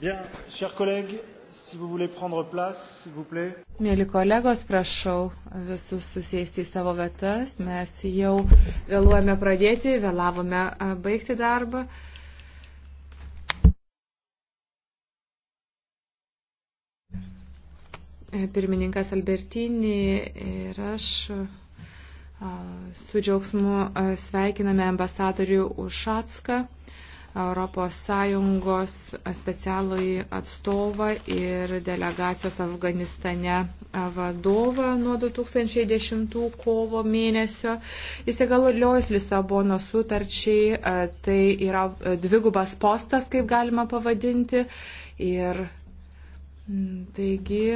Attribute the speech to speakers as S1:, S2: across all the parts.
S1: Bien, chers collègues, si vous voulez prendre place, s'il vous plaît.
S2: Mėly kolegos, prašau visus susėsti į savo vietas. Mes jau vėluojame pradėti, vėlavome baigti darbą. E, pirmininkas Albertini ir aš su džiaugsmu sveikiname ambasadorių Ušatską. ES specialui atstovą ir delegacijos Afganistane vadovą nuo 2010 kovo mėnesio. Įsigaliojus Lisabono sutarčiai, tai yra dvigubas postas, kaip galima pavadinti. Ir Taigi,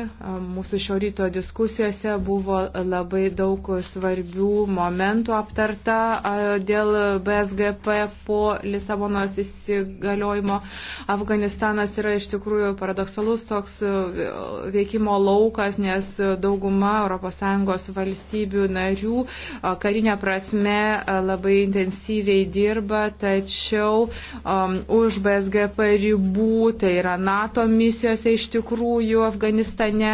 S2: mūsų šio ryto diskusijose buvo labai daug svarbių momentų aptarta dėl BSGP po Lisabonos įsigaliojimo. Afganistanas yra iš tikrųjų paradoksalus toks veikimo laukas, nes dauguma ES valstybių narių karinė prasme labai intensyviai dirba, tačiau um, už BSGP ribų, tai yra NATO misijose iš tikrųjų tikrųjų Afganistane.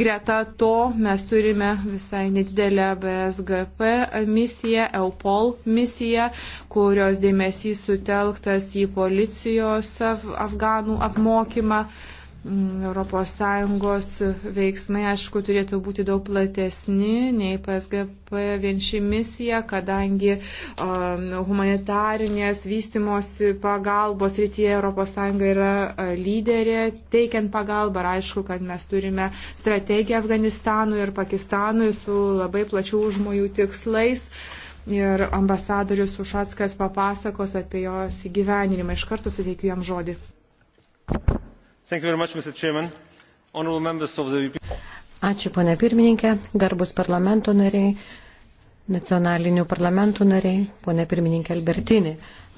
S2: Greta to mes turime visai nedidelę BSGP misiją, EUPOL misiją, kurios dėmesys sutelktas į policijos af afganų apmokymą. Mm, ES veiksmai, aišku, turėtų būti daug platesni nei PSGP vienši misija, kadangi um, humanitarinės vystimosi pagalbos rytyje ES yra e, lyderė, teikiant pagalbą. Ir aišku, kad mes turime strategiją Afganistanui ir Pakistanui su labai plačių užmojų tikslais. Ir ambasadorius Ušatskas papasakos apie jos įgyvenimą. Iš karto suteikiu jam žodį.
S1: Thank you. Ačiū,
S3: ponė pirmininkė, garbus parlamento nariai, nacionalinių parlamentų nariai, ponė pirmininkė Albertinė.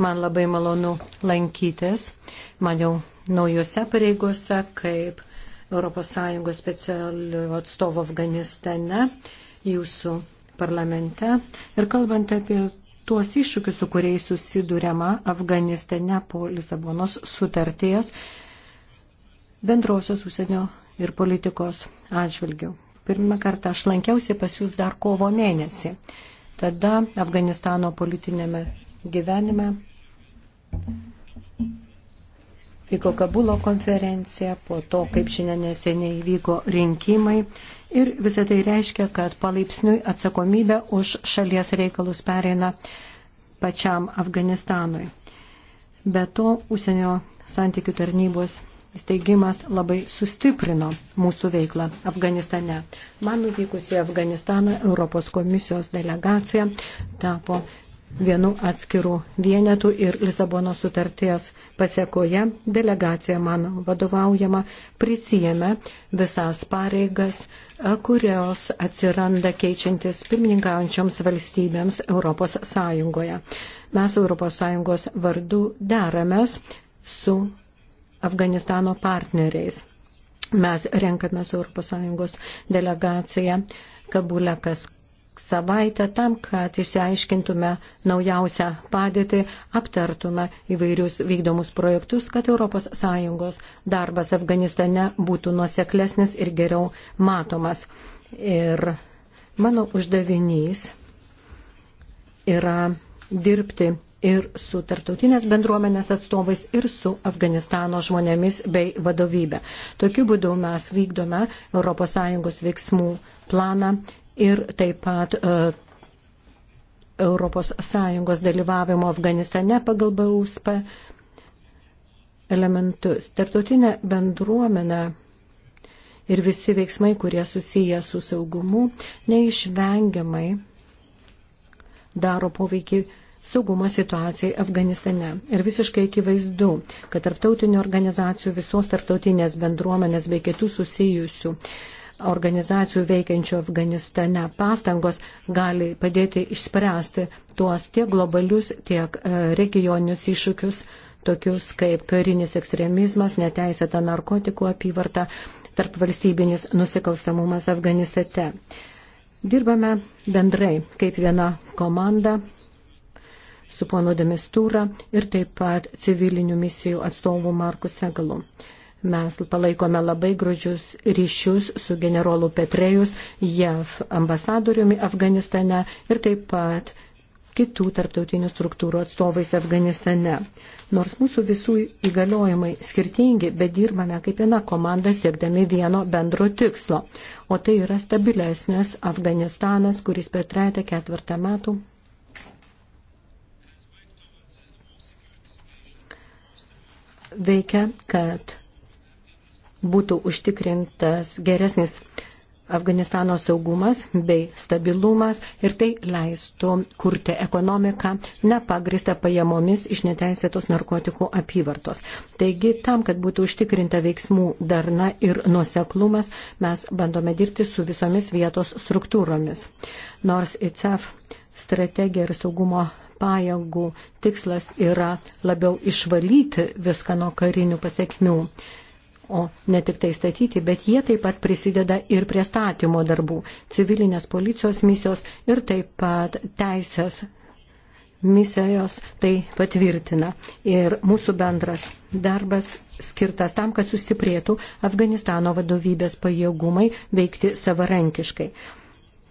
S3: Man labai malonu lankytis, man jau naujose pareigose kaip ES specialiojo atstovo Afganistane, jūsų parlamente ir kalbant apie tuos iššūkius, su kuriais susidūrėma Afganistane po Lisabonos sutarties bendrosios užsienio ir politikos atžvilgių. Pirmą kartą aš lankiausi pas jūs dar kovo mėnesį. Tada Afganistano politinėme gyvenime vyko Kabulo konferencija, po to, kaip žinia, neseniai vyko rinkimai ir visą tai reiškia, kad palaipsniui atsakomybė už šalies reikalus pereina pačiam Afganistanui. Be to, užsienio santykių tarnybos steigimas labai sustiprino mūsų veiklą Afganistane. Man nuvykusi į Afganistaną Europos komisijos delegacija tapo vienu atskirų vienetų ir Lisabono sutarties pasiekoje delegacija man vadovaujama prisijėmė visas pareigas, kurios atsiranda keičiantis pirmininkaujančioms valstybėms Europos Sąjungoje. Mes Europos Sąjungos vardu deramės su Afganistano partneriais. Mes renkame su ES delegacija Kabulę kas savaitę tam, kad išsiaiškintume naujausią padėtį, aptartume įvairius vykdomus projektus, kad ES darbas Afganistane būtų nuoseklesnis ir geriau matomas. Ir mano uždavinys yra dirbti ir su tarptautinės bendruomenės atstovais, ir su Afganistano žmonėmis bei vadovybė. Tokiu būdu mes vykdome ES veiksmų planą ir taip pat uh, ES dalyvavimo Afganistane pagal BUSP elementus. Tartautinė bendruomenė ir visi veiksmai, kurie susiję su saugumu, neišvengiamai daro poveikį saugumo situacijai Afganistane. Ir visiškai akivaizdu, kad tarptautinių organizacijų, visos tarptautinės bendruomenės bei kitų susijusių organizacijų veikiančių Afganistane pastangos gali padėti išspręsti tuos tiek globalius, tiek e, regioninius iššūkius, tokius kaip karinis ekstremizmas, neteisėta narkotikų apyvarta, tarp valstybinis nusikalstamumas Afganistate. Dirbame bendrai kaip viena komanda, su ponu Demistūra ir taip pat civilinių misijų atstovu Marku Segalu. Mes palaikome labai gražius ryšius su generolu Petrejus, JAV ambasadoriumi Afganistane ir taip pat kitų tarptautinių struktūrų atstovais Afganistane. Nors mūsų visų įgaliojimai skirtingi, bet dirbame kaip viena komanda siekdami vieno bendro tikslo, o tai yra stabilesnis Afganistanas, kuris per trejate ketvirtą metų veikia, kad būtų užtikrintas geresnis Afganistano saugumas bei stabilumas ir tai leistų kurti ekonomiką nepagristą pajamomis iš neteisėtos narkotikų apyvartos. Taigi, tam, kad būtų užtikrinta veiksmų darna ir nuseklumas, mes bandome dirbti su visomis vietos struktūromis. Nors ICEF strategija ir saugumo pajėgų tikslas yra labiau išvalyti viską nuo karinių pasiekmių, o ne tik tai statyti, bet jie taip pat prisideda ir prie statymo darbų, civilinės policijos misijos ir taip pat teisės misijos tai patvirtina. Ir mūsų bendras darbas skirtas tam, kad sustiprėtų Afganistano vadovybės pajėgumai veikti savarankiškai.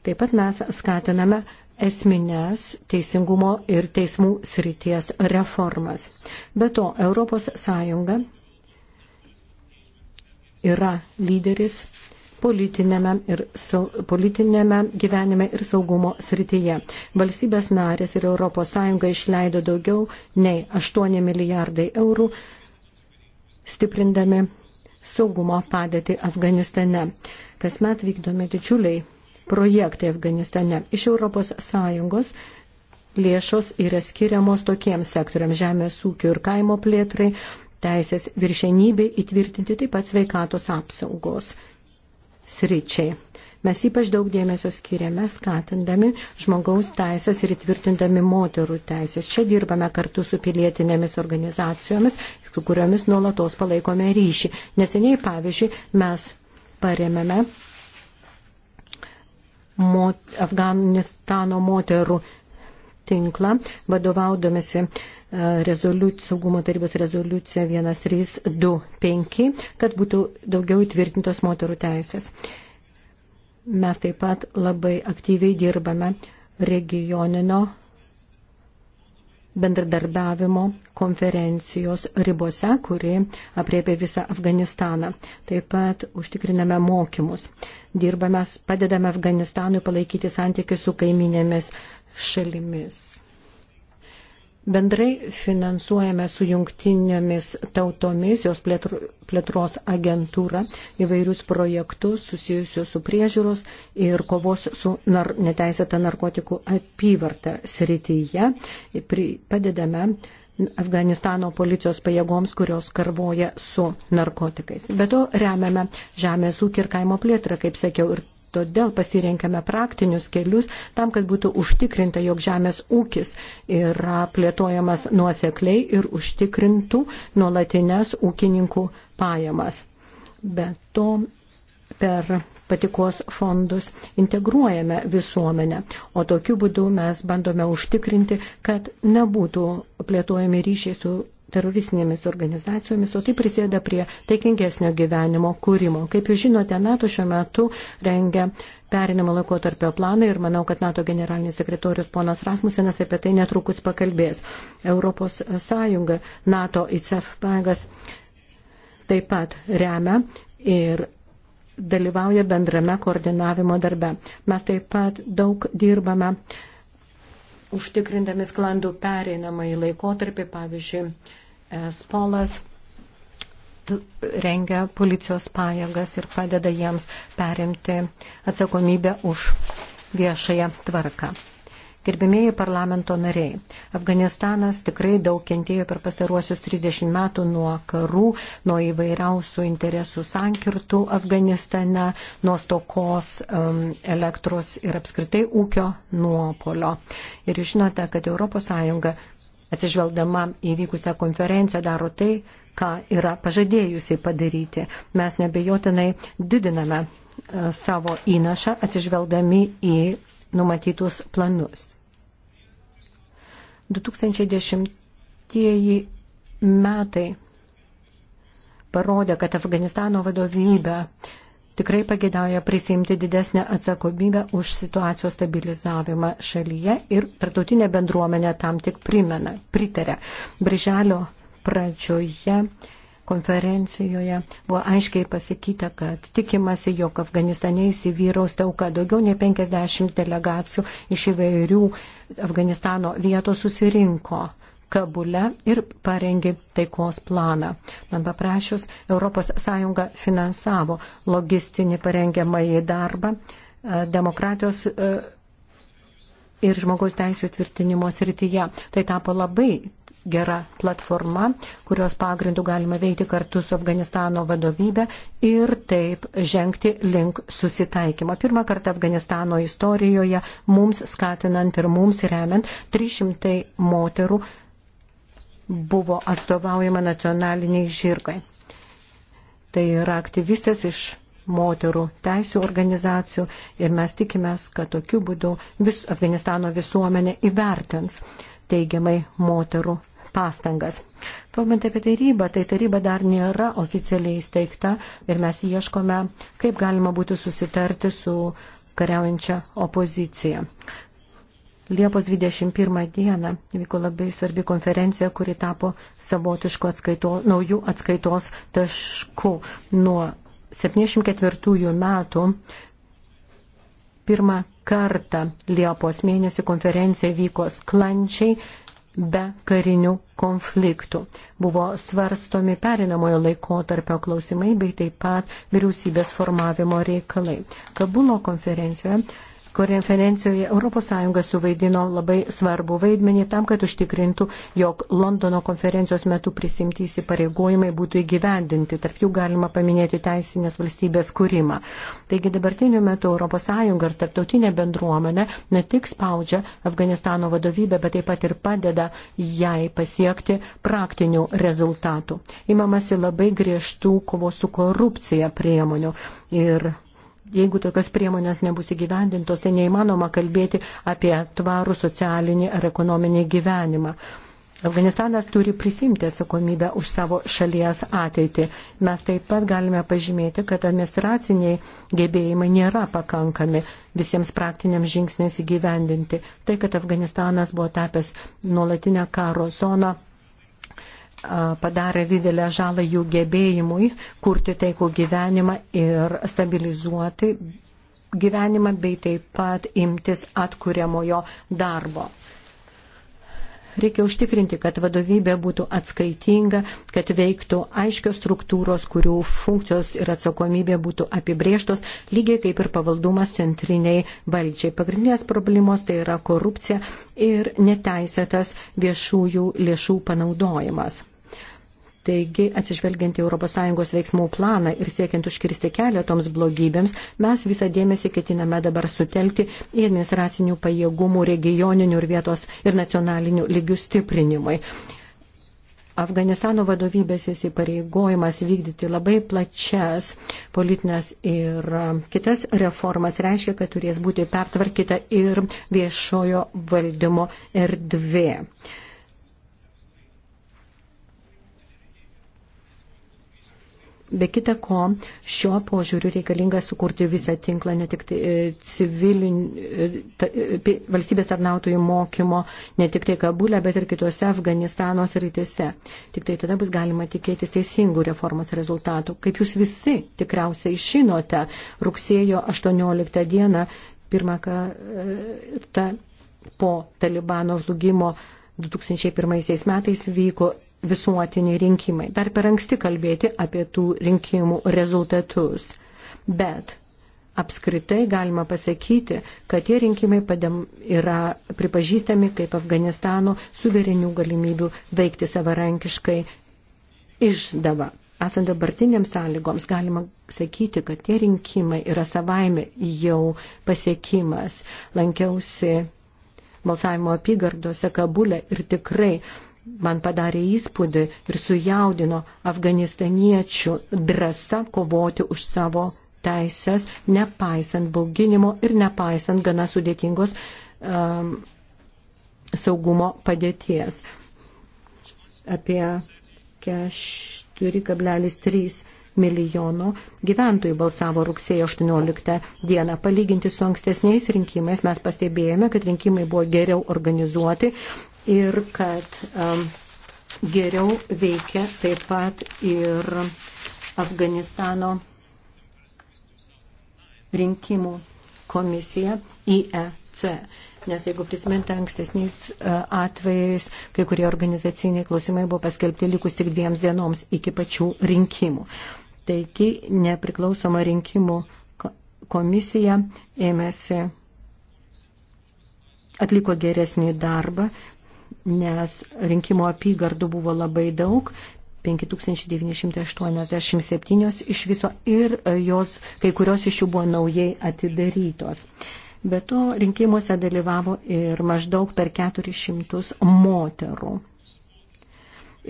S3: Taip pat mes skatiname esminės teisingumo ir teismų srities reformas. Be to, ES yra lyderis politinėme, ir, su, politinėme gyvenime ir saugumo srityje. Valstybės narės ir ES išleido daugiau nei 8 milijardai eurų stiprindami saugumo padėtį Afganistane. Kasmet vykdomi didžiuliai projektai Afganistane. Iš ES lėšos yra skiriamos tokiems sektoriams - žemės ūkio ir kaimo plėtrai, teisės viršenybė įtvirtinti taip pat sveikatos apsaugos sričiai. Mes ypač daug dėmesio skiriame skatindami žmogaus teisės ir įtvirtindami moterų teisės. Čia dirbame kartu su pilietinėmis organizacijomis, su kuriomis nuolatos palaikome ryšį. Neseniai, pavyzdžiui, mes paremėme mot, Afganistano moterų tinklą, vadovaudomėsi e, saugumo tarybos rezoliucija 1325, kad būtų daugiau įtvirtintos moterų teisės. Mes taip pat labai aktyviai dirbame regioninio bendradarbiavimo konferencijos ribose, kuri apriepia visą Afganistaną. Taip pat užtikriname mokymus. Dirbame, padedame Afganistanui palaikyti santykius su kaiminėmis šalimis. Bendrai finansuojame su jungtinėmis tautomis, jos plėtros agentūra, įvairius projektus susijusius su priežiūros ir kovos su nar neteisėta narkotikų apyvarta srityje. Padedame Afganistano policijos pajėgoms, kurios karvoja su narkotikais. Be to remiame žemės ūkį ir kaimo plėtrą, kaip sakiau, ir Todėl pasirenkame praktinius kelius tam, kad būtų užtikrinta, jog žemės ūkis yra plėtojamas nuosekliai ir užtikrintų nuolatines ūkininkų pajamas. Be to per patikos fondus integruojame visuomenę, o tokiu būdu mes bandome užtikrinti, kad nebūtų plėtojami ryšiai su teroristinėmis organizacijomis, o tai prisėda prie taikingesnio gyvenimo kūrimo. Kaip jūs žinote, NATO šiuo metu rengia perinimo laikotarpio planą ir manau, kad NATO generalinis sekretorius ponas Rasmusenas apie tai netrukus pakalbės. Europos Sąjunga NATO ICF pagas taip pat remia ir dalyvauja bendrame koordinavimo darbe. Mes taip pat daug dirbame užtikrindami sklandų pereinamą į laikotarpį, pavyzdžiui, Spolas rengia policijos pajėgas ir padeda jiems perimti atsakomybę už viešąją tvarką. Gerbėmėjai parlamento nariai, Afganistanas tikrai daug kentėjo per pastaruosius 30 metų nuo karų, nuo įvairiausių interesų sankirtų Afganistane, nuo stokos um, elektros ir apskritai ūkio nuopolio. Ir žinote, kad ES atsižvelgdama įvykusią konferenciją daro tai, ką yra pažadėjusiai padaryti. Mes nebejotinai didiname e, savo įnašą atsižvelgdami į numatytus planus. 2010 metai parodė, kad Afganistano vadovybė tikrai pagėdauja prisimti didesnę atsakomybę už situacijos stabilizavimą šalyje ir tarptautinė bendruomenė tam tik primena, pritarė. Brželio pradžioje konferencijoje buvo aiškiai pasakyta, kad tikimasi, jog Afganistane įsivyraus tauka. Daugiau nei 50 delegacijų iš įvairių Afganistano vietos susirinko Kabule ir parengė taikos planą. Man paprašius, ES finansavo logistinį parengiamąjį darbą e, demokratijos e, ir žmogaus teisų tvirtinimo srityje. Tai tapo labai gera platforma, kurios pagrindų galima veikti kartu su Afganistano vadovybė ir taip žengti link susitaikymo. Pirmą kartą Afganistano istorijoje mums skatinant ir mums remiant 300 moterų buvo atstovaujama nacionaliniai žirgai. Tai yra aktyvistės iš moterų teisų organizacijų ir mes tikimės, kad tokiu būdu vis Afganistano visuomenė įvertins teigiamai moterų pastangas. Kalbant apie tarybą, tai taryba dar nėra oficialiai įsteigta ir mes ieškome, kaip galima būtų susitarti su kariaujančia opozicija. Liepos 21 dieną vyko labai svarbi konferencija, kuri tapo savotiško atskaito, naujų atskaitos tašku. Nuo 74 metų pirmą kartą Liepos mėnesį konferencija vyko sklančiai be karinių konfliktų. Buvo svarstomi perinamojo laiko tarpio klausimai bei taip pat vyriausybės formavimo reikalai. Kabulo konferencijoje konferencijoje ES suvaidino labai svarbu vaidmenį tam, kad užtikrintų, jog Londono konferencijos metu prisimti įsipareigojimai būtų įgyvendinti. Tarp jų galima paminėti teisinės valstybės kūrimą. Taigi dabartiniu metu ES ir tarptautinė bendruomenė ne tik spaudžia Afganistano vadovybę, bet taip pat ir padeda jai pasiekti praktinių rezultatų. Imamasi labai griežtų kovos su korupcija priemonių ir jeigu tokios priemonės nebus įgyvendintos, tai neįmanoma kalbėti apie tvarų socialinį ar ekonominį gyvenimą. Afganistanas turi prisimti atsakomybę už savo šalies ateitį. Mes taip pat galime pažymėti, kad administraciniai gebėjimai nėra pakankami visiems praktiniams žingsnės įgyvendinti. Tai, kad Afganistanas buvo tapęs nuolatinę karo zoną, padarė didelę žalą jų gebėjimui kurti taikų gyvenimą ir stabilizuoti gyvenimą bei taip pat imtis atkuriamojo darbo. Reikia užtikrinti, kad vadovybė būtų atskaitinga, kad veiktų aiškios struktūros, kurių funkcijos ir atsakomybė būtų apibrieštos, lygiai kaip ir pavaldumas centriniai valdžiai. Pagrindinės problemos tai yra korupcija ir neteisėtas viešųjų lėšų panaudojimas. Taigi, atsižvelgiant į ES veiksmų planą ir siekiant užkirsti kelią toms blogybėms, mes visą dėmesį ketiname dabar sutelkti į administracinių pajėgumų regioninių ir vietos ir nacionalinių lygių stiprinimui. Afganistano vadovybės įsipareigojimas vykdyti labai plačias politinės ir kitas reformas reiškia, kad turės būti pertvarkyta ir viešojo valdymo erdvė. Uh, Be kita ko, šio požiūriu reikalinga sukurti visą tinklą, ne tik tai, e, civilin, e, ta, e, valstybės tarnautojų mokymo, ne tik tai Kabulė, bet ir kitose Afganistano sritise. Tik tai tada bus galima tikėtis teisingų reformos rezultatų. Kaip jūs visi tikriausiai žinote, rugsėjo 18 dieną pirmą kartą po Talibano žlugimo 2001 metais vyko visuotiniai rinkimai. Dar per anksti kalbėti apie tų rinkimų rezultatus. Bet apskritai galima pasakyti, kad tie rinkimai padėm, yra pripažįstami kaip Afganistano suverenių galimybių veikti savarankiškai išdava. Esant dabartiniams sąlygoms, galima sakyti, kad tie rinkimai yra savaime jau pasiekimas. Lankiausi balsavimo apygardose Kabulė ir tikrai man padarė įspūdį ir sujaudino afganistaniečių drąsa kovoti už savo teisės, nepaisant bauginimo ir nepaisant gana sudėtingos um, saugumo padėties. Apie 4,3 milijono gyventojų balsavo rugsėjo 18 dieną. Palyginti su ankstesniais rinkimais mes pastebėjome, kad rinkimai buvo geriau organizuoti, ir kad geriau veikia taip pat ir Afganistano rinkimų komisija IEC. Nes jeigu prisiminti ankstesniais e, atvejais, kai kurie organizaciniai klausimai buvo paskelbti likus tik dviems dienoms iki pačių rinkimų. Taigi nepriklausoma rinkimų komisija ėmėsi atliko geresnį darbą, nes rinkimo apygardų buvo labai daug, 5987 iš viso ir e, jos, kai kurios iš jų buvo naujai atidarytos. Be to rinkimuose dalyvavo ir maždaug per 400 moterų.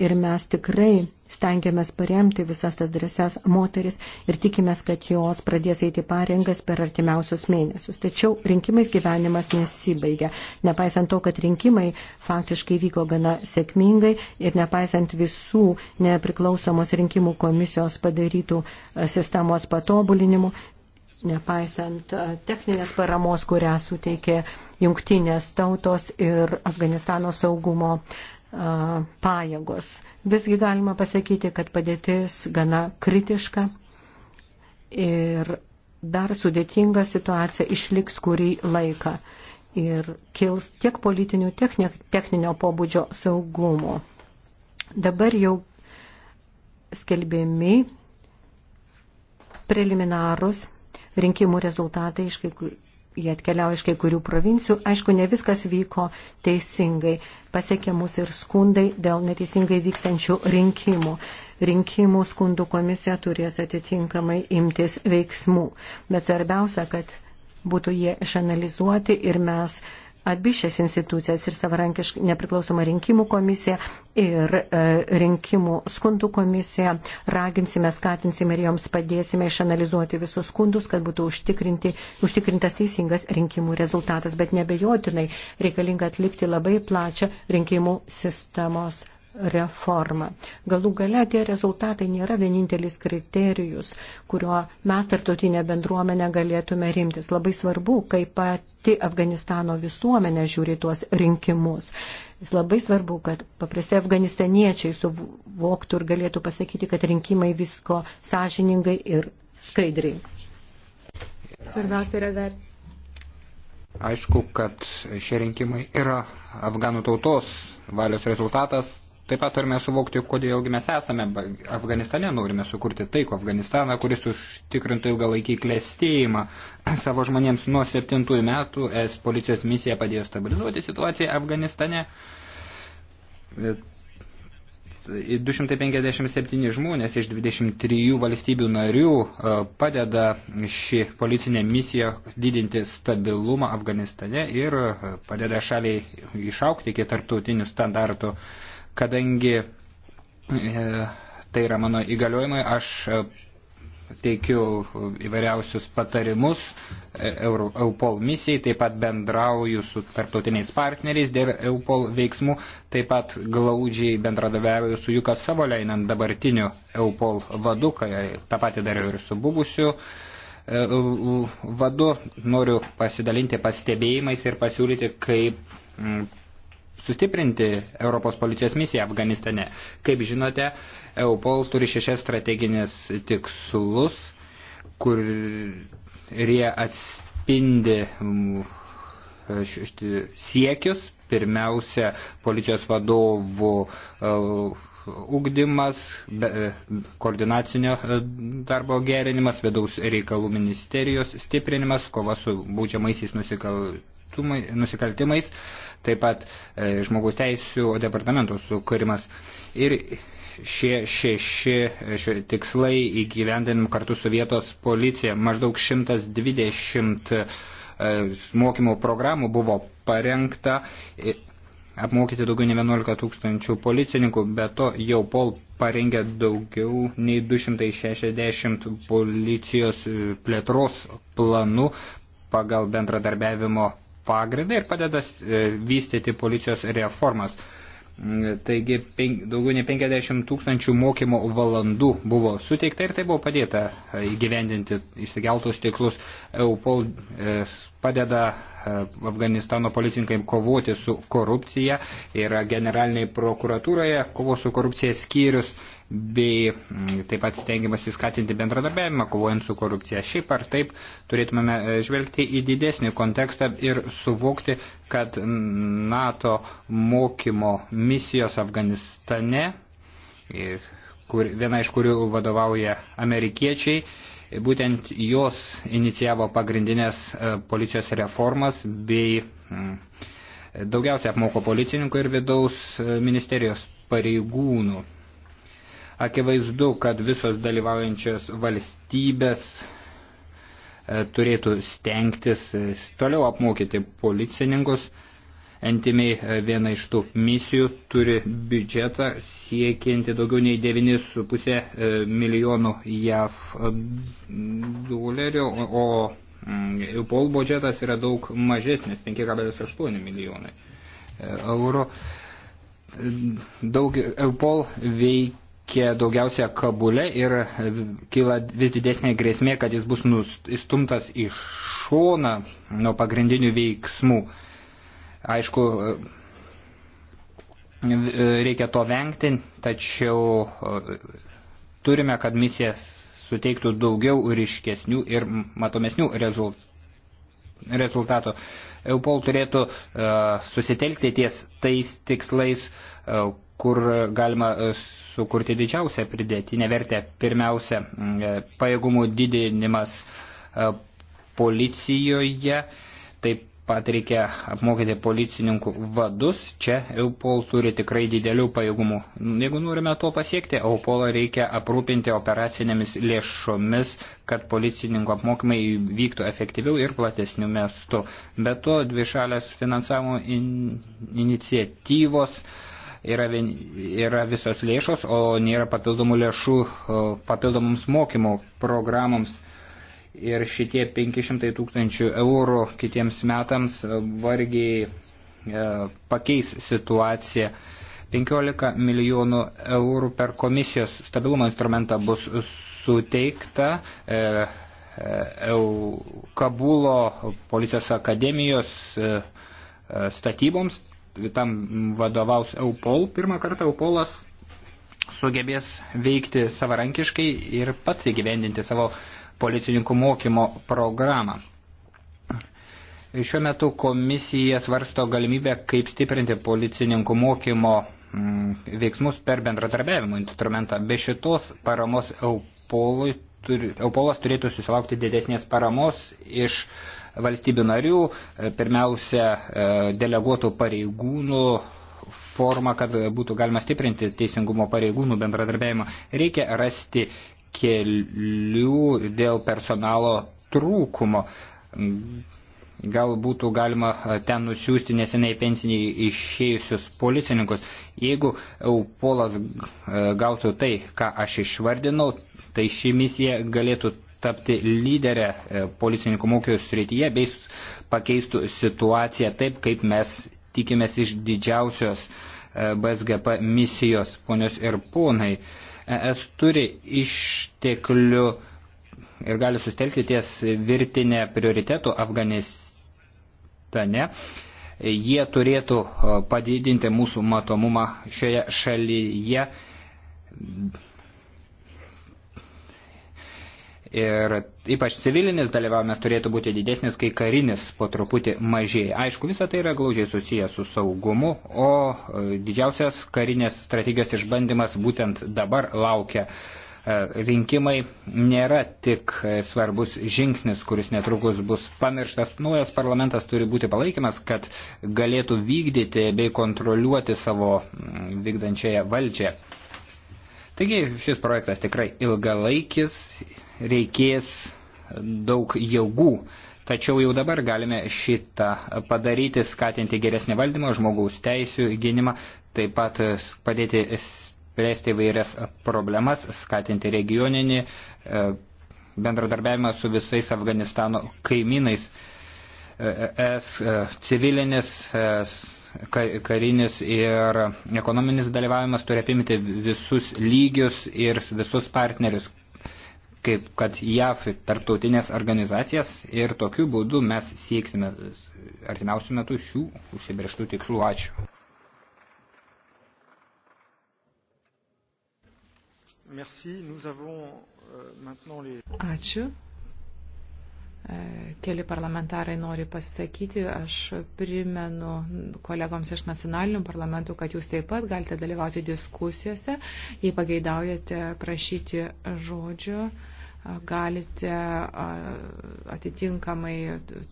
S3: Ir mes tikrai stengiamės paremti visas tas drąsias moteris ir tikimės, kad jos pradės eiti pareigas per artimiausius mėnesius. Tačiau rinkimais gyvenimas nesibaigia. Nepaisant to, kad rinkimai faktiškai vyko gana sėkmingai ir nepaisant visų nepriklausomos rinkimų komisijos padarytų e, sistemos patobulinimų, nepaisant e, techninės paramos, kurią suteikė jungtinės tautos ir Afganistano saugumo pajėgos. Visgi galima pasakyti, kad padėtis gana kritiška ir dar sudėtinga situacija išliks kurį laiką ir kils tiek politinių, tiek techninio pobūdžio saugumo. Dabar jau skelbiami preliminarus rinkimų rezultatai iš kai, jie atkeliauja iš kai kurių provincijų. Aišku, ne viskas vyko teisingai. Pasiekė mus ir skundai dėl neteisingai vykstančių rinkimų. Rinkimų skundų komisija turės atitinkamai imtis veiksmų. Bet svarbiausia, kad būtų jie išanalizuoti ir mes uh, abi šias institucijas ir savarankiškai nepriklausomą rinkimų komisiją ir e, rinkimų skundų komisiją. Raginsime, skatinsime ir joms padėsime išanalizuoti visus skundus, kad būtų užtikrintas teisingas rinkimų rezultatas, bet nebejotinai reikalinga atlikti labai plačią rinkimų sistemos reformą. Galų gale tie rezultatai nėra vienintelis kriterijus, kuriuo mes tarptautinė bendruomenė galėtume rimtis. Labai svarbu, kaip pati Afganistano visuomenė žiūri tuos rinkimus. Labai svarbu, kad paprasti afganistaniečiai suvoktų ir galėtų pasakyti, kad rinkimai visko sąžiningai ir skaidriai.
S2: Svarbiausia yra
S4: dar Aišku, kad šie rinkimai yra afganų tautos valios rezultatas, Taip pat turime suvokti, kodėlgi mes esame Afganistane, norime sukurti taiko Afganistaną, kuris užtikrintų ilgalaikį klėstėjimą. Savo žmonėms nuo septintųjų metų es policijos misija padėjo stabilizuoti situaciją Afganistane. 257 žmonės iš 23 valstybių narių e, padeda šį policinę misiją didinti stabilumą Afganistane ir e, padeda šaliai išaukti iki tarptautinių standartų. Kadangi e, tai yra mano įgaliojimai, aš e, teikiu įvairiausius patarimus e, EUPOL misijai, taip pat bendrauju su tarptautiniais partneriais dėl EUPOL veiksmų, taip pat glaudžiai bendradaviauju su Jukas Savoleinen dabartiniu EUPOL vadu, tą patį dariau ir su buvusiu vadu. Noriu pasidalinti pastebėjimais ir pasiūlyti, kaip sustiprinti Europos policijos misiją Afganistane. Kaip žinote, EUPOL turi šešias strateginės tikslus, kurie atspindi mm, siekius. Pirmiausia, policijos vadovų e, ugdymas, e, koordinacinio e, darbo gerinimas, vidaus reikalų ministerijos stiprinimas, kova su būdžiamaisiais nusikaltimais nusikaltimais, taip pat e, žmogaus teisų departamento sukūrimas. Ir šie šeši e, šie tikslai įgyvendinim kartu su vietos policija. Maždaug 120 e, mokymo programų buvo parengta. E, apmokyti daugiau nei 11 tūkstančių policininkų, bet to jau pol parengė daugiau nei 260 policijos e, plėtros planų pagal bendradarbiavimo pagrindą ir padeda e, vystyti policijos reformas. Mm, taigi penk, daugiau nei 50 tūkstančių mokymo valandų buvo suteikta ir tai buvo padėta e, įgyvendinti išsikeltus tiklus. EUPOL e, padeda Afganistano policininkai kovoti su korupcija ir generalinėje prokuratūroje kovos su korupcija skyrius bei mm, taip pat stengiamas įskatinti bendradarbiavimą, kovojant su korupcija. Šiaip ar taip turėtumėme e, žvelgti į didesnį kontekstą ir suvokti, kad NATO mokymo misijos Afganistane, kur, viena iš kurių vadovauja amerikiečiai, būtent jos inicijavo pagrindinės e, policijos reformas bei mm, daugiausia apmoko policininkų ir vidaus e, ministerijos pareigūnų. Akivaizdu, kad visos dalyvaujančios valstybės e, turėtų stengtis e, toliau apmokyti policininkus. Entimiai e, viena iš tų misijų turi biudžetą siekianti daugiau nei 9,5 milijonų JAV dolerių, o mm, POL biudžetas yra daug mažesnis - 5,8 milijonai eurų. Daug EUPOL veikia veikia daugiausia Kabule ir e, kyla vis didesnė grėsmė, kad jis bus nustumtas į šoną nuo pagrindinių veiksmų. Aišku, e, e, reikia to vengti, tačiau turime, kad misija suteiktų daugiau ryškesnių ir matomesnių rezultatų. EUPOL turėtų susitelkti ties tais tikslais, kur galima e, sukurti didžiausią pridėtinę vertę. Pirmiausia, e, pajėgumų didinimas e, policijoje, taip pat reikia apmokyti policininkų vadus. Čia EUPOL turi tikrai didelių pajėgumų. Jeigu norime to pasiekti, EUPOLą reikia aprūpinti operacinėmis lėšomis, kad policininkų apmokymai vyktų efektyviau ir platesnių mestų. Be to, dvišalės finansavimo in iniciatyvos uh, yra, vien, yra visos lėšos, o nėra papildomų lėšų papildomams mokymo programoms. Ir šitie 500 tūkstančių eurų kitiems metams vargiai e, pakeis situaciją. 15 milijonų eurų per komisijos stabilumo instrumentą bus suteikta e, e, Kabulo policijos akademijos e, e statyboms tam vadovaus EUPOL. Pirmą kartą EUPOLas sugebės veikti savarankiškai ir pats įgyvendinti savo policininkų mokymo programą. Šiuo metu komisija svarsto galimybę, kaip stiprinti policininkų mokymo mm, veiksmus per bendradarbiavimo instrumentą. Be šitos paramos EUPOLui turi, Eupolas turėtų susilaukti didesnės paramos iš valstybių narių, e, pirmiausia, e, deleguotų pareigūnų formą, kad būtų galima stiprinti teisingumo pareigūnų bendradarbiavimą. Reikia rasti kelių dėl personalo trūkumo. Gal būtų galima e, ten nusiųsti neseniai pensinį išėjusius policininkus. Jeigu Eupolas gautų tai, ką aš išvardinau, tai ši misija galėtų tapti lyderę e, policininkų mokėjų srityje bei pakeistų situaciją taip, kaip mes tikimės iš didžiausios e, BSGP misijos, ponios ir ponai. ES turi išteklių ir gali sustelkti ties virtinę prioritetų Afganistane. Jie turėtų e, padidinti mūsų matomumą šioje šalyje ir ypač civilinis dalyvavimas turėtų būti didesnis, kai karinis po truputį mažėja. Aišku, visa tai yra glaužiai susijęs su saugumu, o e, didžiausias karinės strategijos išbandymas būtent dabar laukia. E, rinkimai nėra tik e, svarbus žingsnis, kuris netrukus bus pamirštas. Naujas parlamentas turi būti palaikymas, kad galėtų vykdyti bei kontroliuoti savo vykdančiąją valdžią. Taigi šis projektas tikrai ilgalaikis reikės daug jėgų. Tačiau jau dabar galime šitą padaryti, skatinti geresnį valdymą, žmogaus teisų gynimą, taip pat padėti spręsti vairias problemas, skatinti regioninį e, bendradarbiavimą su visais Afganistano kaimynais. E, e, es civilinis, es karinis ir ekonominis dalyvavimas turi apimti visus lygius ir visus partnerius, kaip kad JAF tarptautinės organizacijas ir tokiu būdu mes sieksime artimiausių metų šių užsibrieštų tikslų. Ačiū.
S1: Merci, nous avons, euh, les... Ačiū.
S2: E, keli parlamentarai nori pasisakyti. Aš primenu kolegoms iš nacionalinių parlamentų, kad jūs taip pat galite dalyvauti diskusijose, jei pageidaujate prašyti žodžio galite atitinkamai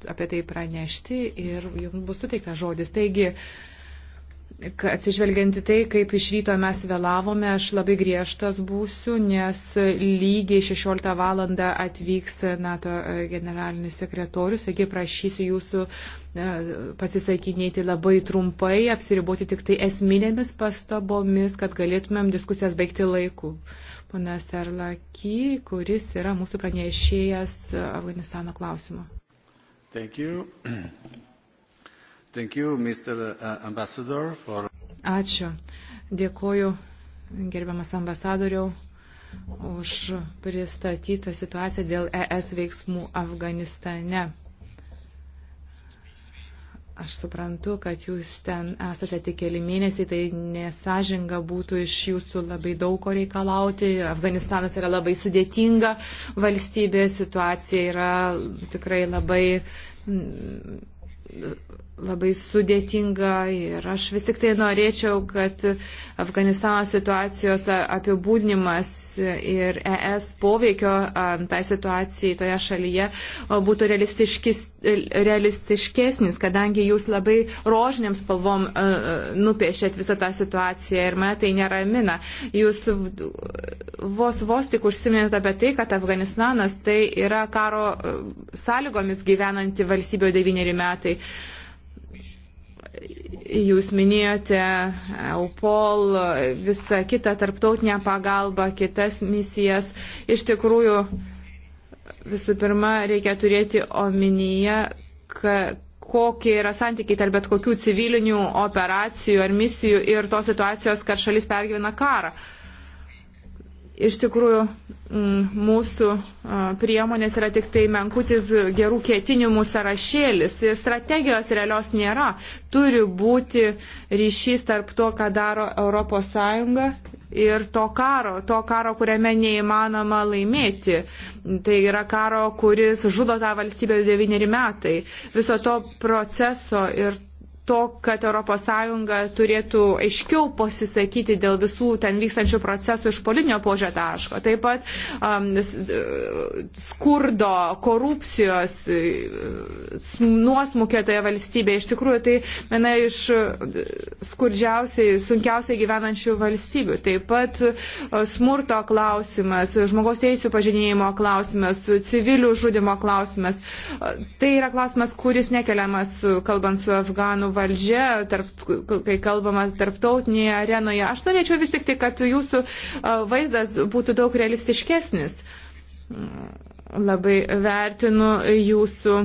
S2: apie tai pranešti ir jums bus suteiktas žodis. Taigi, atsižvelgiant į tai, kaip iš ryto mes vėlavome, aš labai griežtas būsiu, nes lygiai 16 val. atvyks NATO e, generalinis sekretorius. Taigi, prašysiu jūsų e, pasisakinėti labai trumpai, apsiriboti tik tai esminėmis pastabomis, kad galėtumėm diskusijas baigti laiku ponas Erlaki, kuris yra mūsų pranešėjas Afganistano klausimu. Thank you.
S1: Thank you, Mr. Uh, ambassador, for...
S2: Ačiū. Dėkoju, gerbiamas ambasadoriau, už pristatytą situaciją dėl ES veiksmų Afganistane. Aš suprantu, kad jūs ten esate tik keli mėnesiai, tai nesažinga būtų iš jūsų labai daug ko reikalauti. Afganistanas yra labai sudėtinga valstybė, situacija yra tikrai labai mm, labai sudėtinga ir aš vis tik tai norėčiau, kad Afganistano situacijos apibūdinimas ir ES poveikio tai situacijai toje šalyje būtų realistiškesnis, kadangi jūs labai rožiniam spalvom nupiešėt visą tą situaciją ir mane tai neramina. Jūs vos vos tik užsiminėt apie tai, kad Afganistanas tai yra karo sąlygomis gyvenanti valstybė devyneri metai. Uh, Jūs minėjote EUPOL, visą kitą tarptautinę pagalbą, kitas misijas. Iš tikrųjų, visų pirma, reikia turėti omenyje, kokie yra santykiai tarp bet kokių civilinių operacijų ar misijų ir tos situacijos, kad šalis pergyvena karą. Uh, Iš tikrųjų, mm, mūsų priemonės yra tik tai menkutis gerų ketinimų sąrašėlis. Strategijos realios nėra. Turi būti ryšys tarp to, ką daro ES ir to karo, to karo, kuriame neįmanoma laimėti. Tai yra karo, kuris žudo tą valstybę devyneri metai. Viso to proceso ir to, kad ES turėtų aiškiau pasisakyti dėl visų ten vykstančių procesų iš politinio požio taško. Taip pat um, skurdo, korupcijos, e, nuosmukio toje valstybėje. Iš tikrųjų, tai viena iš e, skurdžiausiai, sunkiausiai gyvenančių valstybių. Taip pat e, smurto klausimas, žmogaus teisų pažinėjimo klausimas, civilių žudimo klausimas. Tai yra klausimas, kuris nekeliamas, kalbant su Afganų valdžia, tarp, kai kalbama tarptautinėje arenoje. Aš norėčiau vis tik tai, kad jūsų vaizdas būtų daug realistiškesnis. Labai vertinu jūsų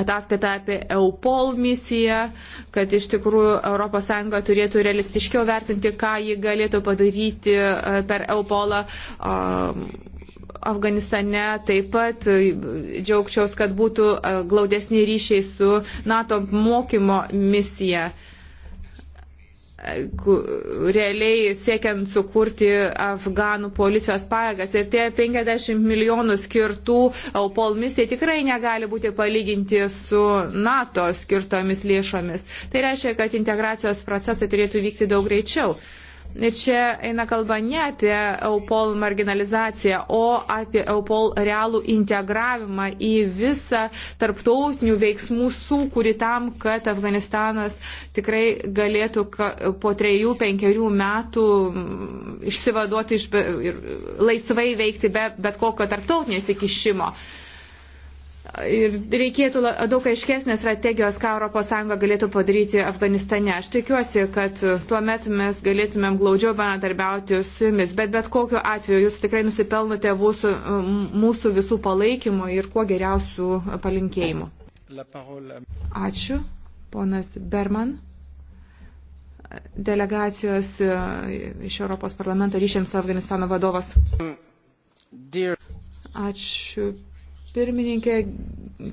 S2: ataskaita apie EUPOL misiją, kad iš tikrųjų ES turėtų realistiškiau vertinti, ką ji galėtų padaryti per EUPOLą Afganistane taip pat e, džiaugčiaus, kad būtų e, glaudesni ryšiai su NATO mokymo misija e, realiai siekiant sukurti afganų policijos pajėgas. Ir tie 50 milijonų skirtų Aupol misijai tikrai negali būti palyginti su NATO skirtomis lėšomis. Tai reiškia, kad integracijos procesai turėtų vykti daug greičiau. Ir čia eina kalba ne apie EUPOL marginalizaciją, o apie EUPOL realų integravimą į visą tarptautinių veiksmų sukūrį tam, kad Afganistanas tikrai galėtų po trejų, penkerių metų mm, išsivaduoti iš, laisvai veikti be bet kokio tarptautinio įsikišimo. Ir reikėtų daug aiškesnės strategijos, ką ES galėtų padaryti Afganistane. Aš tikiuosi, kad tuo metu mes galėtumėm glaudžiau bendradarbiauti su jumis, bet bet kokiu atveju jūs tikrai nusipelnote mūsų, mūsų visų palaikymo ir kuo geriausių palinkėjimų. Ačiū, ponas Berman delegacijos e, iš Europos parlamento ryšiams su Afganistano vadovas. Ačiū pirmininkė,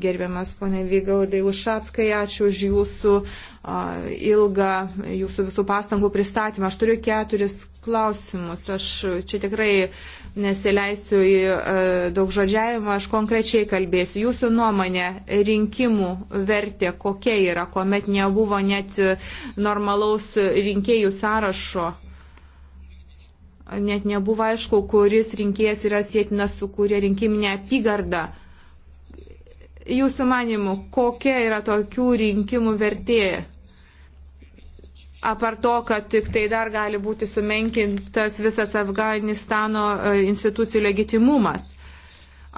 S2: gerbiamas ponė Vygaudai Ušatskai, ačiū už jūsų a, ilgą, jūsų visų pastangų pristatymą. Aš turiu keturis klausimus. Aš čia tikrai nesileisiu į a, daug žodžiavimą, aš konkrečiai kalbėsiu. Jūsų nuomonė, rinkimų vertė kokia yra, kuomet nebuvo net normalaus rinkėjų sąrašo net nebuvo aišku, kuris rinkėjas yra sėtinas su kuria rinkiminė apygarda. Jūsų manimų, kokia yra tokių rinkimų vertė? Apar to, kad tik tai dar gali būti sumenkintas visas Afganistano e, institucijų legitimumas.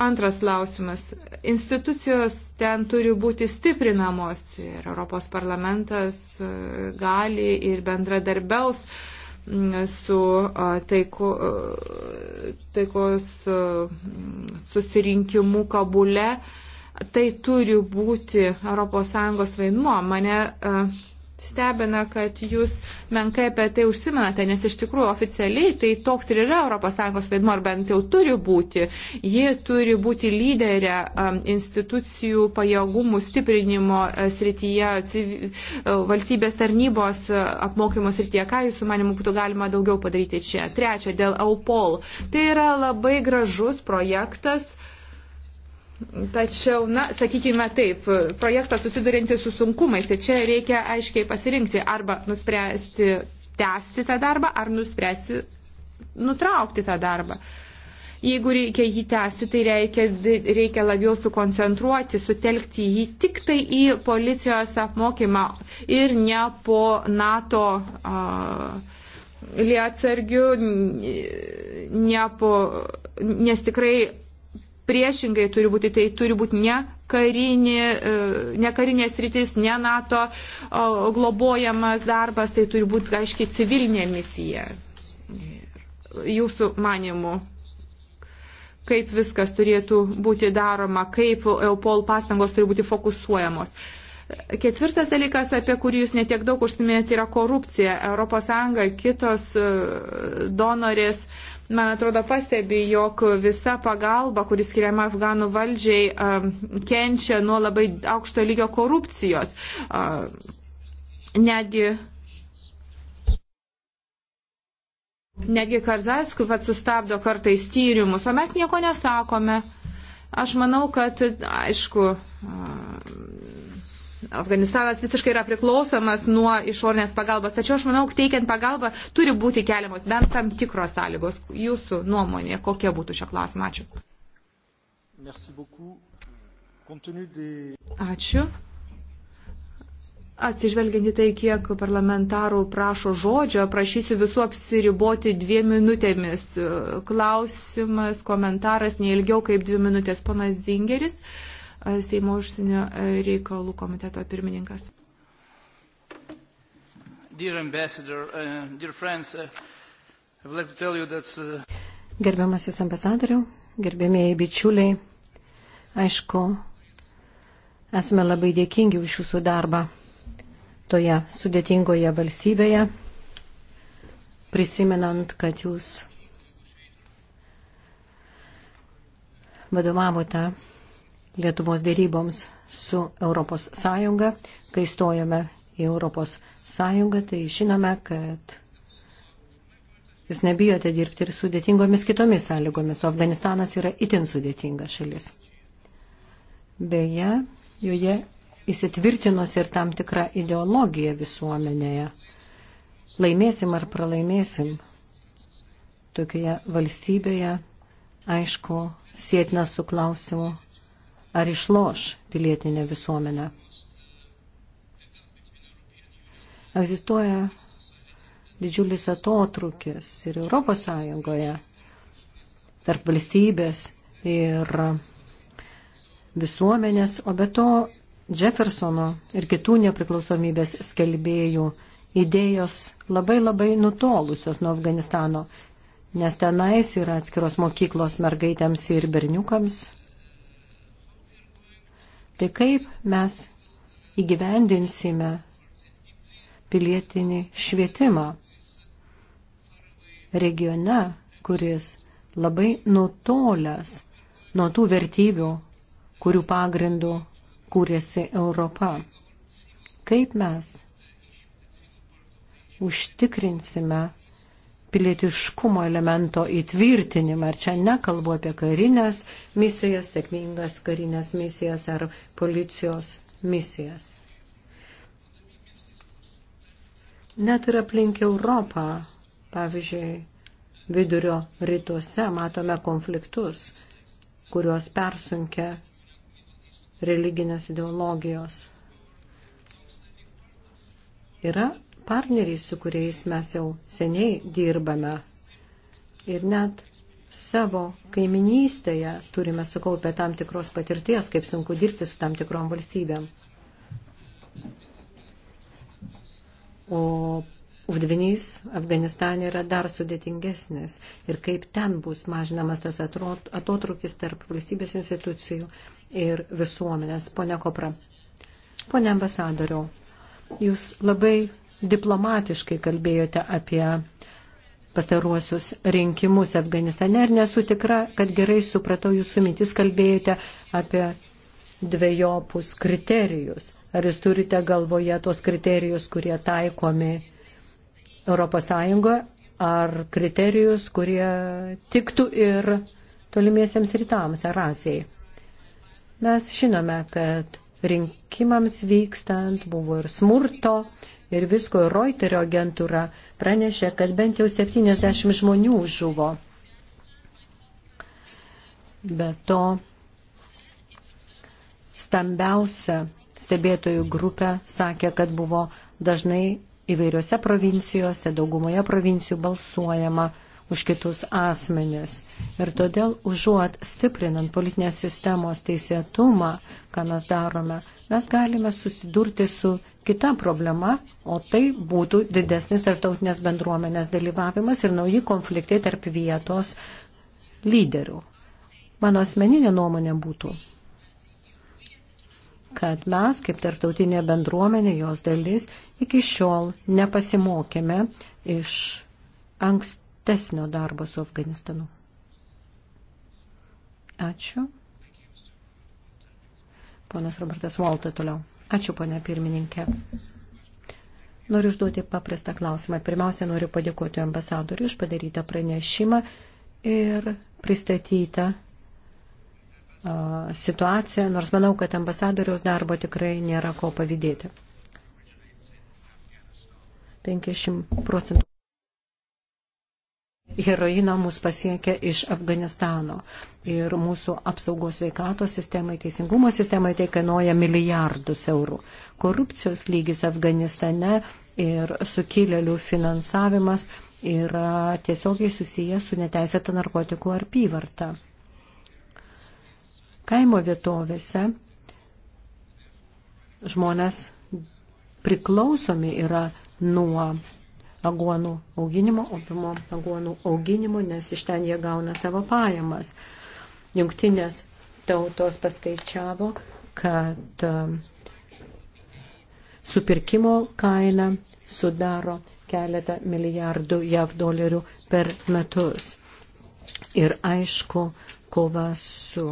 S2: Antras klausimas. Institucijos ten turi būti stiprinamos ir Europos parlamentas e, gali ir bendradarbiaus su e, taiko, taikos susirinkimu kabule. Tai turi būti ES vaidmuo. Mane uh, stebina, kad jūs menkai apie tai užsimenate, nes iš tikrųjų oficialiai tai toks ir yra ES vaidmo, ar bent jau turi būti. Ji turi būti lyderė e, institucijų pajėgumų stiprinimo e, srityje, valstybės tarnybos apmokymo srityje. Ką jūsų manimų būtų galima daugiau padaryti čia? Trečia, dėl AUPOL. Tai yra labai gražus projektas Tačiau, na, sakykime taip, projektas susidurintis su sunkumais, tai čia reikia aiškiai pasirinkti arba nuspręsti tęsti tą darbą, ar nuspręsti nutraukti tą darbą. Jeigu reikia jį tęsti, tai reikia, reikia labiau sukoncentruoti, sutelkti jį tik tai į policijos apmokymą ir ne po NATO. Uh, lietsargių, ne po, nes tikrai Priešingai turi būti, tai turi būti ne karinė, e, ne karinės rytis, ne NATO globojamas darbas, tai turi būti, aiškiai, civilinė misija. Jūsų manimu, kaip viskas turėtų būti daroma, kaip EUPOL pastangos turi būti fokusuojamos. Ketvirtas dalykas, apie kurį jūs netiek daug užsiminėte, yra korupcija. ES kitos e, donorės uh, man atrodo, pastebi, jog visa pagalba, kuris skiriama Afganų valdžiai, um, kenčia nuo labai aukšto lygio korupcijos. Um, netgi Netgi Karzaiskui pats sustabdo kartais tyrimus, o mes nieko nesakome. Aš manau, kad, aišku, Afganistanas visiškai yra priklausomas nuo išorinės pagalbos, tačiau aš manau, teikiant pagalbą turi būti keliamos bent tam tikros sąlygos. Jūsų nuomonė, kokia būtų šio klausimo? Ačiū. Ačiū. Atsižvelgiant į tai, kiek parlamentarų prašo žodžio, prašysiu visų apsiriboti dviem minutėmis. Klausimas, komentaras, neilgiau kaip dvi minutės, panas Zingeris. Uh, Seimo užsienio reikalų komiteto pirmininkas.
S4: Dear uh, dear friends, uh, like that, uh...
S3: Gerbiamasis ambasadoriau, gerbėmėjai bičiuliai, aišku, esame labai dėkingi už jūsų darbą toje sudėtingoje valstybėje, prisimenant, kad jūs vadovavote Lietuvos dėryboms su Europos Sąjunga. Kai stojame į Europos Sąjungą, tai žinome, kad jūs nebijote dirbti ir sudėtingomis kitomis sąlygomis, o Afganistanas yra itin sudėtinga šalis. Beje, joje įsitvirtinus ir tam tikra ideologija visuomenėje. Laimėsim ar pralaimėsim tokioje valstybėje, aišku, sėtina su klausimu ar išloš pilietinė visuomenė. Egzistuoja didžiulis atotrukis ir Europos Sąjungoje tarp valstybės ir visuomenės, o be to Jeffersono ir kitų nepriklausomybės skelbėjų idėjos labai labai nutolusios nuo Afganistano, nes tenais yra atskiros mokyklos mergaitėms ir berniukams, Tai kaip mes įgyvendinsime pilietinį švietimą regione, kuris labai nutolęs nuo tų vertybių, kurių pagrindų kūrėsi Europa. Kaip mes užtikrinsime pilietiškumo elemento įtvirtinimą. Ir čia nekalbu apie karinės misijas, sėkmingas karinės misijas ar policijos misijas. Net ir aplink Europą, pavyzdžiui, vidurio rytuose matome konfliktus, kuriuos persunkia religinės ideologijos. Yra partneriais, su kuriais mes jau seniai dirbame ir net savo kaiminystėje turime sukaupę tam tikros patirties, kaip sunku dirbti su tam tikrom valstybėm. O uždavinys Afganistane yra dar sudėtingesnis ir kaip ten bus mažinamas tas atotrukis tarp valstybės institucijų ir visuomenės. Pone Kopra, pone ambasadoriau, jūs labai diplomatiškai kalbėjote apie pastaruosius rinkimus Afganistane ir nesu tikra, kad gerai supratau jūsų mintis, kalbėjote apie dviejopus kriterijus. Ar jūs turite galvoje tos kriterijus, kurie taikomi ES, ar kriterijus, kurie tiktų ir tolimiesiams rytams ar Azijai? Mes žinome, kad rinkimams vykstant buvo ir smurto, ir visko Reuterio agentūra pranešė, kad bent jau 70 žmonių žuvo. Be to, stambiausia stebėtojų grupė sakė, kad buvo dažnai įvairiose provincijose, daugumoje provincijų balsuojama už kitus asmenis. Ir todėl užuot stiprinant politinės sistemos teisėtumą, ką mes darome, mes galime susidurti su kita problema, o tai būtų didesnis tarptautinės bendruomenės dalyvavimas ir nauji konfliktai tarp vietos lyderių. Mano asmeninė nuomonė būtų, kad mes, kaip tarptautinė bendruomenė, jos dalis, iki šiol nepasimokėme iš ankstesnio darbo su Afganistanu. Ačiū. Ponas Robertas Volta toliau. Ačiū, ponia pirmininkė. Noriu užduoti paprastą klausimą. Pirmiausia, noriu padėkoti ambasadoriui už padarytą pranešimą ir pristatytą situaciją, nors manau, kad ambasadoriaus darbo tikrai nėra ko pavydėti. 50 procentų heroino mus pasiekia iš Afganistano. Ir mūsų apsaugos veikatos sistemai, teisingumo sistemai tai kainuoja milijardus eurų. Korupcijos lygis Afganistane ir sukilėlių finansavimas yra tiesiogiai susijęs su neteisėta narkotikų apyvarta. Kaimo vietovėse žmonės priklausomi yra nuo aguonų auginimo, opimo aguonų auginimo, nes iš ten jie gauna savo pajamas. Jungtinės tautos paskaičiavo, kad um, supirkimo kaina sudaro keletą milijardų JAV dolerių per metus. Ir aišku, kova su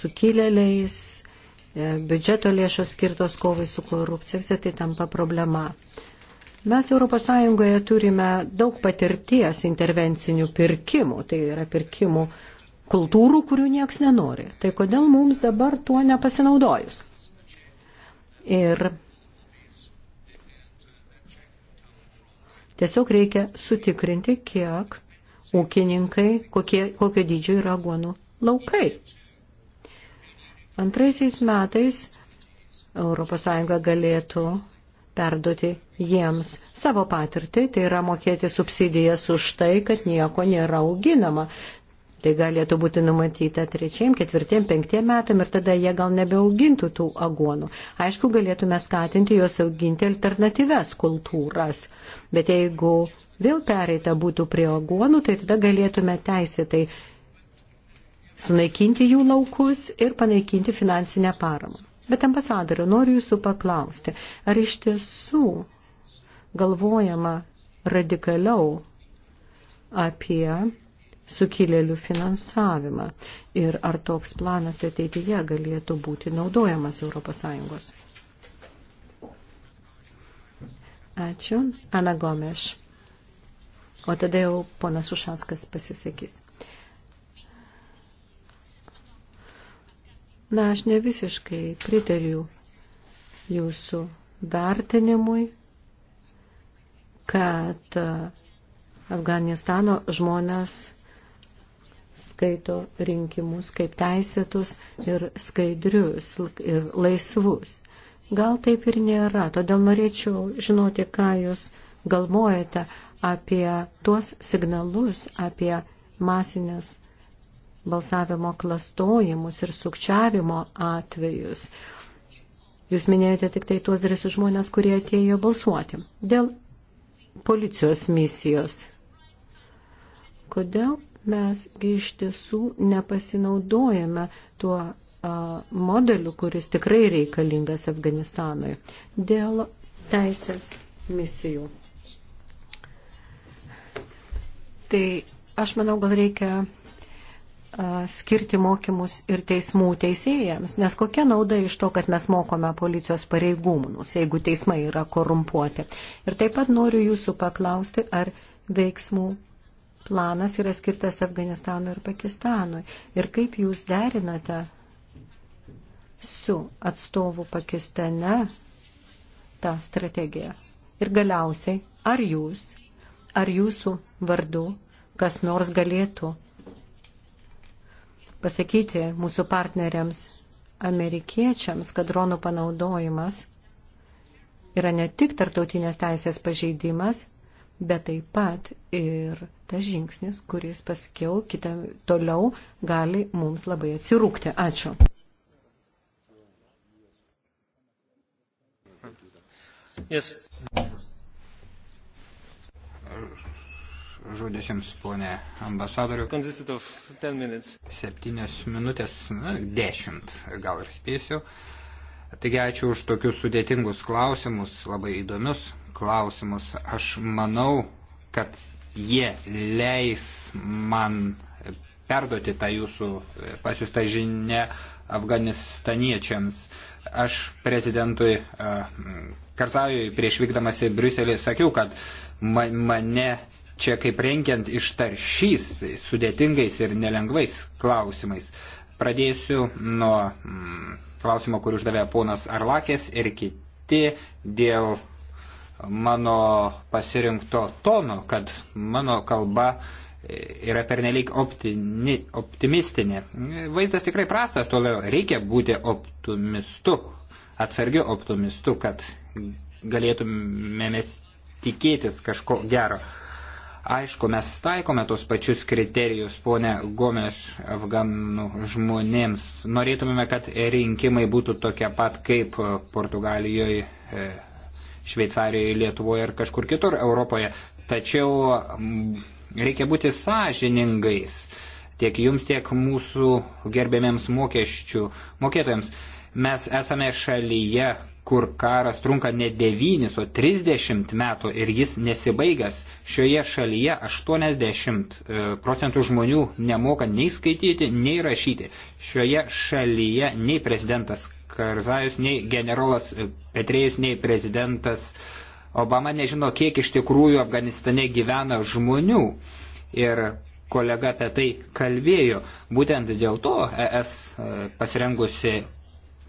S3: sukilėliais, e, biudžeto lėšos skirtos kovai su korupcija, visą tai tampa problema. Mes ES turime daug patirties intervencinių pirkimų, tai yra pirkimų kultūrų, kurių nieks nenori. Tai kodėl mums dabar tuo nepasinaudojus? Ir tiesiog reikia sutikrinti, kiek ūkininkai, kokie, kokio dydžio yra aguonų laukai. Antraisiais metais ES galėtų perduoti jiems savo patirtį, tai yra mokėti subsidijas už tai, kad nieko nėra auginama. Tai galėtų būti numatyta trečiam, ketvirtiem, penktiem metam ir tada jie gal nebeaugintų tų agonų. Aišku, galėtume skatinti juos auginti alternatyves kultūras, bet jeigu vėl pereita būtų prie agonų, tai tada galėtume teisėtai sunaikinti jų laukus ir panaikinti finansinę paramą. Bet ambasadoriu, noriu jūsų paklausti, ar iš tiesų galvojama radikaliau apie sukilėlių finansavimą ir ar toks planas ateityje galėtų būti naudojamas ES? Ačiū. Ana Gomeš. O tada jau ponas Ušatskas pasisakys. Na, aš ne visiškai pritariu jūsų vertinimui, kad e, Afganistano žmonės skaito rinkimus kaip teisėtus ir skaidrius ir laisvus. Gal taip ir nėra, todėl norėčiau žinoti, ką jūs galvojate apie tuos signalus, apie masinės balsavimo klastojimus ir sukčiavimo atvejus. Jūs minėjote tik tai tuos drąsius žmonės, kurie atėjo balsuoti. Dėl policijos misijos. Kodėl mesgi iš tiesų nepasinaudojame tuo a, modeliu, kuris tikrai reikalingas Afganistanui? Dėl teisės misijų. Tai aš manau, gal reikia skirti mokymus ir teismų teisėjams, nes kokia nauda iš to, kad mes mokome policijos pareigūnus, jeigu teismai yra korumpuoti. Ir taip pat noriu jūsų paklausti, ar veiksmų planas yra skirtas Afganistanui ir Pakistanui. Ir kaip jūs derinate su atstovu Pakistane tą strategiją. Ir galiausiai, ar jūs, ar jūsų vardu kas nors galėtų pasakyti mūsų partneriams amerikiečiams, kad dronų panaudojimas yra ne tik tartautinės teisės pažeidimas, bet taip pat ir tas žingsnis, kuris paskiau kitą toliau gali mums labai atsirūkti. Ačiū.
S1: Yes.
S4: Aš Žodis jums, ponė ambasadoriu. Septynios minutės, na, dešimt gal ir spėsiu. Taigi ačiū už tokius sudėtingus klausimus, labai įdomius klausimus. Aš manau, kad jie leis man perduoti tą jūsų pasiustą žinę afganistaniečiams. Aš prezidentui Karzajui prieš vykdamas į Briuselį sakiau, kad mane čia kaip renkiant ištaršys sudėtingais ir nelengvais klausimais. Pradėsiu nuo mm, klausimo, kur uždavė ponas Arlakės ir kiti dėl mano pasirinkto tono, kad mano kalba e, yra pernelyg optini, optimistinė. Vaizdas tikrai prastas, toliau reikia būti optimistu, atsargiu optimistu, kad galėtumėmės tikėtis kažko gero. Aišku, mes taikome tos pačius kriterijus, ponė Gomes, afganų žmonėms. Norėtumėme, kad rinkimai būtų tokie pat kaip Portugalijoje, e, Šveicarijoje, Lietuvoje ir kažkur kitur Europoje. Tačiau mm, reikia būti sąžiningais tiek jums, tiek mūsų gerbėmiems mokesčių mokėtojams. Mes esame šalyje, kur karas trunka ne 9, o 30 metų ir jis nesibaigęs. Šioje šalyje 80 e, procentų žmonių nemoka nei skaityti, nei rašyti. Šioje šalyje nei prezidentas Karzajus, nei generolas e, Petrėjus, nei prezidentas Obama nežino, kiek iš tikrųjų Afganistane gyvena žmonių. Ir kolega apie tai kalbėjo. Būtent dėl to ES e, pasirengusi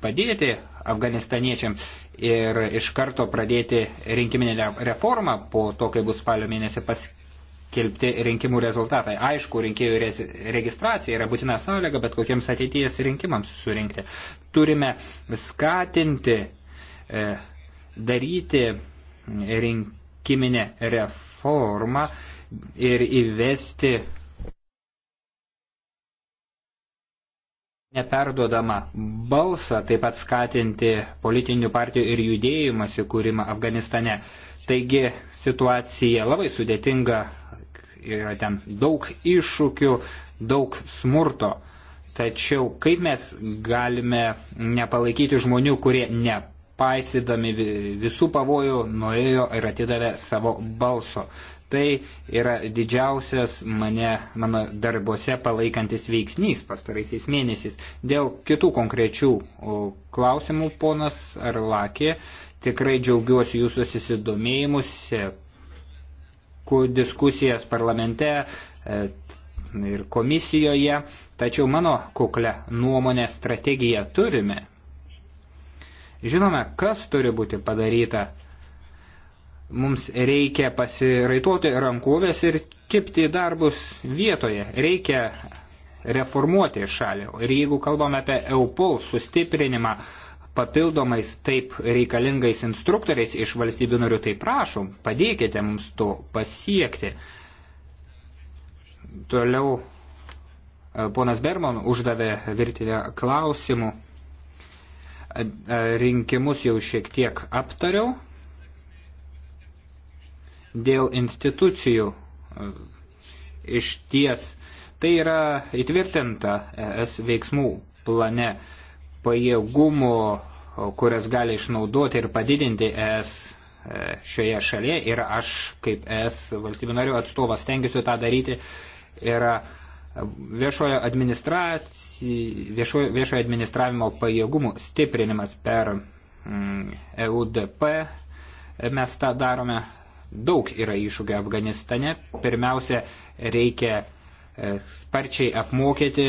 S4: padėti afganistaniečiams ir iš karto pradėti rinkiminę reformą po to, kai bus spalio mėnesį paskelbti rinkimų rezultatai. Aišku, rinkėjų registracija yra būtina sąlyga, bet kokiems ateities rinkimams surinkti. Turime skatinti, e, daryti rinkiminę reformą ir įvesti neperduodamą balsą, taip pat skatinti politinių partijų ir judėjimą įkūrimą Afganistane. Taigi situacija labai sudėtinga, yra ten daug iššūkių, daug smurto. Tačiau kaip mes galime nepalaikyti žmonių, kurie nepaisydami visų pavojų norėjo ir atidavė savo balso. Tai yra didžiausias mane, mano darbuose palaikantis veiksnys pastaraisiais mėnesiais. Dėl kitų konkrečių klausimų, ponas Arlakė, tikrai džiaugiuosi jūsų susidomėjimus, diskusijas parlamente e, ir komisijoje, tačiau mano kuklę nuomonę strategiją turime. Žinome, kas turi būti padaryta Mums reikia pasiraituoti rankovės ir kipti darbus vietoje. Reikia reformuoti šalį. Ir jeigu kalbame apie EUPOL sustiprinimą papildomais taip reikalingais instruktoriais iš valstybių narių, tai prašom, padėkite mums to pasiekti. Toliau e, ponas Berman uždavė virtinę klausimų. E, e, rinkimus jau šiek tiek aptariau. Dėl institucijų e, iš ties tai yra įtvirtinta ES veiksmų plane pajėgumų, kurias gali išnaudoti ir padidinti ES e, šioje šalyje ir aš kaip ES valstybių narių atstovas stengiuosi tą daryti yra viešojo, viešojo, viešojo administravimo pajėgumų stiprinimas per mm, EUDP. Mes tą darome Daug yra iššūkio Afganistane. Pirmiausia, reikia e, sparčiai apmokyti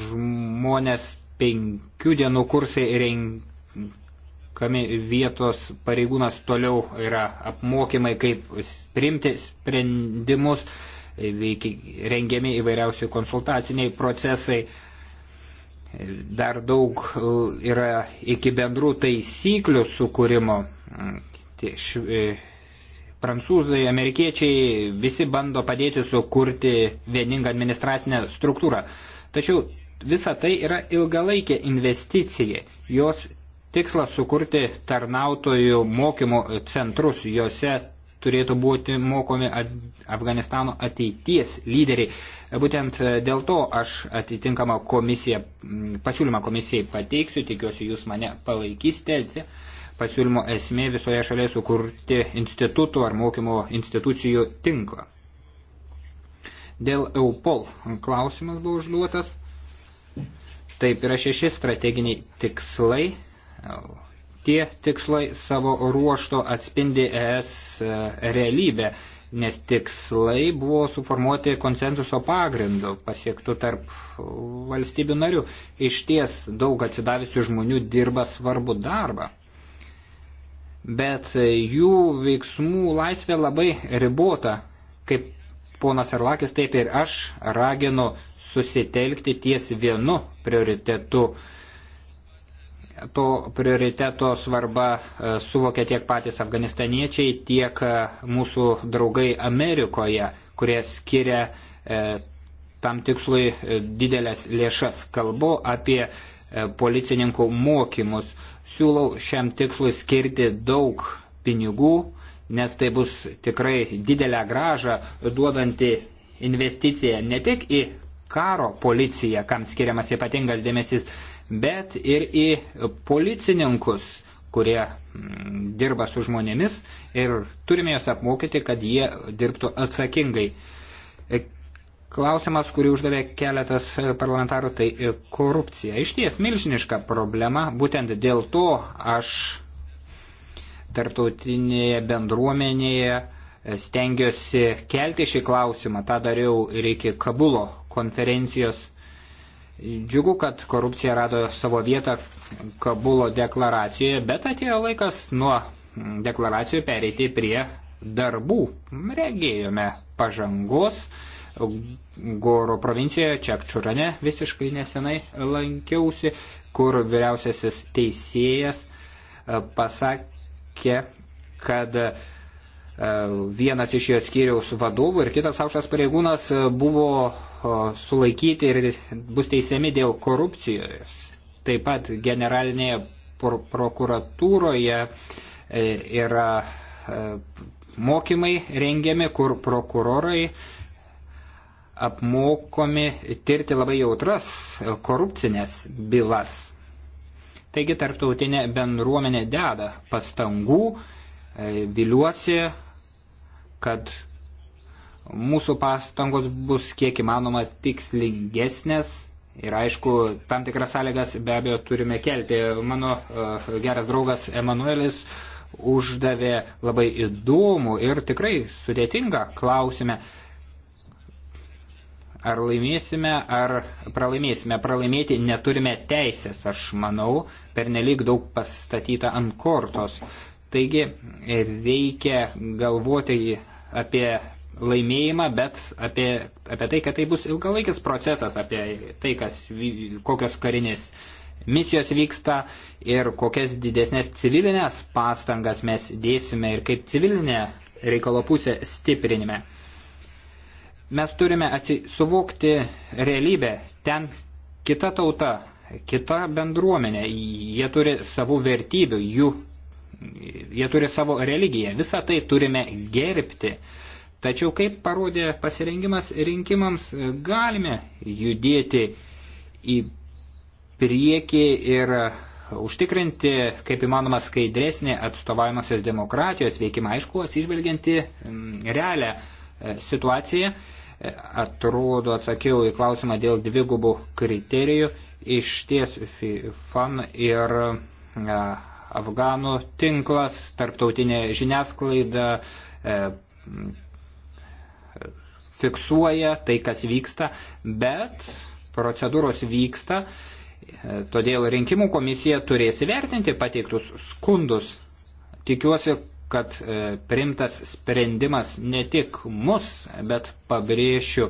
S4: žmonės penkių dienų kursai renkami vietos pareigūnas toliau yra apmokymai, kaip priimti sprendimus, rengiami įvairiausi konsultaciniai procesai. Dar daug yra iki bendrų taisyklių sukūrimo prancūzai, amerikiečiai visi bando padėti sukurti vieningą administracinę struktūrą. Tačiau visa tai yra ilgalaikė investicija. Jos tikslas sukurti tarnautojų mokymo centrus, juose turėtų būti mokomi Afganistano ateities lyderiai. Būtent dėl to aš atitinkamą komisiją, pasiūlymą komisijai pateiksiu, tikiuosi jūs mane palaikysite pasiūlymo esmė visoje šalyje sukurti institutų ar mokymo institucijų tinklą. Dėl EUPOL klausimas buvo užduotas. Taip yra šeši strateginiai tikslai. Tie tikslai savo ruošto atspindi ES e, realybę, nes tikslai buvo suformuoti konsensuso pagrindu pasiektų tarp valstybių narių. Iš ties daug atsidavisių žmonių dirba svarbu darbą bet e, jų veiksmų laisvė labai ribota. Kaip ponas Arlakis, taip ir aš raginu susitelkti ties vienu prioritetu. To prioriteto svarba e, suvokia tiek patys afganistaniečiai, tiek e, mūsų draugai Amerikoje, kurie skiria tam tikslui didelės lėšas. Kalbu apie policininkų mokymus. Siūlau šiam tikslui skirti daug pinigų, nes tai bus tikrai didelę gražą duodanti investicija ne tik į karo policiją, kam skiriamas ypatingas dėmesys, bet ir į policininkus, kurie mm, dirba su žmonėmis ir turime juos apmokyti, kad jie dirbtų atsakingai. Klausimas, kurį uždavė keletas e, parlamentarų, tai e, korupcija. Iš ties milžiniška problema, būtent dėl to aš tarptautinėje bendruomenėje e, stengiuosi kelti šį klausimą. Ta dariau ir iki Kabulo konferencijos. Džiugu, kad korupcija rado savo vietą Kabulo deklaracijoje, bet atėjo laikas nuo deklaracijų pereiti prie darbų. Regėjome pažangos Goro provincijoje, Čekčiurane visiškai nesenai lankiausi, kur vyriausiasis teisėjas e, pasakė, kad e, vienas iš jo skyriaus vadovų ir kitas aukštas pareigūnas e, buvo sulaikyti ir bus teisiami dėl korupcijos. Taip pat generalinėje pro prokuratūroje yra mokymai rengiami, kur prokurorai uh, apmokomi tirti labai jautras korupcinės bylas. Taigi tarptautinė bendruomenė deda pastangų, e, viliuosi, kad mūsų pastangos bus kiek įmanoma tikslingesnės ir aišku, tam tikras sąlygas be abejo turime kelti. Mano uh, geras draugas Emanuelis uždavė labai įdomų ir tikrai sudėtingą klausimą. Uh, ar laimėsime, ar pralaimėsime. Pralaimėti neturime teisės, aš manau, per nelik daug pastatyta ant kortos. Taigi reikia galvoti apie laimėjimą, bet apie, apie tai, kad tai bus ilgalaikis procesas, apie tai, kas, kokios karinės misijos vyksta ir kokias didesnės civilinės pastangas mes dėsime ir kaip civilinė reikalo pusė stiprinime. Mes turime suvokti realybę. Ten kita tauta, kita bendruomenė, jie turi savų vertybių, jų, jie turi savo religiją. Visą tai turime gerbti. Tačiau, kaip parodė pasirengimas rinkimams, galime judėti į priekį ir užtikrinti, kaip įmanoma, skaidresnį atstovavimosios demokratijos veikimą, aišku, atsižvelgianti mm, realią e, situaciją atrodo atsakiau į klausimą dėl dvigubų kriterijų. Iš ties FIFAN ir e, Afganų tinklas, tarptautinė žiniasklaida e, fiksuoja tai, kas vyksta, bet procedūros vyksta, e, todėl rinkimų komisija turės įvertinti pateiktus skundus. Tikiuosi, kad e, primtas sprendimas ne tik mus, bet pabrėšiu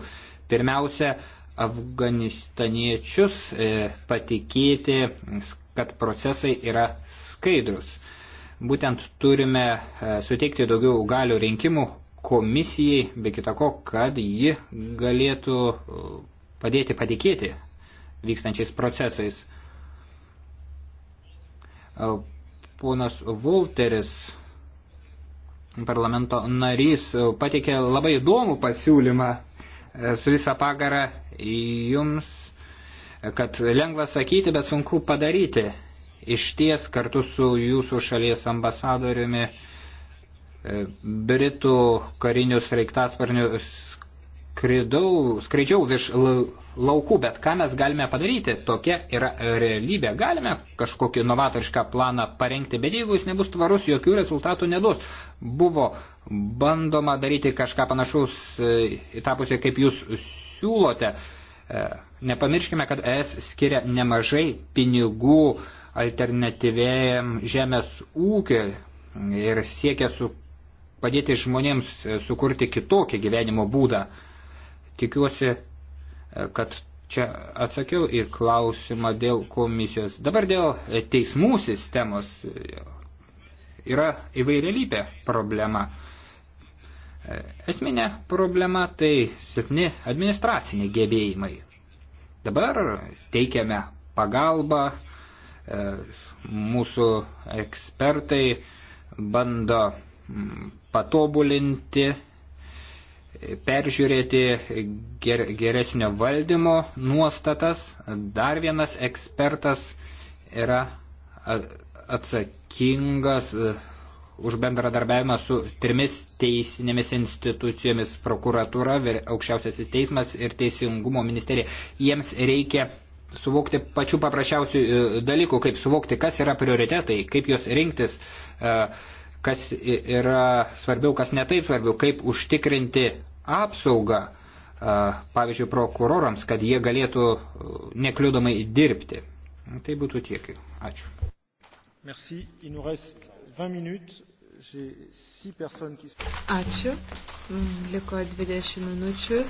S4: pirmiausia afganistaniečius e, patikėti, kad procesai yra skaidrus. Būtent turime e, suteikti daugiau galių rinkimų komisijai, be kitako, kad ji galėtų padėti patikėti vykstančiais procesais. Ponas Volteris parlamento narys e, pateikė labai įdomų pasiūlymą e, su visą pagarą jums, e, kad lengva sakyti, bet sunku padaryti. Iš ties kartu su jūsų šalies ambasadoriumi Britų karinius reiktasparnius skridau, skraidžiau virš laukų, bet ką mes galime padaryti, tokia yra realybė. Galime kažkokį novatorišką planą parengti, bet jeigu jis nebus tvarus, jokių rezultatų neduos. Buvo bandoma daryti kažką panašaus e, į tą pusę, kaip jūs siūlote. E, nepamirškime, kad ES skiria nemažai pinigų alternatyvėjam žemės ūkiui ir siekia su padėti žmonėms e, sukurti kitokį gyvenimo būdą. Tikiuosi, e, kad čia atsakiau į klausimą dėl komisijos. Dabar dėl e, teismų sistemos e, yra įvairialypė problema. Esminė problema tai silpni administraciniai gebėjimai. Dabar teikiame pagalbą, mūsų ekspertai bando patobulinti peržiūrėti ger, geresnio valdymo nuostatas. Dar vienas ekspertas yra atsakingas e, už bendradarbiavimą su trimis teisinėmis institucijomis - prokuratūra, aukščiausiasis teismas ir teisingumo ministerija. Jiems reikia suvokti pačių paprasčiausių e, dalykų, kaip suvokti, kas yra prioritetai, kaip juos rinktis, e, kas yra svarbiau, kas netaip svarbiau, kaip užtikrinti apsaugą, pavyzdžiui, prokurorams, kad jie galėtų nekliudomai dirbti. Tai būtų tiek. Ačiū.
S1: Merci. Il nous reste 20 minutes.
S2: Ačiū. Mm, liko 20 minučių.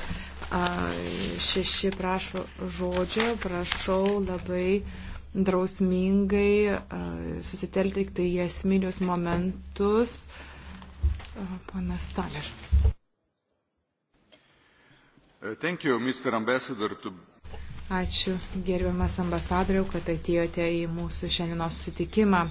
S2: Šeši prašo žodžio. Prašau labai drausmingai susitelkti į esminius momentus. Panas Taler.
S4: Uh, thank you, Mr. Ambassador. To...
S2: Ačiū, gerbiamas ambasadoriau, kad atėjote į mūsų šiandienos sutikimą.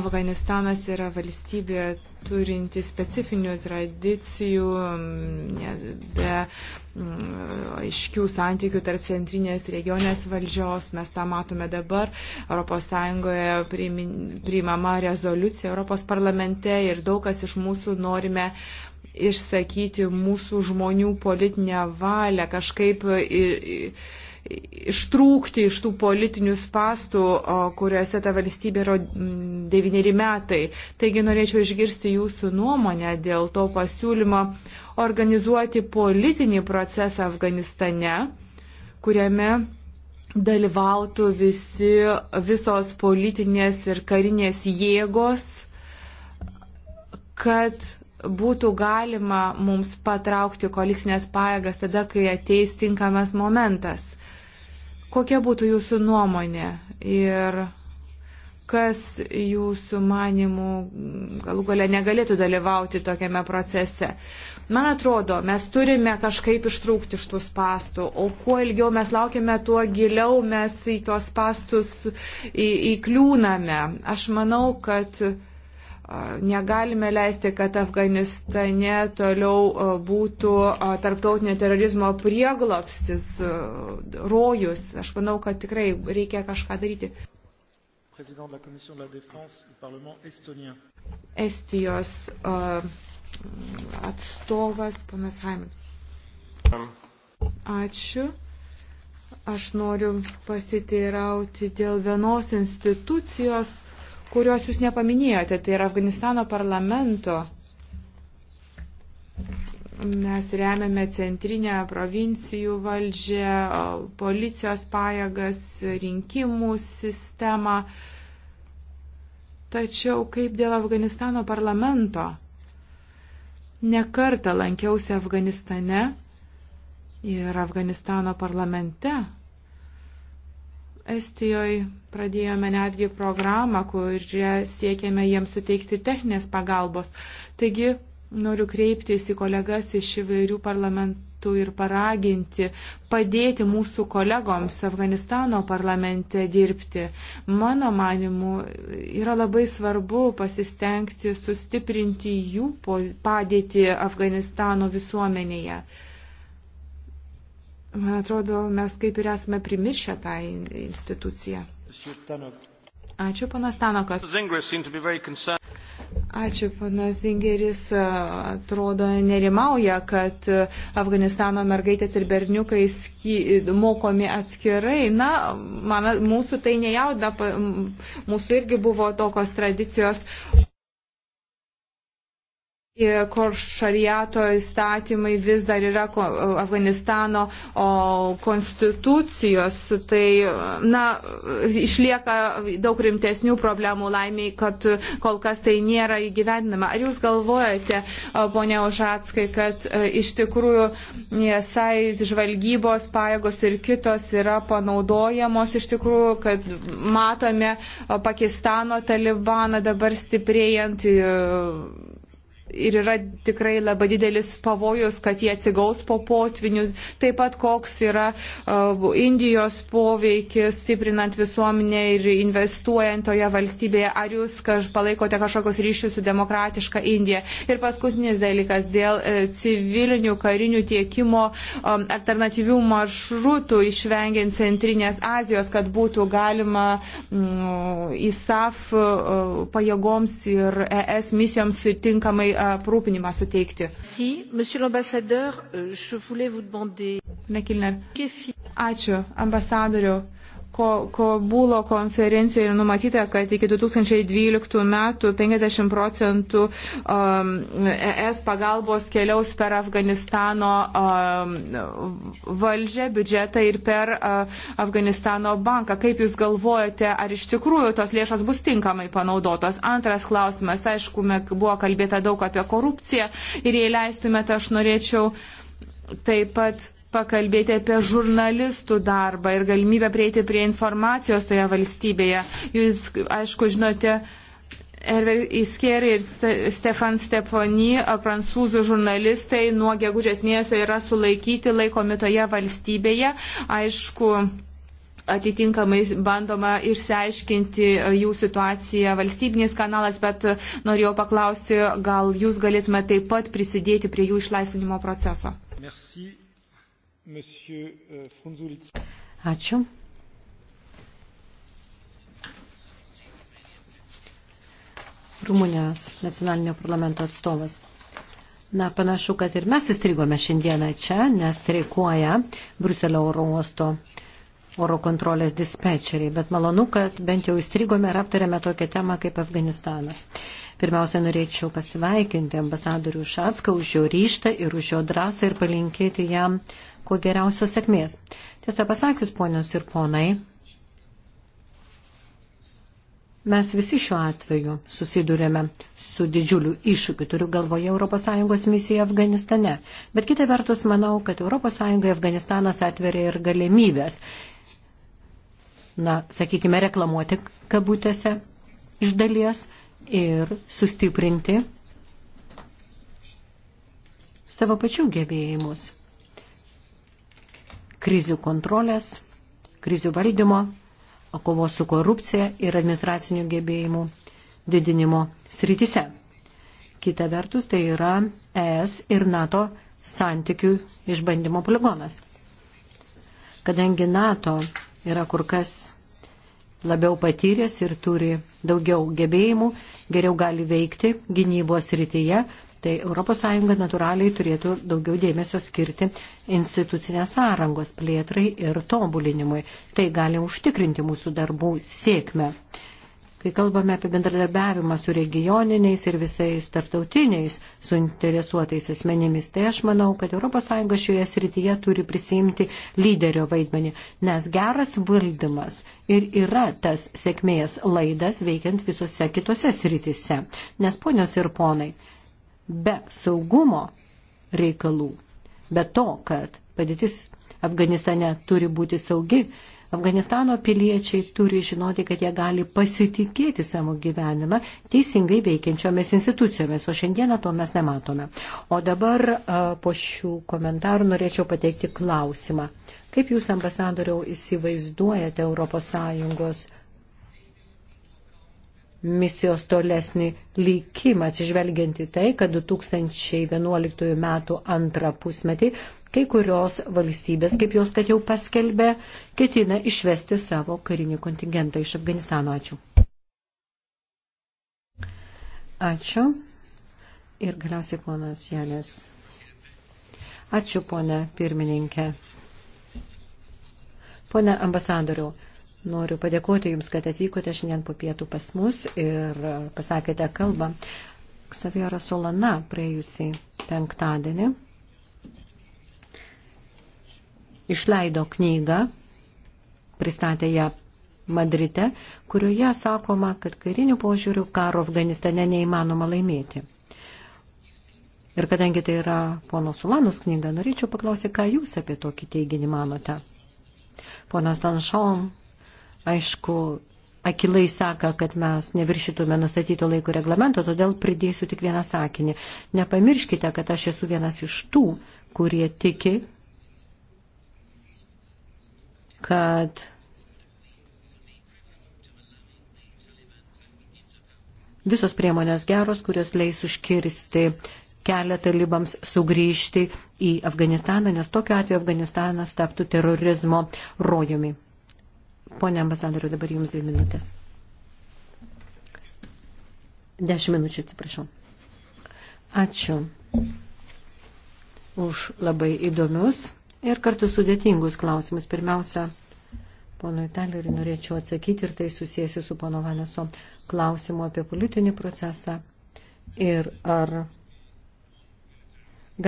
S2: Afganistanas yra valstybė turinti specifinių tradicijų, mm, be mm, aiškių santykių tarp centrinės regionės valdžios. Mes tą matome dabar. ES priimama rezoliucija Europos parlamente ir daug kas iš mūsų norime uh, išsakyti mūsų žmonių politinę valią, kažkaip ištrūkti iš tų politinių spastų, kuriuose ta valstybė yra devyneri metai. Taigi norėčiau išgirsti jūsų nuomonę dėl to pasiūlymo organizuoti politinį procesą Afganistane, kuriame dalyvautų visi, visos politinės ir karinės jėgos, kad būtų galima mums patraukti koalicinės pajėgas tada, kai ateis tinkamas momentas. Kokia būtų jūsų nuomonė ir kas jūsų manimų galų gale negalėtų dalyvauti tokiame procese? Man atrodo, mes turime kažkaip ištrūkti iš tų spastų, o kuo ilgiau mes laukiame, tuo giliau mes į tuos spastus įkliūname. Aš manau, kad uh, Negalime leisti, kad Afganistane toliau būtų tarptautinio terorizmo prieglopstis, rojus. Aš manau, kad tikrai reikia kažką daryti. Estijos atstovas, panas Haimin. Ačiū. Aš noriu pasiteirauti dėl vienos institucijos kurios jūs nepaminėjote, tai yra Afganistano parlamento. Mes remiame centrinę provincijų valdžią, policijos pajėgas, rinkimų sistemą. Tačiau kaip dėl Afganistano parlamento? Nekartą lankiausi Afganistane ir Afganistano parlamente Estijoje pradėjome netgi programą, kurie siekėme jiems suteikti techninės pagalbos. Taigi noriu kreiptis į kolegas iš įvairių parlamentų ir paraginti, padėti mūsų kolegoms Afganistano parlamente dirbti. Mano manimu, yra labai svarbu pasistengti sustiprinti jų padėtį Afganistano visuomenėje. Man atrodo, mes kaip ir esame primiršę tą instituciją. Ačiū, panas Tanokas. Ačiū, panas Zingeris. Atrodo, nerimauja, kad Afganistano mergaitės ir berniukai sky, mokomi atskirai. Na, man, mūsų tai nejaudina, mūsų irgi buvo tokios tradicijos kur šariato įstatymai vis dar yra Afganistano konstitucijos, tai na, išlieka daug rimtesnių problemų laimiai, kad kol kas tai nėra įgyvendinama. Ar jūs galvojate, ponia Užatskai, kad iš tikrųjų esai žvalgybos pajėgos ir kitos yra panaudojamos, iš tikrųjų, kad matome Pakistano talibaną dabar stiprėjant e, ir yra tikrai labai didelis pavojus, kad jie atsigaus po potvinių. Taip pat koks yra uh, Indijos poveikis, stiprinant visuomenę ir investuojant toje valstybėje. Ar jūs kaž, palaikote kažkokius ryšius su demokratiška Indija? Ir paskutinis dalykas dėl uh, civilinių karinių tiekimo um, alternatyvių maršrutų išvengiant Centrinės Azijos, kad būtų galima um, ISAF uh, pajėgoms ir ES misijoms tinkamai aprūpinimą suteikti. Si, euh, Ačiū, ambasadoriu. Kobulo konferencijoje numatyta, kad iki 2012 metų 50 procentų um, ES pagalbos keliaus per Afganistano um, valdžią, biudžetą ir per uh, Afganistano banką. Kaip Jūs galvojate, ar iš tikrųjų tos lėšos bus tinkamai panaudotos? Antras klausimas, aišku, buvo kalbėta daug apie korupciją ir jei leistumėte, aš norėčiau taip pat pakalbėti apie žurnalistų darbą ir galimybę prieiti prie informacijos toje valstybėje. Jūs, aišku, žinote, Herver Iskeri ir Stefan Steponi, prancūzų žurnalistai, nuo gegužės mėnesio yra sulaikyti laikomi toje valstybėje. Aišku, atitinkamai bandoma išsiaiškinti jų situaciją valstybinis kanalas, bet norėjau paklausti, gal jūs galėtume taip pat prisidėti prie jų išlaisvinimo proceso.
S1: Merci. Euh,
S2: Ačiū.
S3: Rumunijos nacionalinio parlamento atstovas. Na, panašu, kad ir mes įstrigome šiandieną čia, nes streikuoja Bruselio oro uosto oro kontrolės dispečeriai, bet malonu, kad bent jau įstrigome ir aptarėme tokią temą kaip Afganistanas. Pirmiausia, norėčiau pasveikinti ambasadorių Šatską už jo ryštą ir už jo drąsą ir palinkėti jam kuo geriausios sėkmės. Tiesą pasakius, ponios ir ponai, mes visi šiuo atveju susidurėme su didžiuliu iššūkiu, turiu galvoje ES misiją Afganistane. Bet kitą vertus, manau, kad ES Afganistanas atveria ir galimybės, na, sakykime, reklamuoti kabutėse iš dalies ir sustiprinti savo pačių gebėjimus krizių kontrolės, krizių valdymo, kovos su korupcija ir administracinių gebėjimų didinimo srityse. Kita vertus, tai yra ES ir NATO santykių išbandymo poligonas. Kadangi NATO yra kur kas labiau patyręs ir turi daugiau gebėjimų, geriau gali veikti gynybos rytyje, tai ES natūraliai turėtų daugiau dėmesio skirti institucinės sąrangos plėtrai ir tobulinimui. Tai gali užtikrinti mūsų darbų sėkmę. Kai kalbame apie bendradarbiavimą su regioniniais ir visais tartautiniais suinteresuotais asmenimis, tai aš manau, kad ES šioje srityje turi prisimti lyderio vaidmenį, nes geras valdymas ir yra tas sėkmės laidas veikiant visose kitose srityse. Nes ponios ir ponai, be saugumo reikalų, be to, kad padėtis Afganistane turi būti saugi, Afganistano piliečiai turi žinoti, kad jie gali pasitikėti savo gyvenimą teisingai veikiančiomis institucijomis, o šiandieną to mes nematome. O dabar po šių komentarų norėčiau pateikti klausimą. Kaip Jūs, ambasadoriau, įsivaizduojate ES misijos tolesnį likimą, atsižvelgiant į tai, kad 2011 m. antrą pusmetį kai kurios valstybės, kaip jos kad jau paskelbė, ketina išvesti savo karinį kontingentą iš Afganistano. Ačiū. Ačiū. Ir galiausiai ponas Janės. Ačiū, ponė pirmininkė. Pone ambasadoriau, Noriu padėkoti Jums, kad atvykote šiandien po pietų pas mus ir pasakėte kalbą. Ksavieras Solana praėjusį penktadienį išleido knygą, pristatė ją Madrite, kurioje sakoma, kad karinių požiūrių karo Afganistane neįmanoma laimėti. Ir kadangi tai yra pono Sulanus knyga, norėčiau paklausyti, ką jūs apie tokį teiginį manote. Ponas Danšom aišku, akilai seka, kad mes neviršytume nustatyto laiko reglamento, todėl pridėsiu tik vieną sakinį. Nepamirškite, kad aš esu vienas iš tų, kurie tiki, kad visos priemonės geros, kurios leis užkirsti kelią talibams sugrįžti į Afganistaną, nes tokiu atveju Afganistanas taptų terorizmo rojumi. Pone ambasadoriu, dabar jums dvi minutės. Dešimt minučių, atsiprašau. Ačiū už labai įdomius ir kartu sudėtingus klausimus. Pirmiausia, pono Italiui norėčiau atsakyti ir tai susijęsiu su pono Vaneso klausimu apie politinį procesą ir ar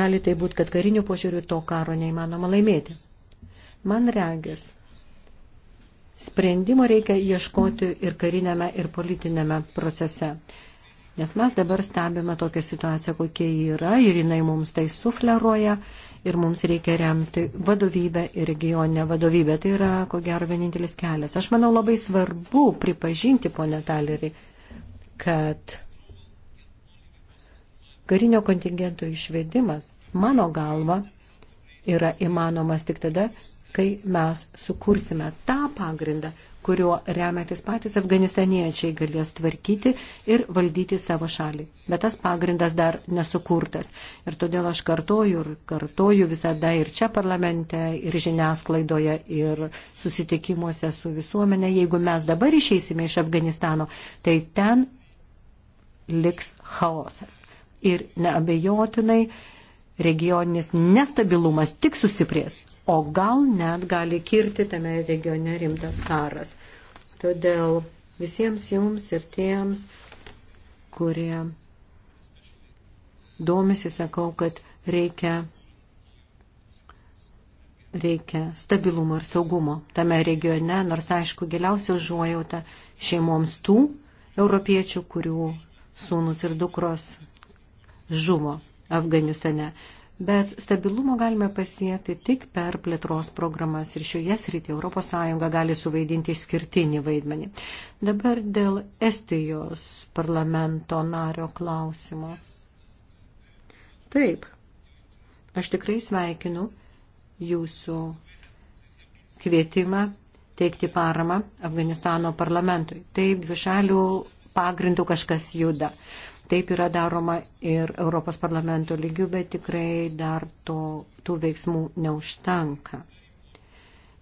S3: gali tai būti, kad karinių požiūrių to karo neįmanoma laimėti. Man regis, Sprendimo reikia ieškoti ir karinėme, ir politinėme procese. Nes mes dabar stebime tokią situaciją, kokia yra ir jinai mums tai sufleruoja ir mums reikia remti vadovybę ir regioninę vadovybę. Tai yra, ko gero, vienintelis kelias. Aš manau labai svarbu pripažinti, ponė Talerį, kad karinio kontingento išvedimas, mano galva, yra įmanomas tik tada, kai mes sukursime tą pagrindą, kuriuo remiantis patys afganistaniečiai galės tvarkyti ir valdyti savo šalį. Bet tas pagrindas dar nesukurtas. Ir todėl aš kartoju ir kartoju visada ir čia parlamente, ir žiniasklaidoje, ir susitikimuose su visuomenė. Jeigu mes dabar išeisime iš Afganistano, tai ten liks chaosas. Ir neabejotinai regioninis nestabilumas tik susiprės o gal net gali kirti tame regione rimtas karas. Todėl visiems jums ir tiems, kurie domisi, sakau, kad reikia, reikia stabilumo ir saugumo tame regione, nors aišku, giliausia užuojauta šeimoms tų europiečių, kurių sūnus ir dukros žuvo Afganistane. Bet stabilumo galime pasiekti tik per plėtros programas ir šioje srityje ES gali suvaidinti išskirtinį vaidmenį. Dabar dėl Estijos parlamento nario klausimo. Taip, aš tikrai sveikinu jūsų kvietimą teikti paramą Afganistano parlamentui. Taip, dvišalių pagrindų kažkas juda. Taip yra daroma ir Europos parlamento lygių, bet tikrai dar to, tų veiksmų neužtenka.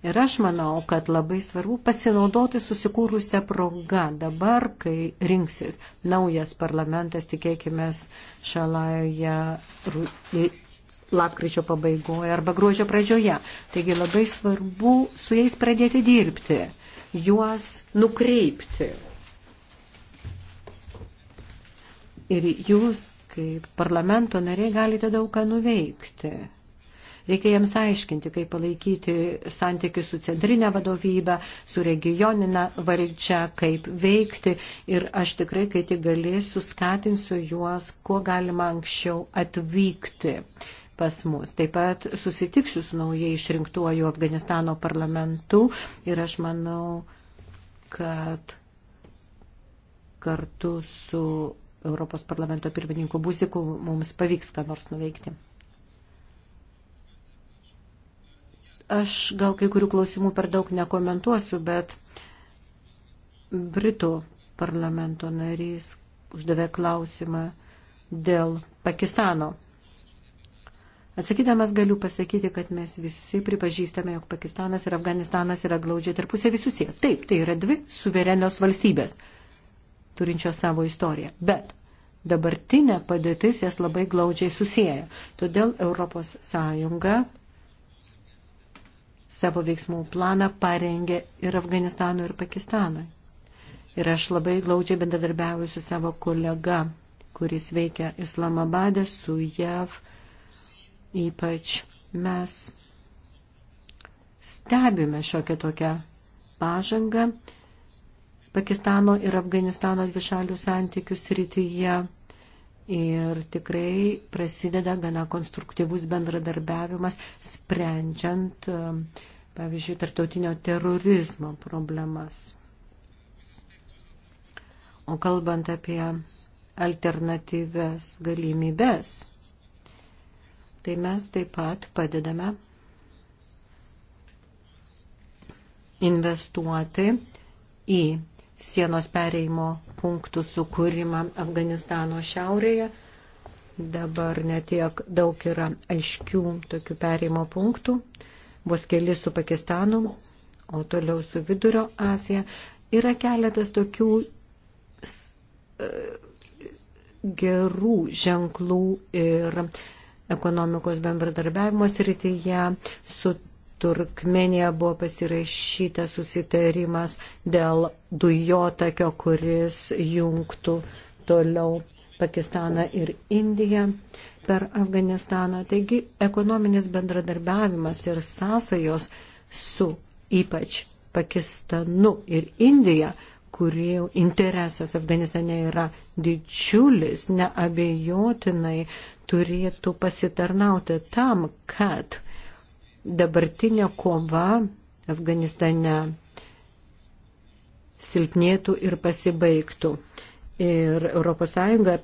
S3: Ir aš manau, kad labai svarbu pasinaudoti susikūrusią progą dabar, kai rinksis naujas parlamentas, tikėkime, šalajoje lapkričio pabaigoje arba gruodžio pradžioje. Taigi labai svarbu su jais pradėti dirbti, juos nukreipti, Ir jūs, kaip parlamento nariai, galite daug ką nuveikti. Reikia jiems aiškinti, kaip palaikyti santykių su centrinė vadovybė, su regioninė valdžia, kaip veikti. Ir aš tikrai, kai tik galėsiu, skatinsiu juos, kuo galima anksčiau atvykti pas mus. Taip pat susitiksiu su naujai išrinktuoju Afganistano parlamentu ir aš manau, kad kartu su Europos parlamento pirmininku Buziku mums pavyks ką nors nuveikti. Aš gal kai kurių klausimų per daug nekomentuosiu, bet Britų parlamento narys uždavė klausimą dėl Pakistano. Atsakydamas galiu pasakyti, kad mes visi pripažįstame, jog Pakistanas ir Afganistanas yra glaudžiai tarpusavį susiję. Taip, tai yra dvi suverenios valstybės turinčios savo istoriją. Bet dabartinė padėtis jas labai glaudžiai susiję. Todėl ES savo veiksmų planą parengė ir Afganistanui, ir Pakistanui. Ir aš labai glaudžiai bendradarbiauju su savo kolega, kuris veikia Islamabadę su JAV. Ypač mes stebime šiokią tokią pažangą Pakistano ir Afganistano dvišalių santykių srityje. Ir tikrai prasideda gana konstruktyvus bendradarbiavimas, sprendžiant, pavyzdžiui, tartautinio terorizmo problemas. O kalbant apie alternatyves galimybės, tai mes taip pat padedame investuoti į sienos pereimo punktų sukūrimą Afganistano šiaurėje. Dabar netiek daug yra aiškių tokių pereimo punktų, vos keli su Pakistanu, o toliau su Vidurio Azija. Yra keletas tokių e, gerų ženklų ir ekonomikos bendradarbiavimo srityje su Turkmenija buvo pasirašytas susitarimas dėl dujotakio, kuris jungtų toliau Pakistaną ir Indiją per Afganistaną. Taigi ekonominis bendradarbiavimas ir sąsajos su ypač Pakistanu ir Indija, kurių interesas Afganistane yra didžiulis, neabejotinai turėtų pasitarnauti tam, kad dabartinė kova Afganistane silpnėtų ir pasibaigtų. Ir ES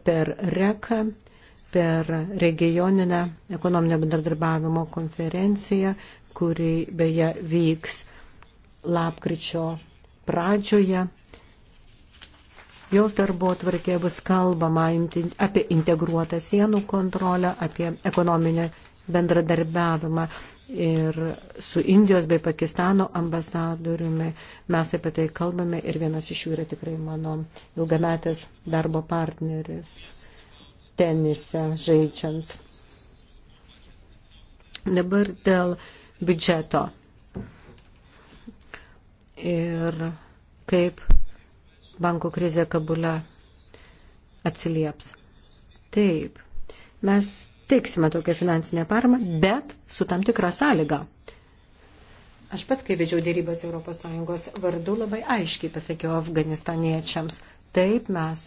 S3: per REKA, per regioninę ekonominio bendradarbiavimo konferenciją, kuri beje vyks lapkričio pradžioje, jos darbo atvarkė bus kalbama apie integruotą sienų kontrolę, apie ekonominę bendradarbiavimą ir su Indijos bei Pakistano ambasadoriumi mes apie tai kalbame ir vienas iš jų yra tikrai mano ilgametės darbo partneris tenise žaidžiant. Dabar dėl biudžeto ir kaip bankų krizė Kabule atsilieps. Taip, mes teiksime tokią finansinę paramą, bet su tam tikra sąlyga. Aš pats, kai vedžiau dėrybas ES vardu, labai aiškiai pasakiau afganistaniečiams, taip mes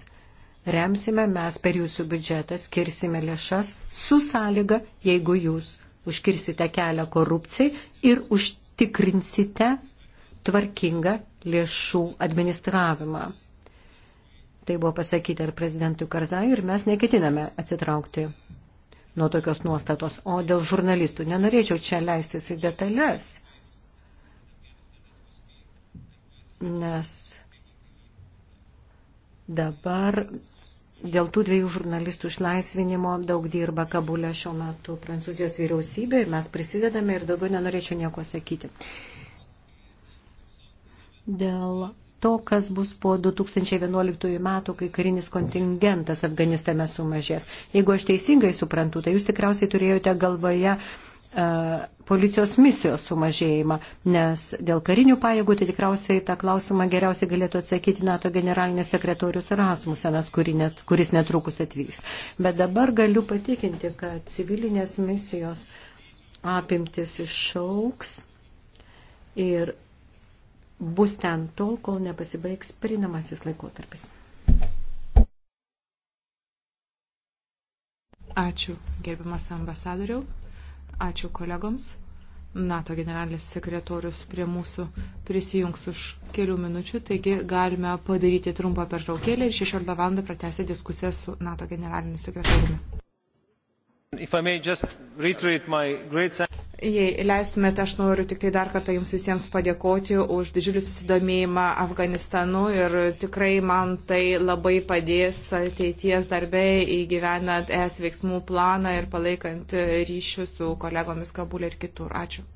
S3: remsime, mes per jūsų biudžetą skirsime lėšas su sąlyga, jeigu jūs užkirsite kelią korupcijai ir užtikrinsite tvarkingą lėšų administravimą. Tai buvo pasakyti ir prezidentui Karzai ir mes neketiname atsitraukti nuo tokios nuostatos. O dėl žurnalistų nenorėčiau čia leistis į detalės, nes dabar dėl tų dviejų žurnalistų išlaisvinimo daug dirba Kabulė šiuo metu Prancūzijos vyriausybė ir mes prisidedame ir daugiau nenorėčiau nieko sakyti. Dėl to, kas bus po 2011 metų, kai karinis kontingentas Afganistame sumažės. Jeigu aš teisingai suprantu, tai jūs tikriausiai turėjote galvoje uh, policijos misijos sumažėjimą, nes dėl karinių pajėgų tai tikriausiai tą klausimą geriausiai galėtų atsakyti NATO generalinis sekretorius Rasmusenas, net, kuris netrukus atvyks. Bet dabar galiu patikinti, kad civilinės misijos apimtis išauks ir bus ten tol, kol nepasibaigs
S2: perinamasis laikotarpis. Ačiū, gerbiamas ambasadoriau. Ačiū kolegoms. NATO generalinis sekretorius prie mūsų prisijungs už kelių minučių, taigi galime padaryti trumpą pertraukėlę ir 16 val. pratęsti diskusiją su NATO generaliniu sekretoriumi.
S1: Great...
S2: Jei leistumėte, aš noriu tik tai dar kartą Jums visiems padėkoti už didžiulį susidomėjimą Afganistanu ir tikrai man tai labai padės ateities darbei įgyvenant ES veiksmų planą ir palaikant ryšių su kolegomis Kabulė ir kitur. Ačiū.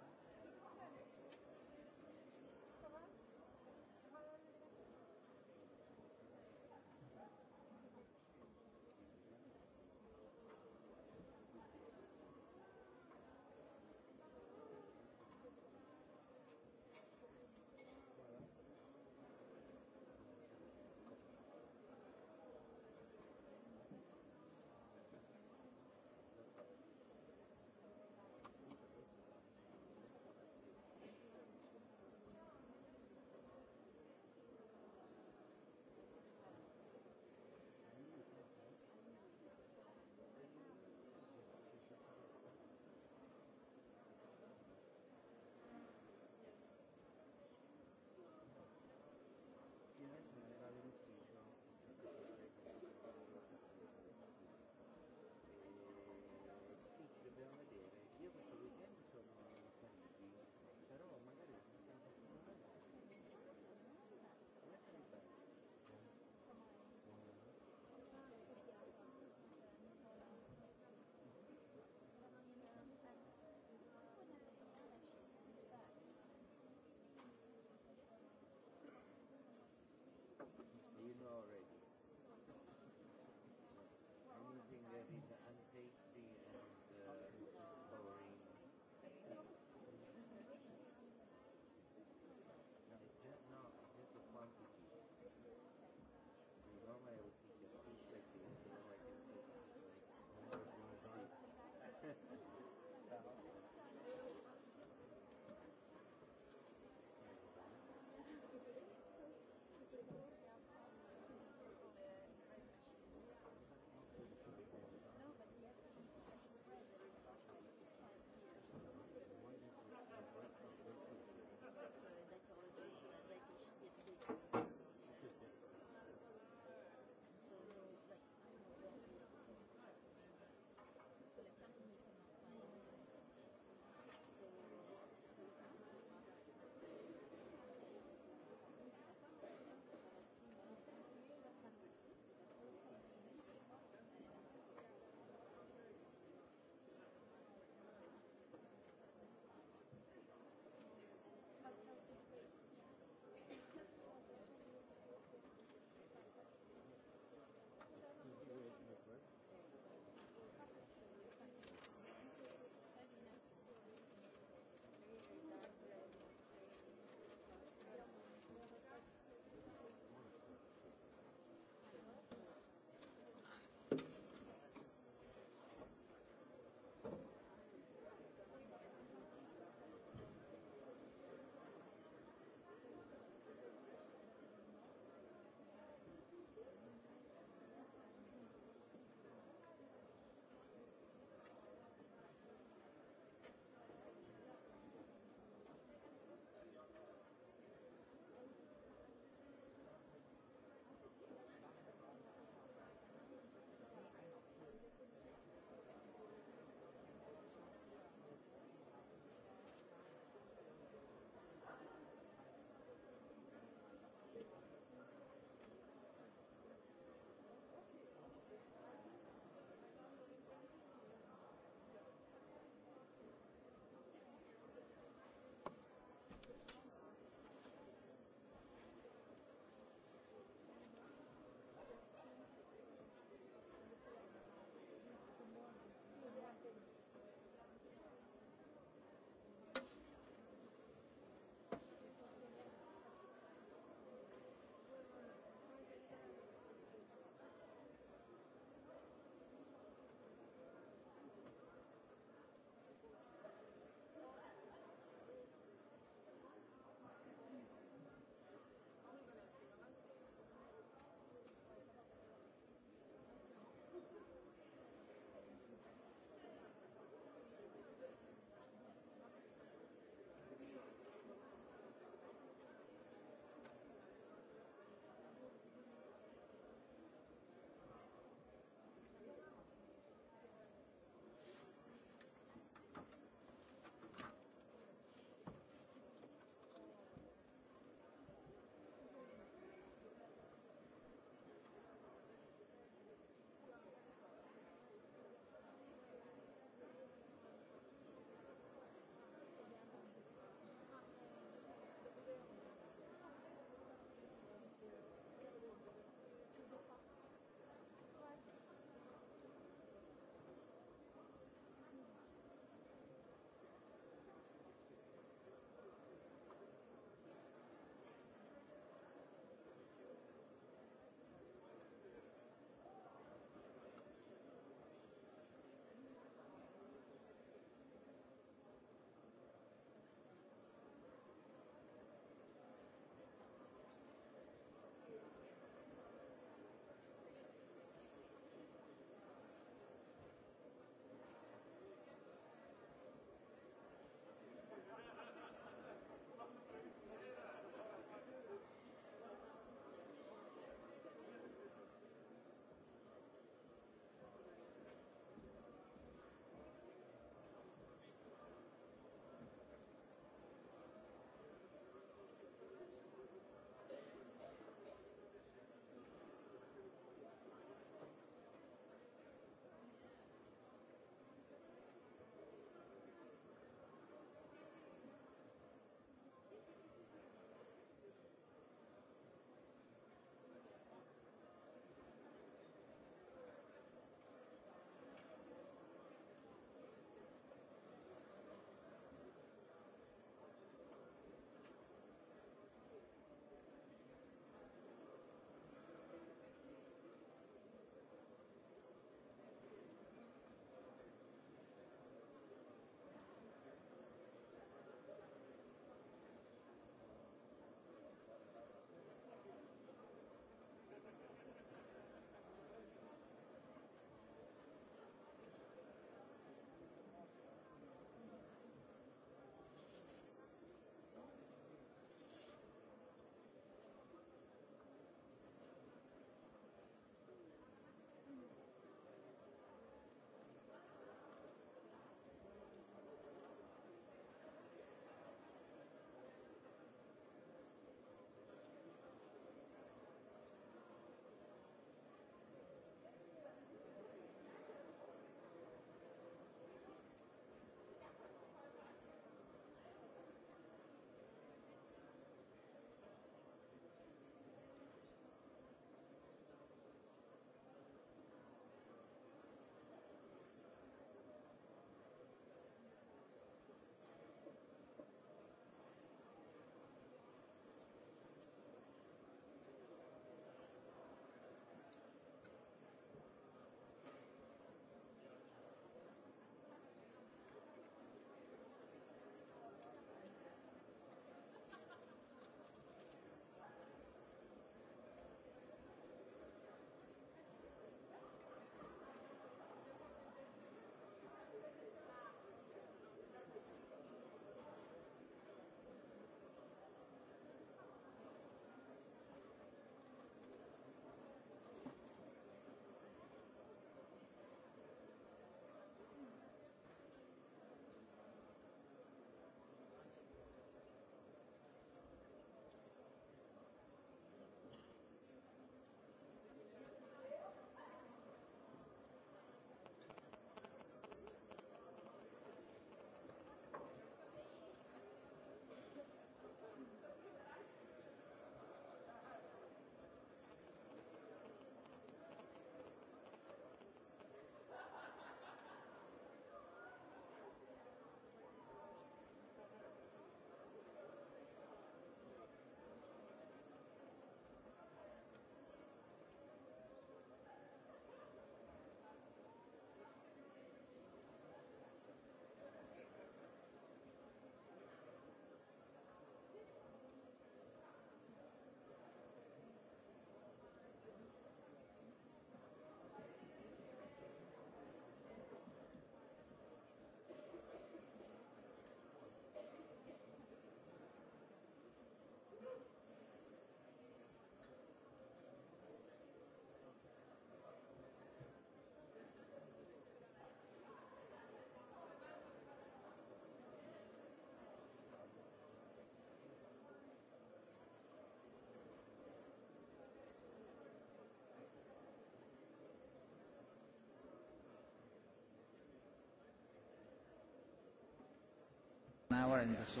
S5: Freund. So.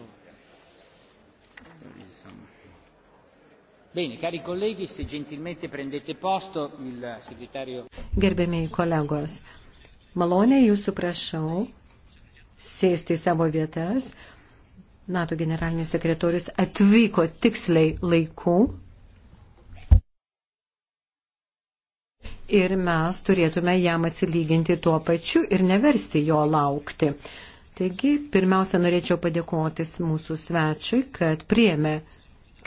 S5: Bene, cari colleghi, se gentilmente prendete posto, il segretario.
S3: Gerbėmiai kolegos, maloniai jūsų prašau sėsti į savo vietas. NATO generalinis sekretorius atvyko tiksliai laiku ir mes turėtume jam atsilyginti tuo pačiu ir neversti jo laukti. Taigi, pirmiausia, norėčiau padėkotis mūsų svečiui, kad priėmė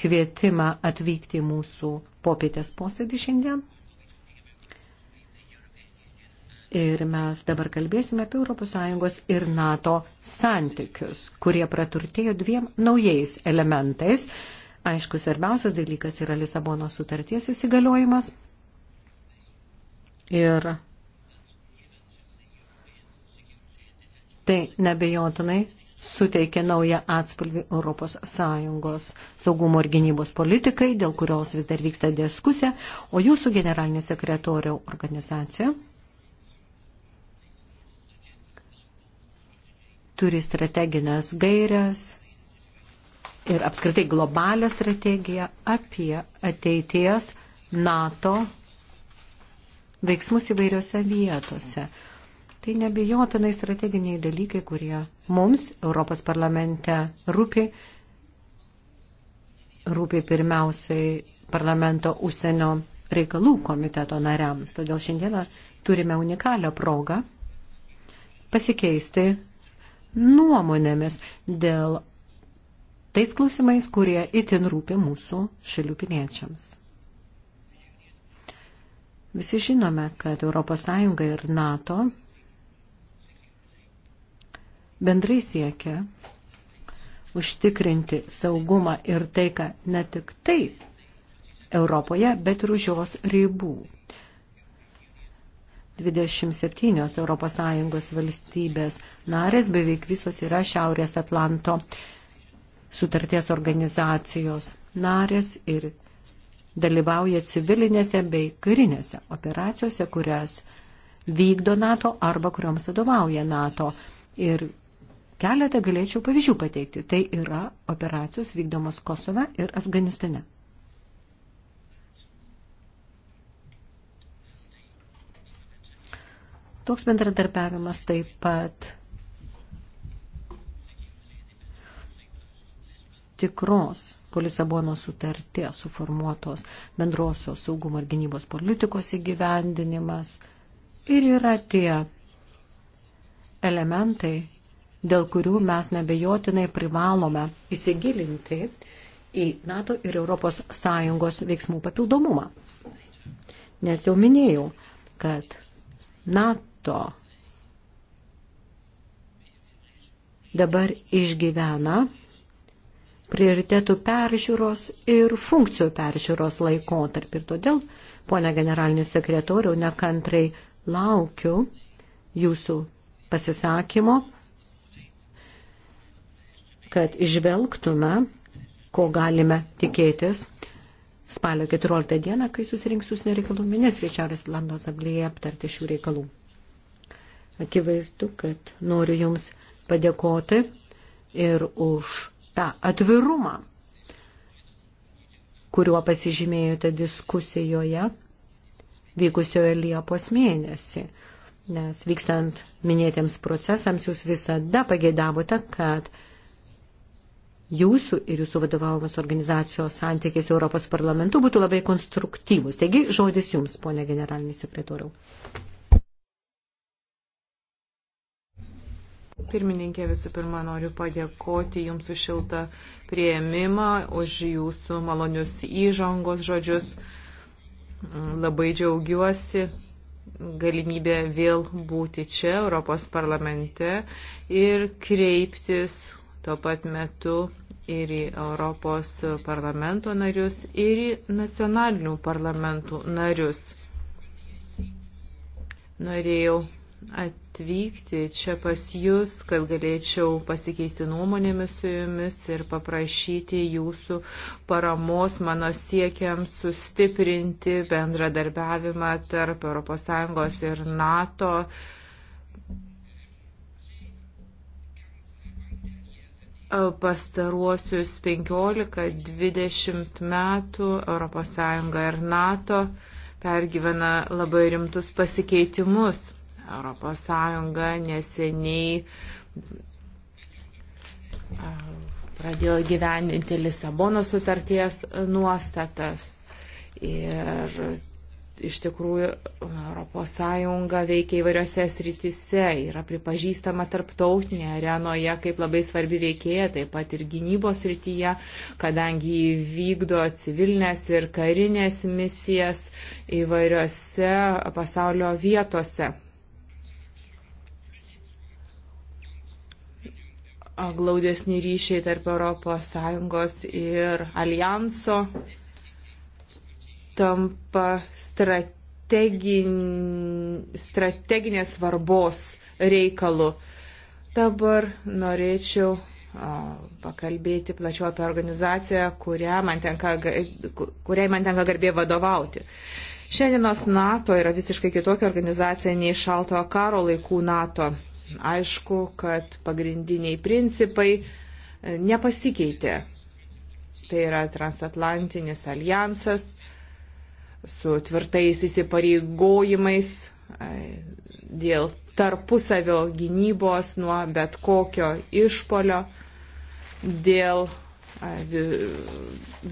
S3: kvietimą atvykti į mūsų popietės posėdį šiandien. Ir mes dabar kalbėsime apie ES ir NATO santykius, kurie praturtėjo dviem naujais elementais. Aišku, svarbiausias dalykas yra Lisabono sutarties įsigaliojimas. Ir Tai nebejotinai suteikia naują atspalvį ES saugumo ir gynybos politikai, dėl kurios vis dar vyksta diskusija, o jūsų generalinė sekretoriau organizacija turi strateginės gairias ir apskritai globalią strategiją apie ateities NATO veiksmus įvairiose vietose. Tai nebejotinai strateginiai dalykai, kurie mums Europos parlamente rūpi. Rūpi pirmiausiai parlamento užsienio reikalų komiteto nariams. Todėl šiandieną turime unikalią progą pasikeisti nuomonėmis dėl tais klausimais, kurie itin rūpi mūsų šalių piliečiams. Visi žinome, kad ES ir NATO bendrai siekia užtikrinti saugumą ir taiką ne tik tai Europoje, bet ir už jos ribų. 27 ES valstybės narės beveik visos yra Šiaurės Atlanto sutarties organizacijos narės ir dalyvauja civilinėse bei karinėse operacijose, kurias vykdo NATO arba kurioms vadovauja NATO. Ir Keletą galėčiau pavyzdžių pateikti. Tai yra operacijos vykdomos Kosove ir Afganistane. Toks bendradarbiavimas taip pat tikros po Lisabono sutarties suformuotos bendrosios saugumo ir gynybos politikos įgyvendinimas ir yra tie elementai, dėl kurių mes nebejotinai privalome įsigilinti į NATO ir ES veiksmų papildomumą. Nes jau minėjau, kad NATO dabar išgyvena prioritetų peržiūros ir funkcijų peržiūros laikotarpį. Ir todėl, ponia generalinis sekretoriau, nekantrai laukiu jūsų pasisakymo kad išvelgtume, ko galime tikėtis spalio 14 dieną, kai susirinks užsienio reikalų ministrai Šiaurės Irlando asamblėje aptarti šių reikalų. Akivaizdu, kad noriu Jums padėkoti ir už tą atvirumą, kuriuo pasižymėjote diskusijoje vykusioje Liepos mėnesį. Nes vykstant minėtiems procesams jūs visada pageidavote, kad jūsų ir jūsų vadovaujamas organizacijos santykis Europos parlamentu būtų labai konstruktyvus. Taigi, žodis jums, ponė generalinį sekretoriau.
S2: Pirmininkė, visų pirma, noriu padėkoti Jums už šiltą prieimimą, už Jūsų malonius įžangos žodžius. Labai džiaugiuosi galimybė vėl būti čia Europos parlamente ir kreiptis tuo pat metu ir į Europos parlamento narius, ir į nacionalinių parlamentų narius. Norėjau atvykti čia pas Jūs, kad galėčiau pasikeisti nuomonėmis su Jumis ir paprašyti Jūsų paramos mano siekiams sustiprinti bendradarbiavimą tarp ES ir NATO. Uh, pastaruosius 15-20 metų ES ir NATO pergyvena labai rimtus pasikeitimus. ES neseniai pradėjo gyveninti Lisabono sutarties nuostatas. Ir iš tikrųjų ES veikia įvairiose sritise, yra pripažįstama tarptautinėje arenoje kaip labai svarbi veikėja, taip pat ir gynybos srityje, kadangi vykdo civilinės ir karinės misijas įvairiose pasaulio vietose. Glaudesni ryšiai tarp ES ir alijanso tampa strategin, strateginės svarbos reikalu. Dabar norėčiau pakalbėti plačiau apie organizaciją, kuriai man tenka, kuriai man tenka garbė vadovauti. Šiandienos NATO yra visiškai kitokia organizacija nei šaltojo karo laikų NATO. Aišku, kad pagrindiniai principai e, nepasikeitė. Tai yra transatlantinis alijansas, su tvirtais įsipareigojimais e, dėl tarpusavio gynybos nuo bet kokio išpolio, dėl e,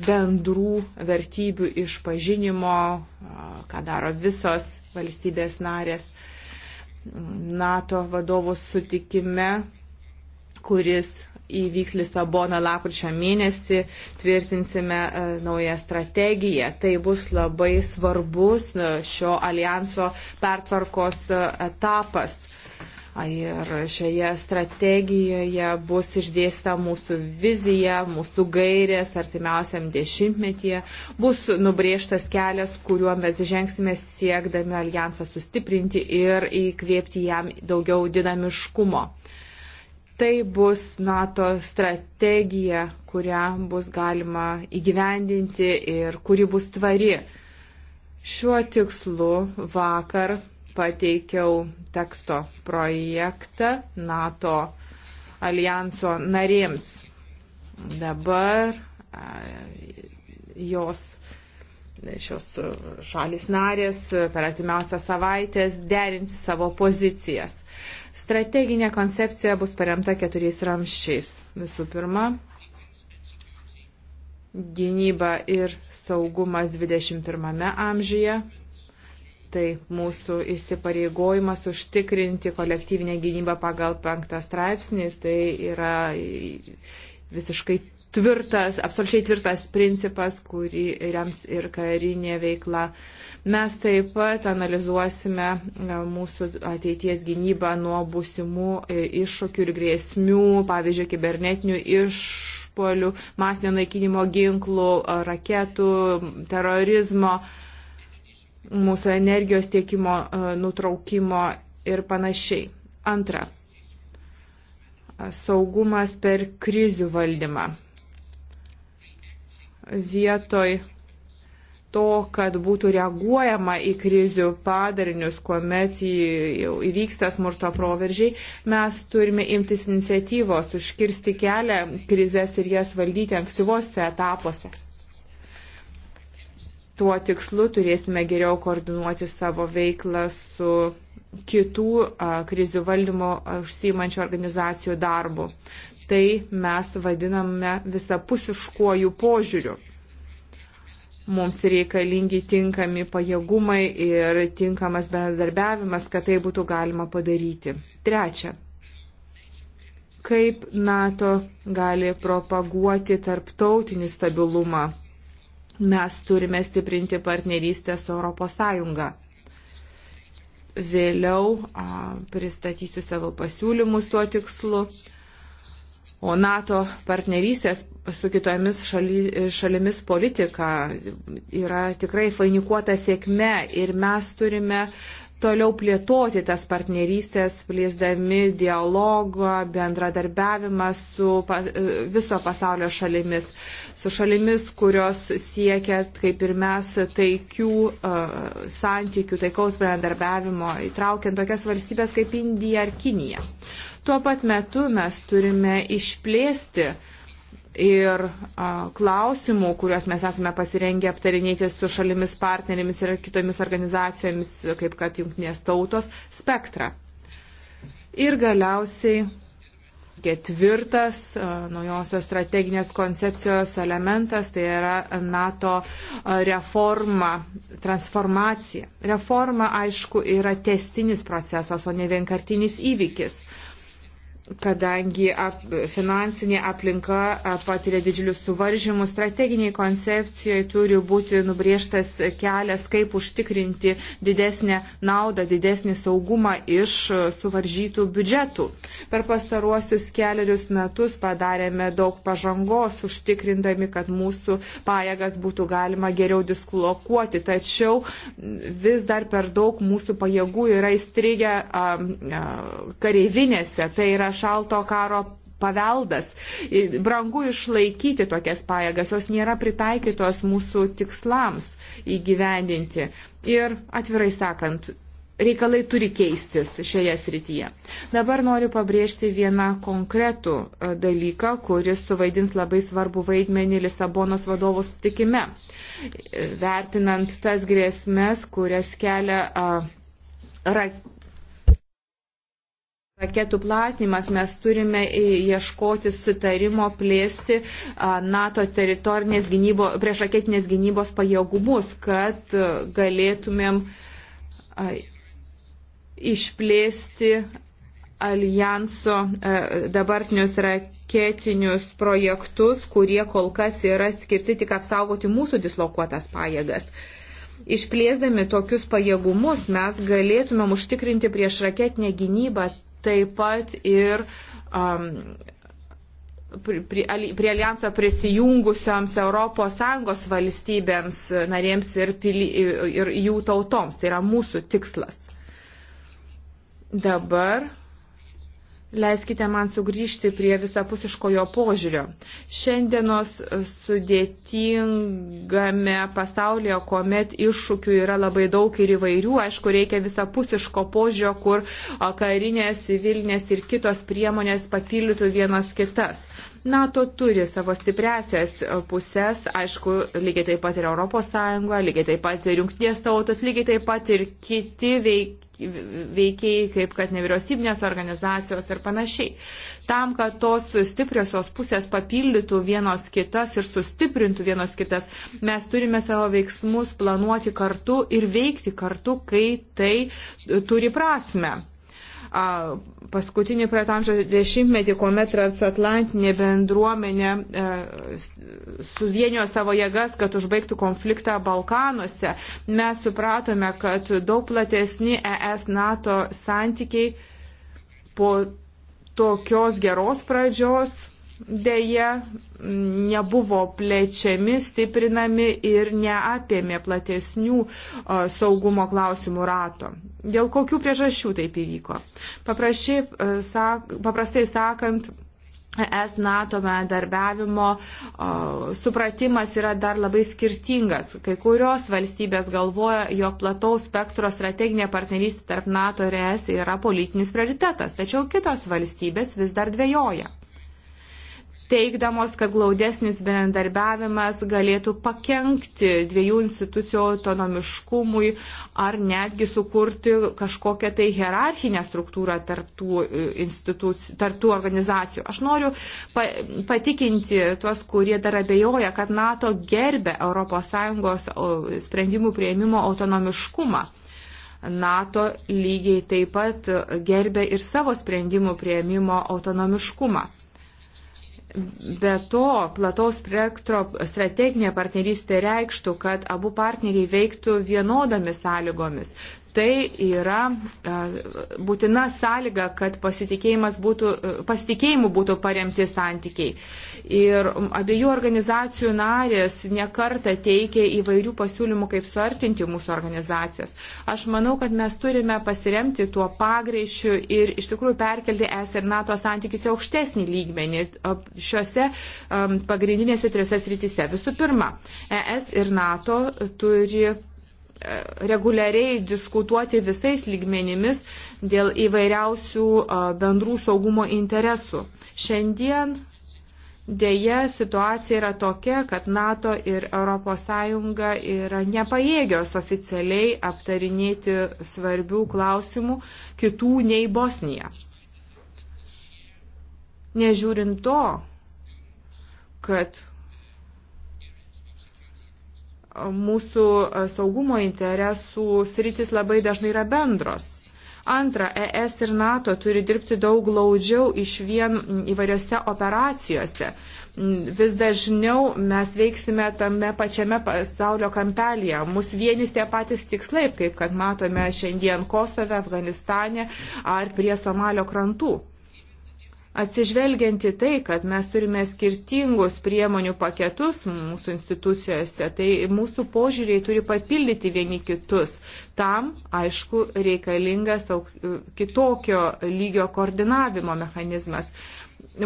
S2: bendrų vertybių išpažinimo, e, ką daro visos valstybės narės NATO vadovų sutikime, kuris įvyks Lisabona lapkričio mėnesį, tvirtinsime e, naują strategiją. Tai bus labai svarbus e, šio alijanso pertvarkos e, etapas. Ir šioje strategijoje bus išdėsta mūsų vizija, mūsų gairės artimiausiam dešimtmetyje, bus nubrėžtas kelias, kuriuo mes žengsime siekdami alijansą sustiprinti ir įkvėpti jam daugiau dinamiškumo tai bus NATO strategija, kurią bus galima įgyvendinti ir kuri bus tvari. Šiuo tikslu vakar pateikiau teksto projektą NATO alijanso narėms. Dabar jos šios šalis narės per atimiausią savaitę derinti savo pozicijas. Strateginė koncepcija bus paremta keturiais ramščiais. Visų pirma, gynyba ir saugumas 21 amžiuje. Tai mūsų įsipareigojimas užtikrinti kolektyvinę gynybą pagal penktą straipsnį. Tai yra visiškai tvirtas, absoliučiai tvirtas principas, kurį rems ir karinė veikla. Mes taip pat analizuosime e, mūsų ateities gynybą nuo būsimų e, iššūkių ir grėsmių, pavyzdžiui, kibernetinių išpolių, masinio naikinimo ginklų, e, raketų, terorizmo mūsų energijos tiekimo nutraukimo ir panašiai. Antra, saugumas per krizių valdymą vietoj to, kad būtų reaguojama į krizių padarinius, kuomet įvyksta smurto proveržiai, mes turime imtis iniciatyvos užkirsti kelią krizės ir jas valdyti ankstyvose etapuose. Tuo tikslu turėsime geriau koordinuoti savo veiklą su kitų krizių valdymo užsiimančių organizacijų darbu. Tai mes vadiname visapusiškuoju požiūriu mums reikalingi tinkami pajėgumai ir tinkamas bendradarbiavimas, kad tai būtų galima padaryti. Trečia. Kaip NATO gali propaguoti tarptautinį stabilumą? Mes turime stiprinti partnerystę su ES. Vėliau a, pristatysiu savo pasiūlymus tuo tikslu. O NATO partnerystės su kitomis šaly, šalimis politika yra tikrai fainikuota sėkme ir mes turime toliau plėtoti tas partnerystės, plėsdami dialogą, bendradarbiavimą su pa, e, viso pasaulio šalimis, su šalimis, kurios siekia, kaip ir mes, taikių uh, santykių, taikaus bendradarbiavimo, įtraukiant tokias valstybės kaip Indija ar Kinija. Tuo pat metu mes turime išplėsti uh, ir a, klausimų, kuriuos mes esame pasirengę aptarinėti su šalimis partnerėmis ir kitomis organizacijomis, kaip kad jungtinės tautos, spektrą. Ir galiausiai ketvirtas naujosios strateginės koncepcijos elementas, tai yra NATO reforma, transformacija. Reforma, aišku, yra testinis procesas, o ne vienkartinis įvykis kadangi ap, finansinė aplinka patiria didžiulius suvaržymus, strateginiai koncepcijoje turi būti nubriežtas kelias, kaip užtikrinti didesnę naudą, didesnį saugumą iš suvaržytų biudžetų. Per pastaruosius keliarius metus padarėme daug pažangos, užtikrindami, kad mūsų pajėgas būtų galima geriau disklokuoti, tačiau vis dar per daug mūsų pajėgų yra įstrigę kareivinėse. Tai yra šalto karo paveldas. Brangu išlaikyti tokias pajėgas, jos nėra pritaikytos mūsų tikslams įgyvendinti. Ir atvirai sakant, reikalai turi keistis šioje srityje. Dabar noriu pabrėžti vieną konkretų e, dalyką, kuris suvaidins labai svarbu vaidmenį Lisabonos vadovų sutikime, e, vertinant tas grėsmės, kurias kelia. A, e, ra, Raketų platinimas mes turime e, ieškoti sutarimo plėsti NATO teritorinės gynybo, priešraketinės gynybos pajėgumus, kad e, galėtumėm išplėsti alijanso e, dabartinius raketinius projektus, kurie kol kas yra skirti tik apsaugoti mūsų dislokuotas pajėgas išplėsdami tokius pajėgumus mes galėtumėm užtikrinti prieš raketinę gynybą taip pat ir um, prie, prie alijansą prisijungusioms ES valstybėms e, narėms ir, pili, ir jų tautoms. Tai yra mūsų tikslas. Dabar Leiskite man sugrįžti prie visapusiškojo požiūrio. Šiandienos sudėtingame pasaulyje, kuomet iššūkių yra labai daug ir įvairių, aišku, reikia visapusiško požiūrio, kur karinės, civilinės ir kitos priemonės papildytų vienas kitas. NATO turi savo stipresias pusės, aišku, lygiai taip pat ir ES, lygiai taip pat ir Junktinės tautos, lygiai taip pat ir kiti veikėjai veikiai, kaip kad nevyriausybinės organizacijos ir panašiai. Tam, kad tos stipriosios pusės papildytų vienos kitas ir sustiprintų vienos kitas, mes turime savo veiksmus planuoti kartu ir veikti kartu, kai tai turi prasme paskutinį praeitą amžiaus dešimtmetį, kuomet transatlantinė bendruomenė e, suvienijo savo jėgas, kad užbaigtų konfliktą Balkanuose, mes supratome, kad daug platesni ES NATO santykiai po tokios geros pradžios dėja nebuvo plečiami, stiprinami ir neapėmė platesnių saugumo klausimų rato. Dėl kokių priežasčių taip įvyko? Paprašiai, sak, paprastai sakant, Es NATO bendarbiavimo supratimas yra dar labai skirtingas. Kai kurios valstybės galvoja, jog plataus spektro strateginė partnerystė tarp NATO ir ES yra politinis prioritetas, tačiau kitos valstybės vis dar dvėjoja teikdamos, kad glaudesnis bendarbiavimas galėtų pakengti dviejų institucijų autonomiškumui ar netgi sukurti kažkokią tai hierarchinę struktūrą tarptų, e, tarptų organizacijų. Aš noriu pa, patikinti tuos, kurie dar abejoja, kad NATO gerbė ES sprendimų prieimimo autonomiškumą. NATO lygiai taip pat gerbė ir savo sprendimų prieimimo autonomiškumą. Be to, plataus spektro strateginė partnerystė reikštų, kad abu partneriai veiktų vienodomis sąlygomis. Tai yra e, būtina sąlyga, kad būtų, e, pasitikėjimu būtų paremti santykiai. Ir abiejų organizacijų narės nekarta teikia įvairių pasiūlymų, kaip suartinti mūsų organizacijas. Aš manau, kad mes turime pasiremti tuo pagreišiu ir iš tikrųjų perkelti ES ir NATO santykius į aukštesnį lygmenį e, šiuose pagrindinėse trijose srityse. Visų pirma, ES ir NATO turi reguliariai diskutuoti visais lygmenimis dėl įvairiausių bendrų saugumo interesų. Šiandien dėja situacija yra tokia, kad NATO ir ES yra nepajėgios oficialiai aptarinėti svarbių klausimų kitų nei Bosnija. Nežiūrint to, kad mūsų e, saugumo interesų sritis labai dažnai yra bendros. Antra, ES ir NATO turi dirbti daug glaudžiau iš vien įvairiose operacijose. Mm, vis dažniau mes veiksime tame pačiame pasaulio kampelėje. Mūsų vienys tie patys tikslai, kaip kad matome šiandien Kosove, Afganistane ar prie Somalio krantų. Atsižvelgianti tai, kad mes turime skirtingus priemonių paketus mūsų institucijose, tai mūsų požiūriai turi papildyti vieni kitus. Tam, aišku, reikalingas kitokio lygio koordinavimo mechanizmas.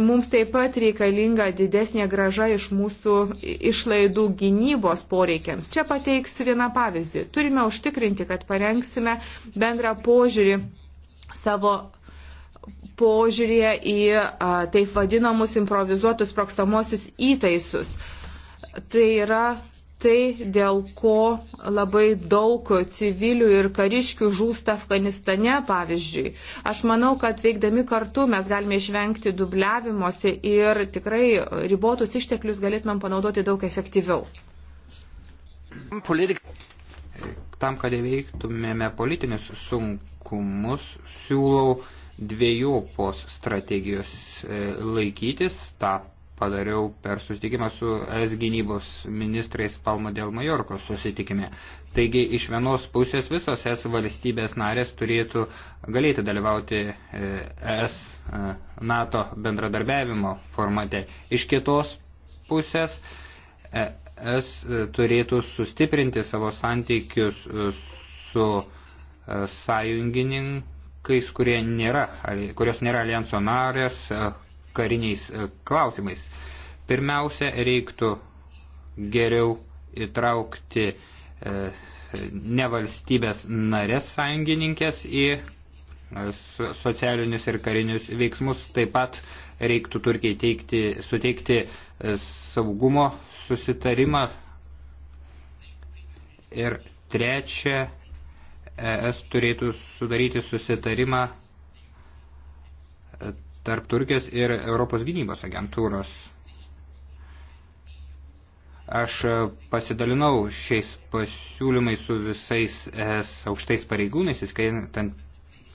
S2: Mums taip pat reikalinga didesnė graža iš mūsų išlaidų gynybos poreikiams. Čia pateiksiu vieną pavyzdį. Turime užtikrinti, kad parengsime bendrą požiūrį savo požiūrėje į a, taip vadinamus improvizuotus prokstamosius įtaisus. Tai yra tai, dėl ko labai daug civilių ir kariškių žūsta Afganistane, pavyzdžiui. Aš manau, kad veikdami kartu mes galime išvengti dubliavimuose ir tikrai ribotus išteklius galėtumėm panaudoti daug efektyviau.
S4: Politik... Tam, kad įveiktumėme politinius sunkumus, siūlau dviejopos strategijos e, laikytis. Ta padariau per susitikimą su es gynybos ministrais Palma dėl Majorkos susitikime. Taigi iš vienos pusės visos es valstybės narės turėtų galėti dalyvauti e, es e, NATO bendradarbiavimo formate. Iš kitos pusės es turėtų sustiprinti savo santykius su sąjungininku kais, kurie nėra, kurios nėra alijanso narės e, kariniais e, klausimais. Pirmiausia, reiktų geriau įtraukti e, ne valstybės narės sąjungininkės į socialinius ir karinius veiksmus. Taip pat reiktų Turkiai teikti, suteikti saugumo susitarimą. Ir trečia, ES turėtų sudaryti susitarimą e, tarp Turkijos ir Europos gynybos agentūros. Aš e, pasidalinau šiais pasiūlymais su visais ES aukštais pareigūnais, įskaitant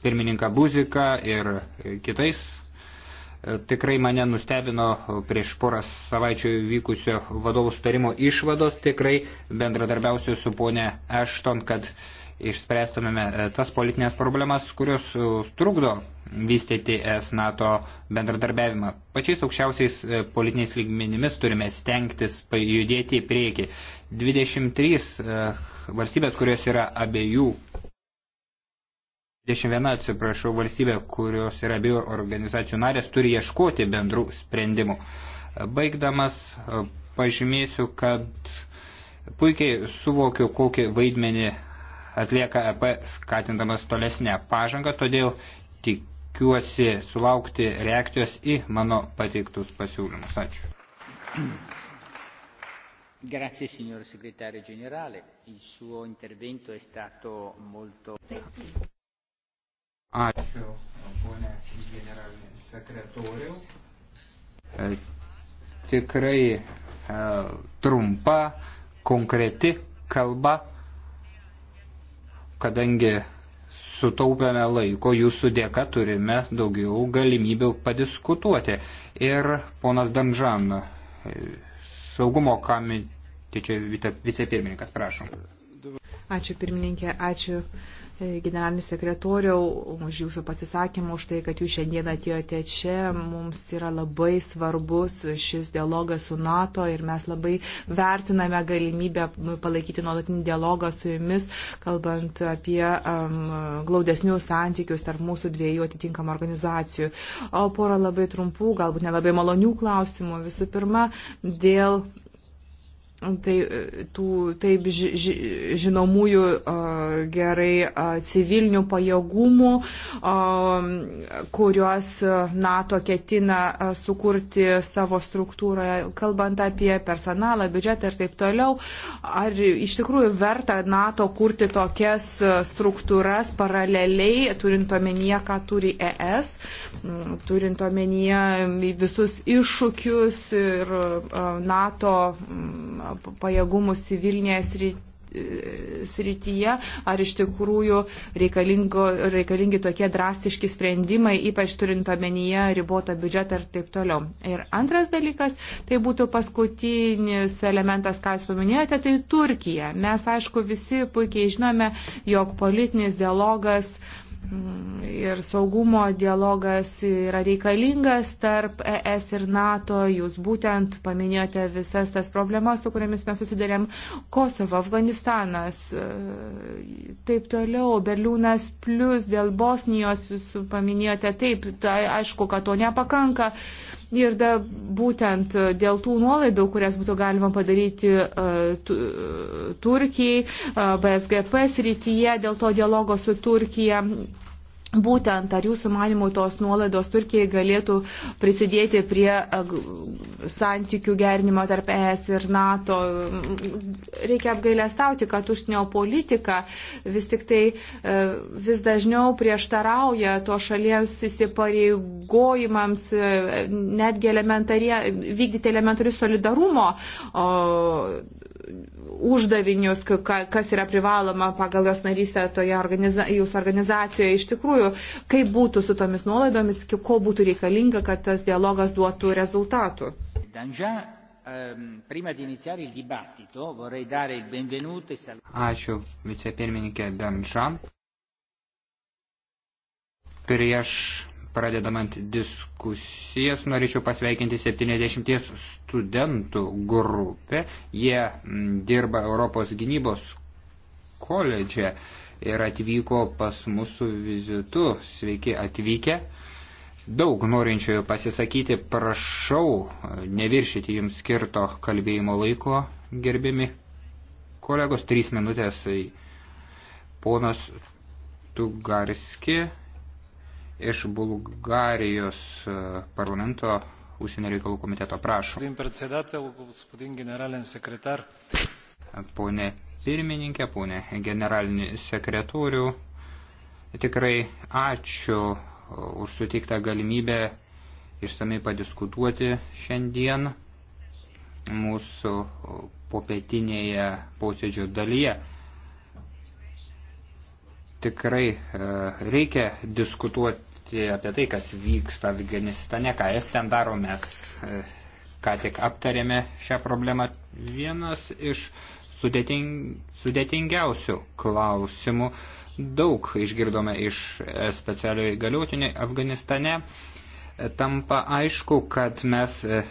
S4: pirmininką Buziką ir e, kitais. Tikrai mane nustebino prieš porą savaičių vykusio vadovų sutarimo išvados. Tikrai bendradarbiausiu su ponė Ashton, kad uh, išspręstumėme e, tas politinės problemas, kurios e, trukdo vystyti es NATO bendradarbiavimą. Pačiais aukščiausiais e, politiniais lygmenimis turime stengtis judėti į priekį. 23 valstybės, kurios yra abiejų 21, atsiprašau, valstybė, kurios yra abiejų organizacijų narės, turi ieškoti bendrų sprendimų. Baigdamas pažymėsiu, kad puikiai suvokiu, kokį vaidmenį atlieka EP skatindamas tolesnę pažangą, todėl tikiuosi sulaukti reakcijos į mano pateiktus pasiūlymus. Ačiū.
S5: Grazie signor segretario generale, il suo intervento è stato molto.
S4: Ačiū, ponė generalinė sekretoriau. E, tikrai e, trumpa, konkreti kalba kadangi sutaupėme laiko, jūsų dėka turime daugiau galimybių padiskutuoti. Ir ponas Danžan, saugumo komitečio vicepirmininkas, prašom.
S2: Ačiū pirmininkė, ačiū generalinį sekretoriau, už jūsų pasisakymą, už tai, kad jūs šiandien atėjote čia. Mums yra labai svarbus šis dialogas su NATO ir mes labai vertiname galimybę palaikyti nuolatinį dialogą su jumis, kalbant apie um, glaudesnius santykius tarp mūsų dviejų atitinkamų organizacijų. O porą labai trumpų, galbūt nelabai malonių klausimų. Visų pirma, dėl tai, e, tų taip ži, žinomųjų gerai civilinių pajėgumų, kuriuos NATO ketina sukurti savo struktūroje, kalbant apie personalą, biudžetą ir taip toliau. Ar iš tikrųjų verta NATO kurti tokias struktūras paraleliai, turint omenyje, ką turi ES, turint omenyje visus iššūkius ir NATO pajėgumų civilinėje srityje srityje, ar iš tikrųjų reikalingi tokie drastiški sprendimai, ypač turint omenyje ribotą biudžetą ir taip toliau. Ir antras dalykas, tai būtų paskutinis elementas, ką jūs paminėjote, tai Turkija. Mes, aišku, visi puikiai žinome, jog politinis dialogas uh, ir saugumo dialogas yra reikalingas tarp ES ir NATO. Jūs būtent paminėjote visas tas problemas, su kuriamis mes susidurėm - Kosovo, Afganistanas, e, taip toliau, Berliūnas plus dėl Bosnijos, jūs paminėjote taip, tai aišku, kad to nepakanka. Ir da, būtent e, dėl tų nuolaidų, kurias būtų galima padaryti e, e, Turkijai, BSGP srityje, dėl to dialogo su Turkija Būtent ar jūsų manimų tos nuolaidos Turkijai galėtų prisidėti prie e, santykių gerinimo tarp ES ir NATO? Reikia apgailestauti, kad užsienio politika vis tik tai e, vis dažniau prieštarauja to šalies įsipareigojimams e, netgi elementarie, vykdyti elementarius solidarumo uždavinius, kas yra privaloma pagal jos narystę toje organiza jūsų organizacijoje, iš tikrųjų, kaip būtų su tomis nuolaidomis, ko būtų reikalinga, kad tas dialogas duotų rezultatų. Danja.
S5: Ehm, e
S4: Ačiū vicepirmininkė Danžam. Prieš pradedamant diskusijas, norėčiau pasveikinti 70 studentų grupę. Jie mm, dirba Europos gynybos koledže ir atvyko pas mūsų vizitu. Sveiki atvykę. Daug norinčiųjų pasisakyti, prašau neviršyti jums skirto kalbėjimo laiko, gerbiami kolegos, trys minutės. Ponas Tugarski iš Bulgarijos e, parlamento užsienio reikalų komiteto. Prašom. Pone pirmininkė, pone generalinį sekretorių, tikrai ačiū e, už suteiktą galimybę išsamei padiskutuoti šiandien mūsų popietinėje posėdžio dalyje. Tikrai e, reikia diskutuoti kalbėti apie tai, kas vyksta Afganistane, ką es ten daro, mes e, ką tik aptarėme šią problemą. Vienas iš sudėting, sudėtingiausių klausimų. Daug išgirdome iš specialiojo įgaliotinio Afganistane. E, tampa aišku, kad mes e,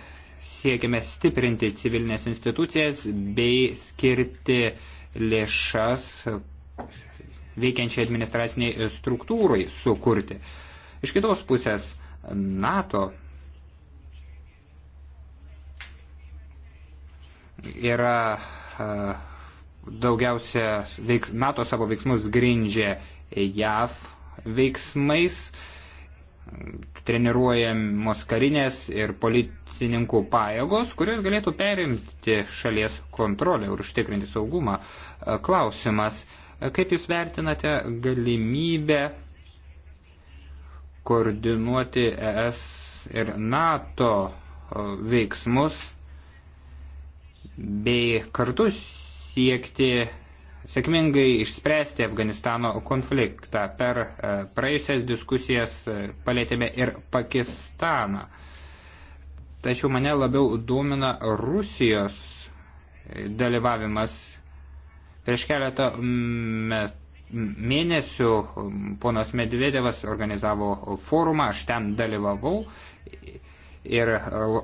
S4: siekime stiprinti civilinės institucijas bei skirti lėšas veikiančiai administraciniai struktūrai sukurti. Iš kitos pusės NATO yra e, daugiausia veiks, NATO savo veiksmus grindžia JAV veiksmais, treniruojamos karinės ir policininkų pajėgos, kurios galėtų perimti šalies kontrolę ir užtikrinti saugumą. E, klausimas, e, kaip Jūs vertinate galimybę koordinuoti ES ir NATO veiksmus bei kartu siekti sėkmingai išspręsti Afganistano konfliktą. Per e, praėjusias diskusijas e, palėtėme ir Pakistaną. Tačiau mane labiau domina Rusijos dalyvavimas. Prieš keletą metų mėnesių ponas Medvedevas organizavo forumą, aš ten dalyvavau ir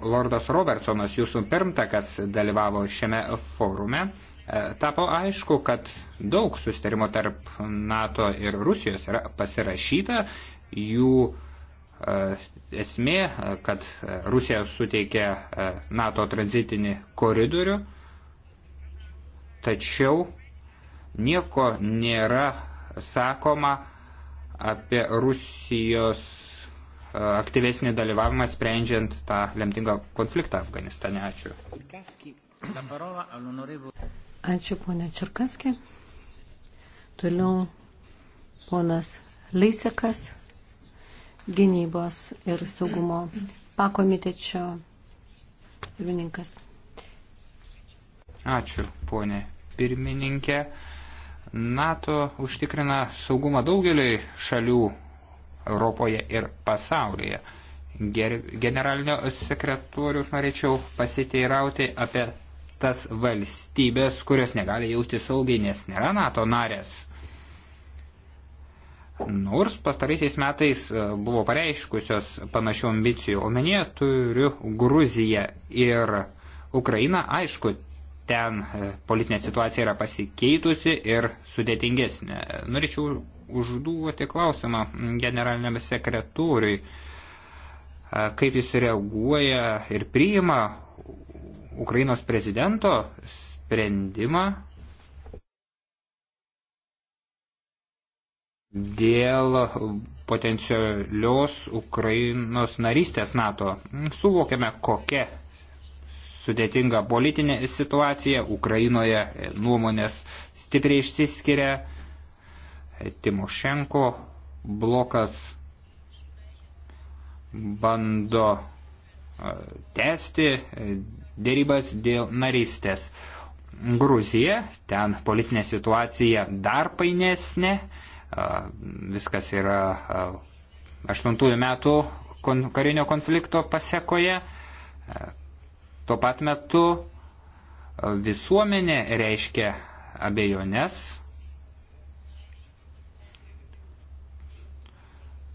S4: Lordas Robertsonas, jūsų pirmtakas, dalyvavo šiame forume. E, tapo aišku, kad daug sustarimo tarp NATO ir Rusijos yra pasirašyta, jų e, esmė, kad Rusija suteikė e, NATO tranzitinį koridorių, tačiau nieko nėra sakoma apie Rusijos e, aktyvesnį dalyvavimą sprendžiant tą lemtingą konfliktą Afganistane. Ačiū.
S3: Ačiū, ponė Čirkaskė. Toliau ponas Leisekas, gynybos ir saugumo pakomitečio pirmininkas.
S4: Ačiū, ponė pirmininkė. NATO užtikrina saugumą daugeliui šalių Europoje ir pasaulyje. Ger generalinio sekretorius norėčiau pasiteirauti apie tas valstybės, kurios negali jausti saugiai, nes nėra NATO narės. Nors pastaraisiais metais e, buvo pareiškusios panašių ambicijų, omenyje turiu Gruziją ir Ukrainą, aišku, ten e, politinė situacija yra pasikeitusi ir sudėtingesnė. Norėčiau užduoti klausimą generaliniam sekretoriui, e, kaip jis reaguoja ir priima Ukrainos prezidento sprendimą dėl potencialios Ukrainos narystės NATO. Suvokiame, kokia sudėtinga politinė situacija, Ukrainoje nuomonės stipriai išsiskiria, Timošenko blokas bando e, tęsti e, dėrybas dėl narystės. Gruzija, ten politinė situacija dar painesnė, e, viskas yra 8 metų karinio konflikto pasiekoje, Tuo pat metu e, visuomenė reiškia abejones.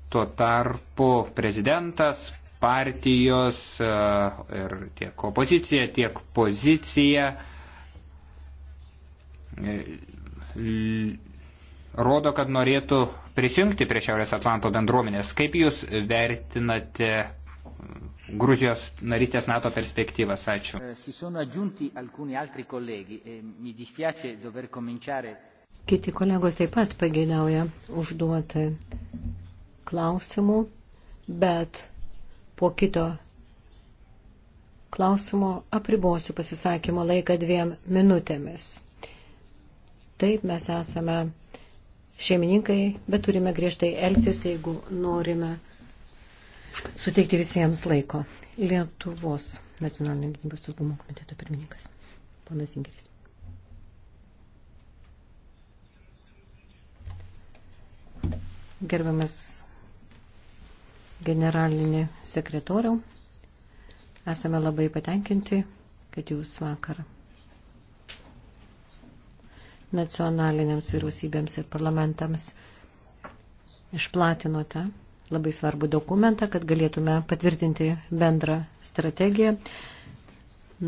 S4: Tuo tarpu prezidentas, partijos e, ir tiek opozicija, tiek pozicija e, rodo, kad norėtų prisijungti prie Šiaurės Atlanto bendruomenės. Kaip Jūs vertinate Gruzijos narystės NATO perspektyvas. Ačiū.
S5: Eh, e
S3: Kiti kolegos taip pat pageidauja užduoti klausimų, bet po kito klausimo apribosiu pasisakymo laiką dviem minutėmis. Taip mes esame šeimininkai, bet turime griežtai elgtis, jeigu norime suteikti visiems laiko. Lietuvos nacionalinio gynybos saugumo komiteto pirmininkas, ponas Ingeris. Gerbiamas generalinį sekretoriau, esame labai patenkinti, kad jūs vakar nacionaliniams vyriausybėms ir parlamentams išplatinote labai svarbų dokumentą, kad galėtume patvirtinti bendrą strategiją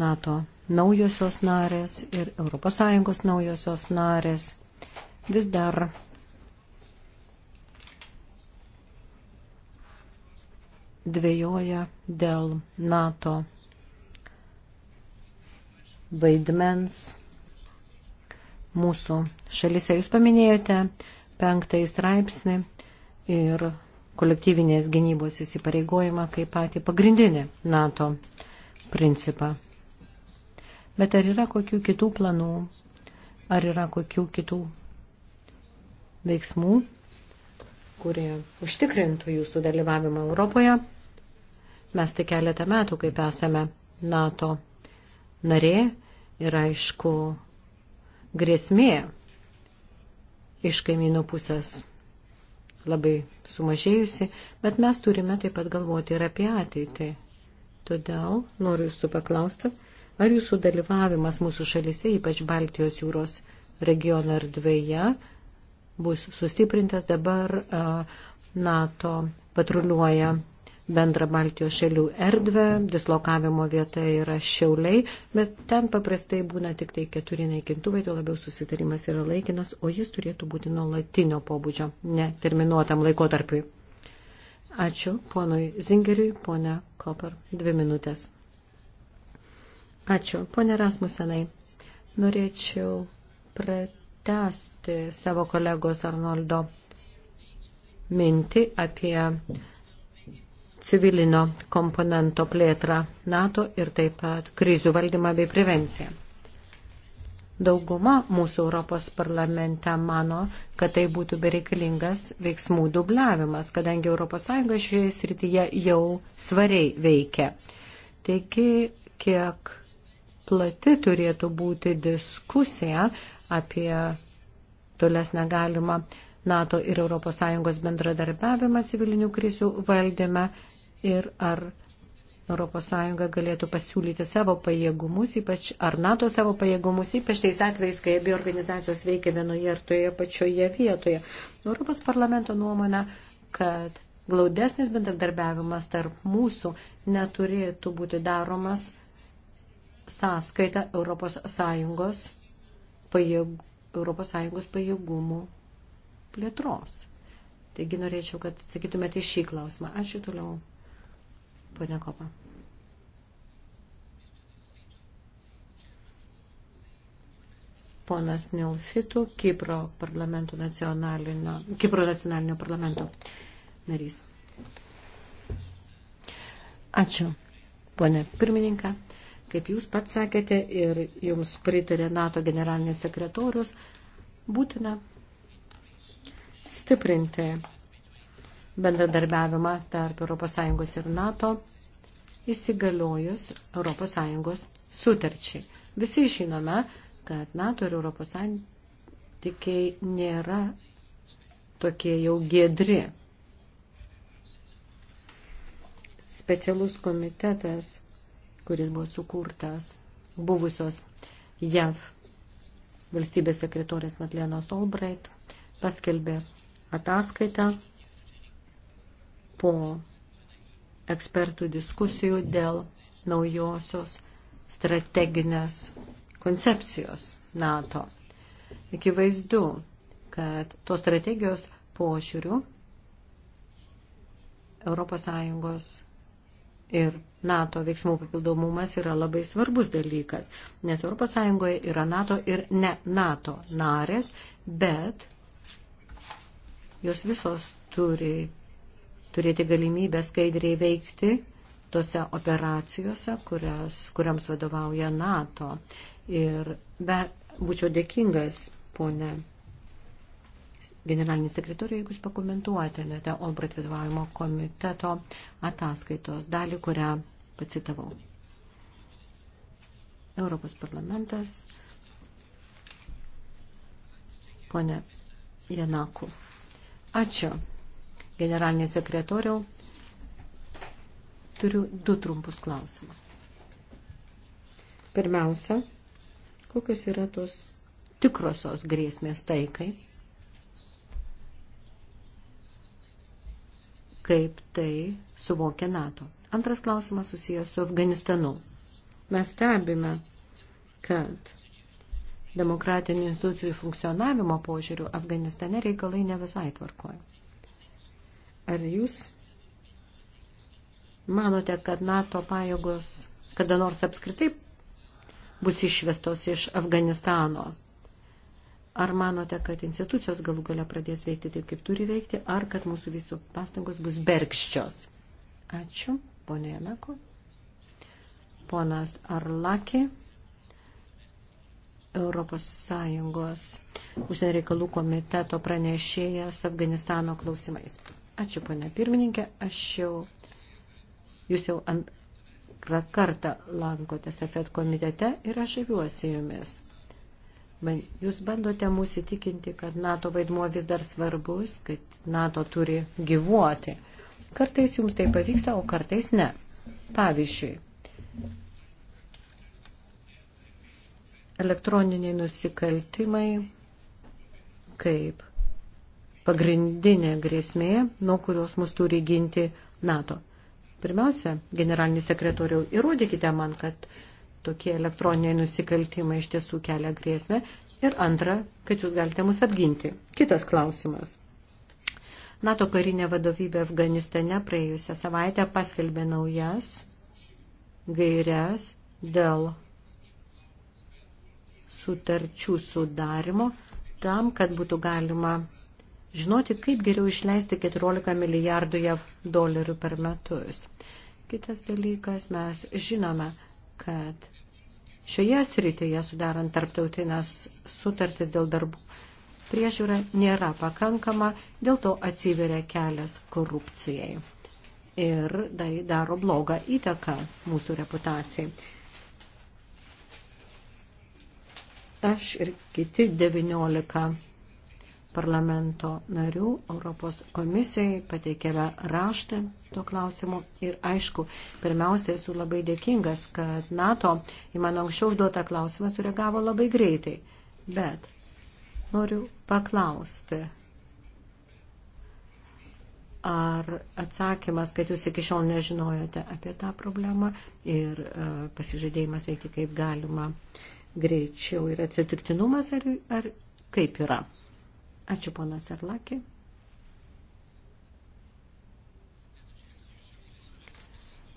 S3: NATO naujosios narės ir ES naujosios narės vis dar dvėjoja dėl NATO vaidmens mūsų šalise. Jūs paminėjote penktąjį straipsnį ir kolektyvinės gynybos įsipareigojimą kaip patį pagrindinį NATO principą. Bet ar yra kokių kitų planų, ar yra kokių kitų veiksmų, kurie užtikrintų jūsų dalyvavimą Europoje? Mes tik keletą metų, kaip esame NATO narė, ir aišku grėsmė iš kaimynų pusės labai sumažėjusi, bet mes turime taip pat galvoti ir apie ateitį. Todėl noriu jūsų paklausti, ar jūsų dalyvavimas mūsų šalise, ypač Baltijos jūros regiono erdvėje, bus sustiprintas dabar NATO patruliuoja bendrą Baltijos šalių erdvę, dislokavimo vieta yra šiauliai, bet ten paprastai būna tik tai keturi naikintuvai, tuo labiau susitarimas yra laikinas, o jis turėtų būti nuolatinio pobūdžio, ne terminuotam laikotarpiui. Ačiū ponui Zingeriui, ponia Koper, dvi minutės. Ačiū, ponia Rasmusenai. Norėčiau pratesti savo kolegos Arnoldo mintį apie civilinio komponento plėtrą NATO ir taip pat krizių valdymą bei prevenciją. Dauguma mūsų Europos parlamente mano, kad tai būtų bereikalingas veiksmų dubliavimas, kadangi ES šioje srityje jau svariai veikia. Taigi, kiek plati turėtų būti diskusija apie tolesnę galimą NATO ir ES bendradarbiavimą civilinių krizių valdyme ir ar ES galėtų pasiūlyti savo pajėgumus, ypač ar NATO savo pajėgumus, ypač tais atvejais, kai abi organizacijos veikia vienoje ar toje pačioje vietoje. Europos parlamento nuomonė, kad glaudesnis bendradarbiavimas tarp mūsų neturėtų būti daromas sąskaita ES pajėgų, ES pajėgumų plėtros. Taigi norėčiau, kad atsakytumėte į šį klausimą. Ačiū toliau. Pone Kopa. Ponas Nilfitų, Kipro, nacionalinio, Kipro nacionalinio parlamento narys. Ačiū, ponė pirmininką. Kaip jūs pats sakėte ir jums pritarė NATO generalinis sekretorius, būtina stiprinti bendradarbiavimą tarp ES ir NATO įsigaliojus ES sutarčiai. Visi žinome, kad NATO ir ES santykiai nėra tokie jau gedri. Specialus komitetas, kuris buvo sukurtas buvusios JAV valstybės sekretorės Matlenos Albright, paskelbė ataskaitą po ekspertų diskusijų dėl naujosios strateginės koncepcijos NATO. Akivaizdu, kad tos strategijos pošiūrių ES ir NATO veiksmų papildomumas yra labai svarbus dalykas, nes ES yra NATO ir ne NATO narės, bet jos visos turi turėti galimybę skaidriai veikti tose operacijose, kurias, kuriams vadovauja NATO. Ir be, būčiau dėkingas, ponė generalinį sekretorių, jeigu jūs pakomentuotumėte Olbrat vadovavimo komiteto ataskaitos dalį, kurią pacitavau. Europos parlamentas, ponė Janaku. Ačiū generalinė sekretoriau, turiu du trumpus klausimus. Pirmiausia, kokios yra tos tikrosios grėsmės taikai, kaip tai suvokia NATO. Antras klausimas susijęs su Afganistanu. Mes stebime, kad demokratinių institucijų funkcionavimo požiūrių Afganistane reikalai ne visai tvarkoja. Ar jūs manote, kad NATO pajėgos kada nors apskritai bus išvestos iš Afganistano? Ar manote, kad institucijos galų gale pradės veikti taip, kaip turi veikti, ar kad mūsų visų pastangos bus bergščios? Ačiū, ponė Janako. Ponas Arlaki, Europos Sąjungos užsienio reikalų komiteto pranešėjas Afganistano klausimais. Ačiū, ponia pirmininkė. Aš jau, jūs jau antrą kartą lankotės AFET komitete ir aš žaviuosi jumis. Man, jūs bandote mūsų įtikinti, kad NATO vaidmuo vis dar svarbus, kad NATO turi gyvuoti. Kartais jums tai pavyksta, o kartais ne. Pavyzdžiui, elektroniniai nusikaltimai, kaip pagrindinė grėsmė, nuo kurios mus turi ginti NATO. Pirmiausia, generalinis sekretoriau, įrodykite man, kad tokie elektroniniai nusikaltimai iš tiesų kelia grėsmę. Ir antra, kad jūs galite mus apginti. Kitas klausimas. NATO karinė vadovybė Afganistane praėjusią savaitę paskelbė naujas gairias dėl sutarčių sudarimo tam, kad būtų galima žinoti, kaip geriau išleisti 14 milijardų jav dolerių per metus. Kitas dalykas, mes žinome, kad šioje srityje sudarant tarptautinės sutartis dėl darbų priežiūra nėra pakankama, dėl to atsiveria kelias korupcijai. Ir tai daro blogą įtaką mūsų reputacijai. Aš ir kiti 19 parlamento narių Europos komisijai, pateikėme raštą tuo klausimu ir aišku, pirmiausia, esu labai dėkingas, kad NATO į mano anksčiau užduotą klausimą sureagavo labai greitai, bet noriu paklausti. Ar atsakymas, kad jūs iki šiol nežinojote apie tą problemą ir uh, pasižadėjimas veikti kaip galima greičiau yra atsitiktinumas ar, ar kaip yra? Ačiū, ponas Arlaki.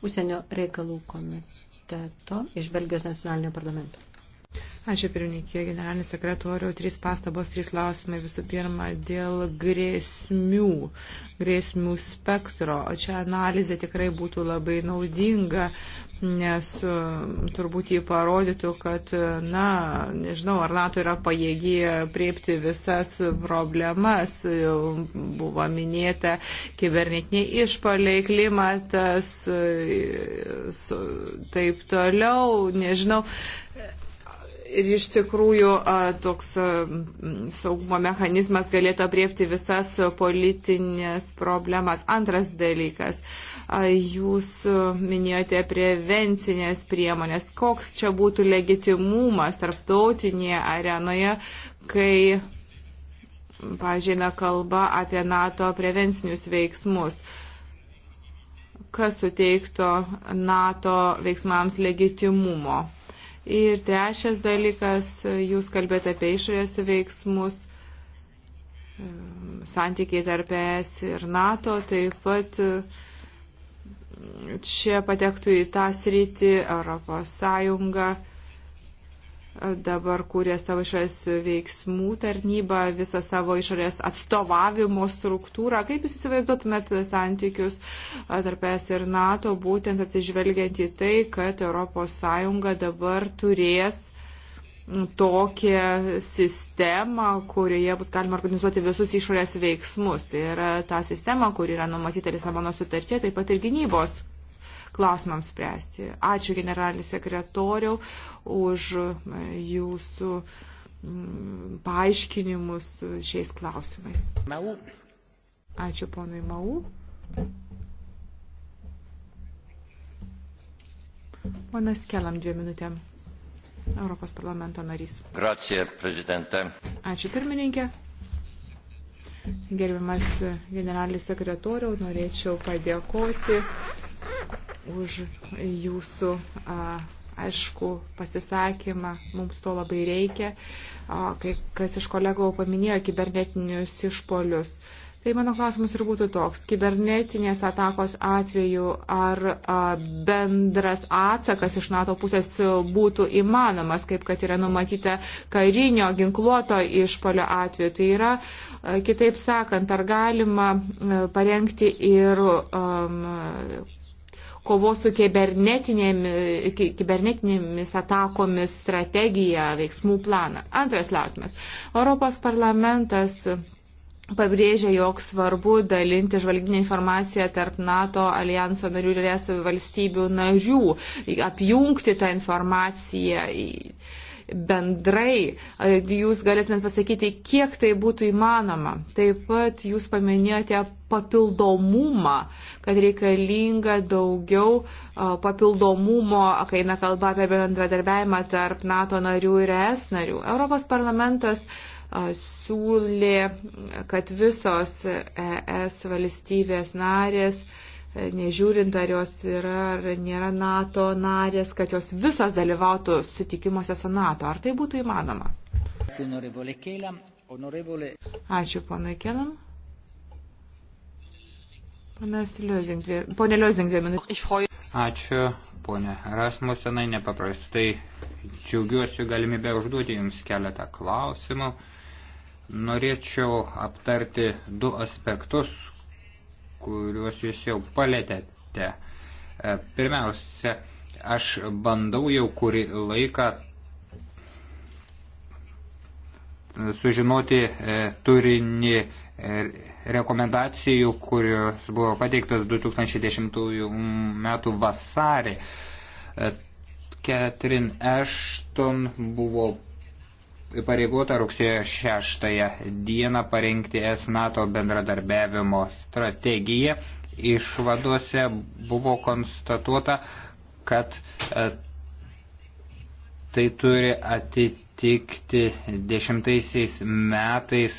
S3: Užsienio reikalų komiteto iš Belgijos nacionalinio parlamento.
S2: Ačiū pirmininkė, generalinis sekretoriau, trys pastabos, trys klausimai. Visų pirma, dėl grėsmių, grėsmių spektro. Čia analizė tikrai būtų labai naudinga, nes e, turbūt jį parodytų, kad, na, nežinau, ar NATO yra pajėgi priepti visas problemas. E, buvo minėta kibernetiniai išpaliai, klimatas, e, taip toliau, nežinau Ir iš tikrųjų toks saugumo mechanizmas galėtų apriepti visas politinės problemas. Antras dalykas, jūs minėjote prevencinės priemonės. Koks čia būtų legitimumas tarptautinėje arenoje, kai pažiūrėna kalba apie NATO prevencinius veiksmus. Kas suteikto NATO veiksmams legitimumo? Ir trečias dalykas, jūs kalbėt apie išorės veiksmus, santykiai tarp ES ir NATO, taip pat mm, čia patektų į tą sritį Europos Sąjungą dabar kūrė savo išorės veiksmų tarnybą, visą savo išorės atstovavimo struktūrą. Kaip jūs įsivaizduotumėt santykius tarp ES ir NATO, būtent atsižvelgiant į tai, kad ES dabar turės tokią sistemą, kurioje bus galima organizuoti visus išorės veiksmus. Tai yra ta sistema, kur yra numatyta Lisabono sutarčia, taip pat ir gynybos klausimams spręsti. Ačiū generalinis sekretoriau už e, jūsų mm, paaiškinimus šiais klausimais. Mau. Ačiū ponui Mau. Ponas Kelam dviem minutėm. Europos parlamento narys.
S4: Gracija, prezidente.
S2: Ačiū pirmininkė. Gerbiamas generalinis sekretoriau, norėčiau padėkoti už jūsų aišku pasisakymą, mums to labai reikia, kai kas iš kolegų paminėjo kibernetinius išpolius. Tai mano klausimas ir būtų toks, kibernetinės atakos atveju ar a, bendras atsakas iš NATO pusės būtų įmanomas, kaip kad yra numatyta karinio ginkluoto išpolio atveju. Tai yra, a, kitaip sakant, ar galima a, parengti ir um, kovos su kibernetinėmis, kibernetinėmis atakomis strategiją, veiksmų planą. Antras klausimas. Europos parlamentas pabrėžia, jog svarbu dalinti žvalgybinę informaciją tarp NATO alijanso narių ir es valstybių narių, apjungti tą informaciją. Į bendrai jūs galėtumėt pasakyti, kiek tai būtų įmanoma. Taip pat jūs paminėjote papildomumą, kad reikalinga daugiau papildomumo, kai eina kalba apie bendradarbiavimą tarp NATO narių ir ES narių. Europos parlamentas siūlė, kad visos e ES valstybės narės nežiūrint ar jos yra ar nėra NATO narės, kad jos visos dalyvautų sutikimuose su NATO. Ar tai būtų įmanoma? Ačiū ponui Kelam. Pone Liozing, dvi minutės.
S4: Ačiū, ponė Rasmusenai, nepaprastai džiaugiuosi galimybę užduoti Jums keletą klausimų. Norėčiau aptarti du aspektus, kuriuos jūs jau palėtėte. E, pirmiausia, aš bandau jau kurį laiką sužinoti e, turinį e, rekomendacijų, kurios buvo pateiktas 2010 m. vasarį. Catherine Ashton buvo pareigota rugsėjo 6 dieną parengti es NATO bendradarbiavimo strategiją. Išvadose buvo konstatuota, kad e, tai turi atitikti dešimtaisiais metais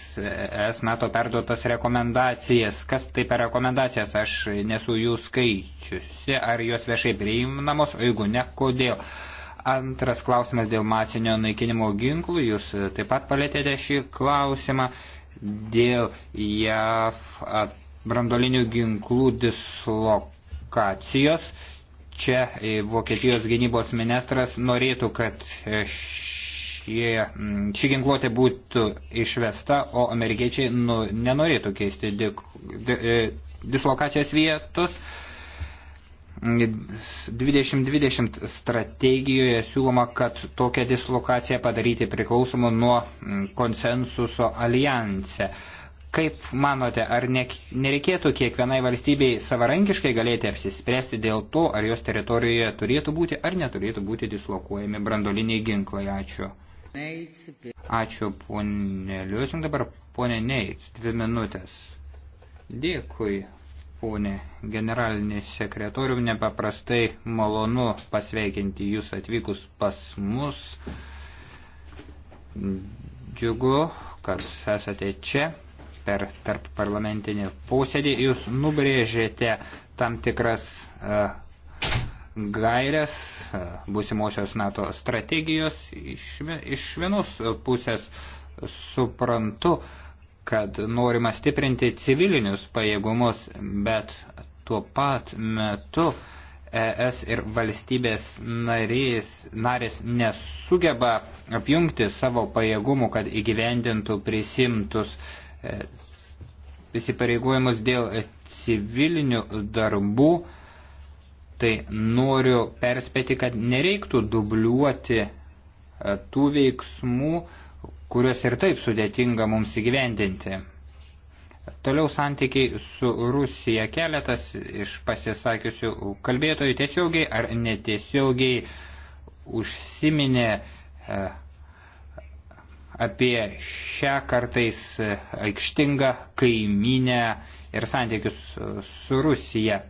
S4: es NATO perduotas rekomendacijas. Kas tai per rekomendacijas? Aš nesu jų skaičiusi, ar jos viešai priimnamos, o jeigu ne, kodėl? Antras klausimas dėl masinio naikinimo ginklų. Jūs e, taip pat palėtėte šį klausimą dėl JAV brandolinių ginklų dislokacijos. Čia e, Vokietijos gynybos ministras norėtų, kad e, šie, ši ginkluotė būtų išvesta, o amerikiečiai nu, nenorėtų keisti dik, di, dislokacijos vietos. 2020 strategijoje siūloma, kad tokią dislokaciją padaryti priklausomą nuo mm, konsensuso alijanse. Kaip manote, ar ne, nereikėtų kiekvienai valstybei savarankiškai galėti apsispręsti dėl to, ar jos teritorijoje turėtų būti ar neturėtų būti dislokuojami brandoliniai ginklai? Ačiū. Ačiū, ponė Liusim, dabar ponė Neits, dvi minutės. Dėkui, ponė generalinė sekretorium, nepaprastai malonu pasveikinti jūs atvykus pas mus. Džiugu, kad esate čia per tarp parlamentinį posėdį. Jūs nubrėžėte tam tikras uh, e, gairias uh, e, būsimosios NATO strategijos. Iš, iš vienos pusės suprantu, uh, kad norima stiprinti civilinius pajėgumus, bet tuo pat metu ES ir valstybės narys, narės nesugeba apjungti savo pajėgumų, kad įgyvendintų prisimtus e, įsipareigojimus dėl civilinių darbų, tai noriu perspėti, kad nereiktų dubliuoti e, tų veiksmų, kuriuos ir taip sudėtinga mums įgyvendinti. Toliau santykiai su Rusija keletas iš pasisakiusių kalbėtojų tiesiogiai ar netiesiogiai užsiminė e, apie šią kartais aikštingą kaiminę ir santykius su Rusija.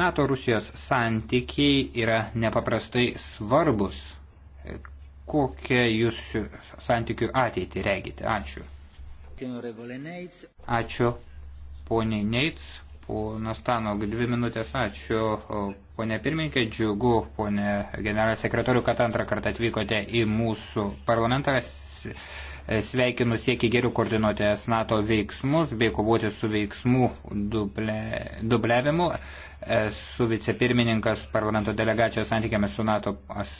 S4: NATO Rusijos santykiai yra nepaprastai svarbus kokią jūs šių santykių ateitį regite. Ačiū. Ačiū, poniai Neits, ponas Tanog, dvi minutės. Ačiū, ponė pirmininkė, džiugu, ponė generalinė sekretorių, kad antrą kartą atvykote į mūsų parlamentą sveikinu siekį geriau koordinuoti es NATO veiksmus bei kovoti su veiksmų duble, dublevimu. Esu vicepirmininkas parlamento delegacijos santykiamis su NATO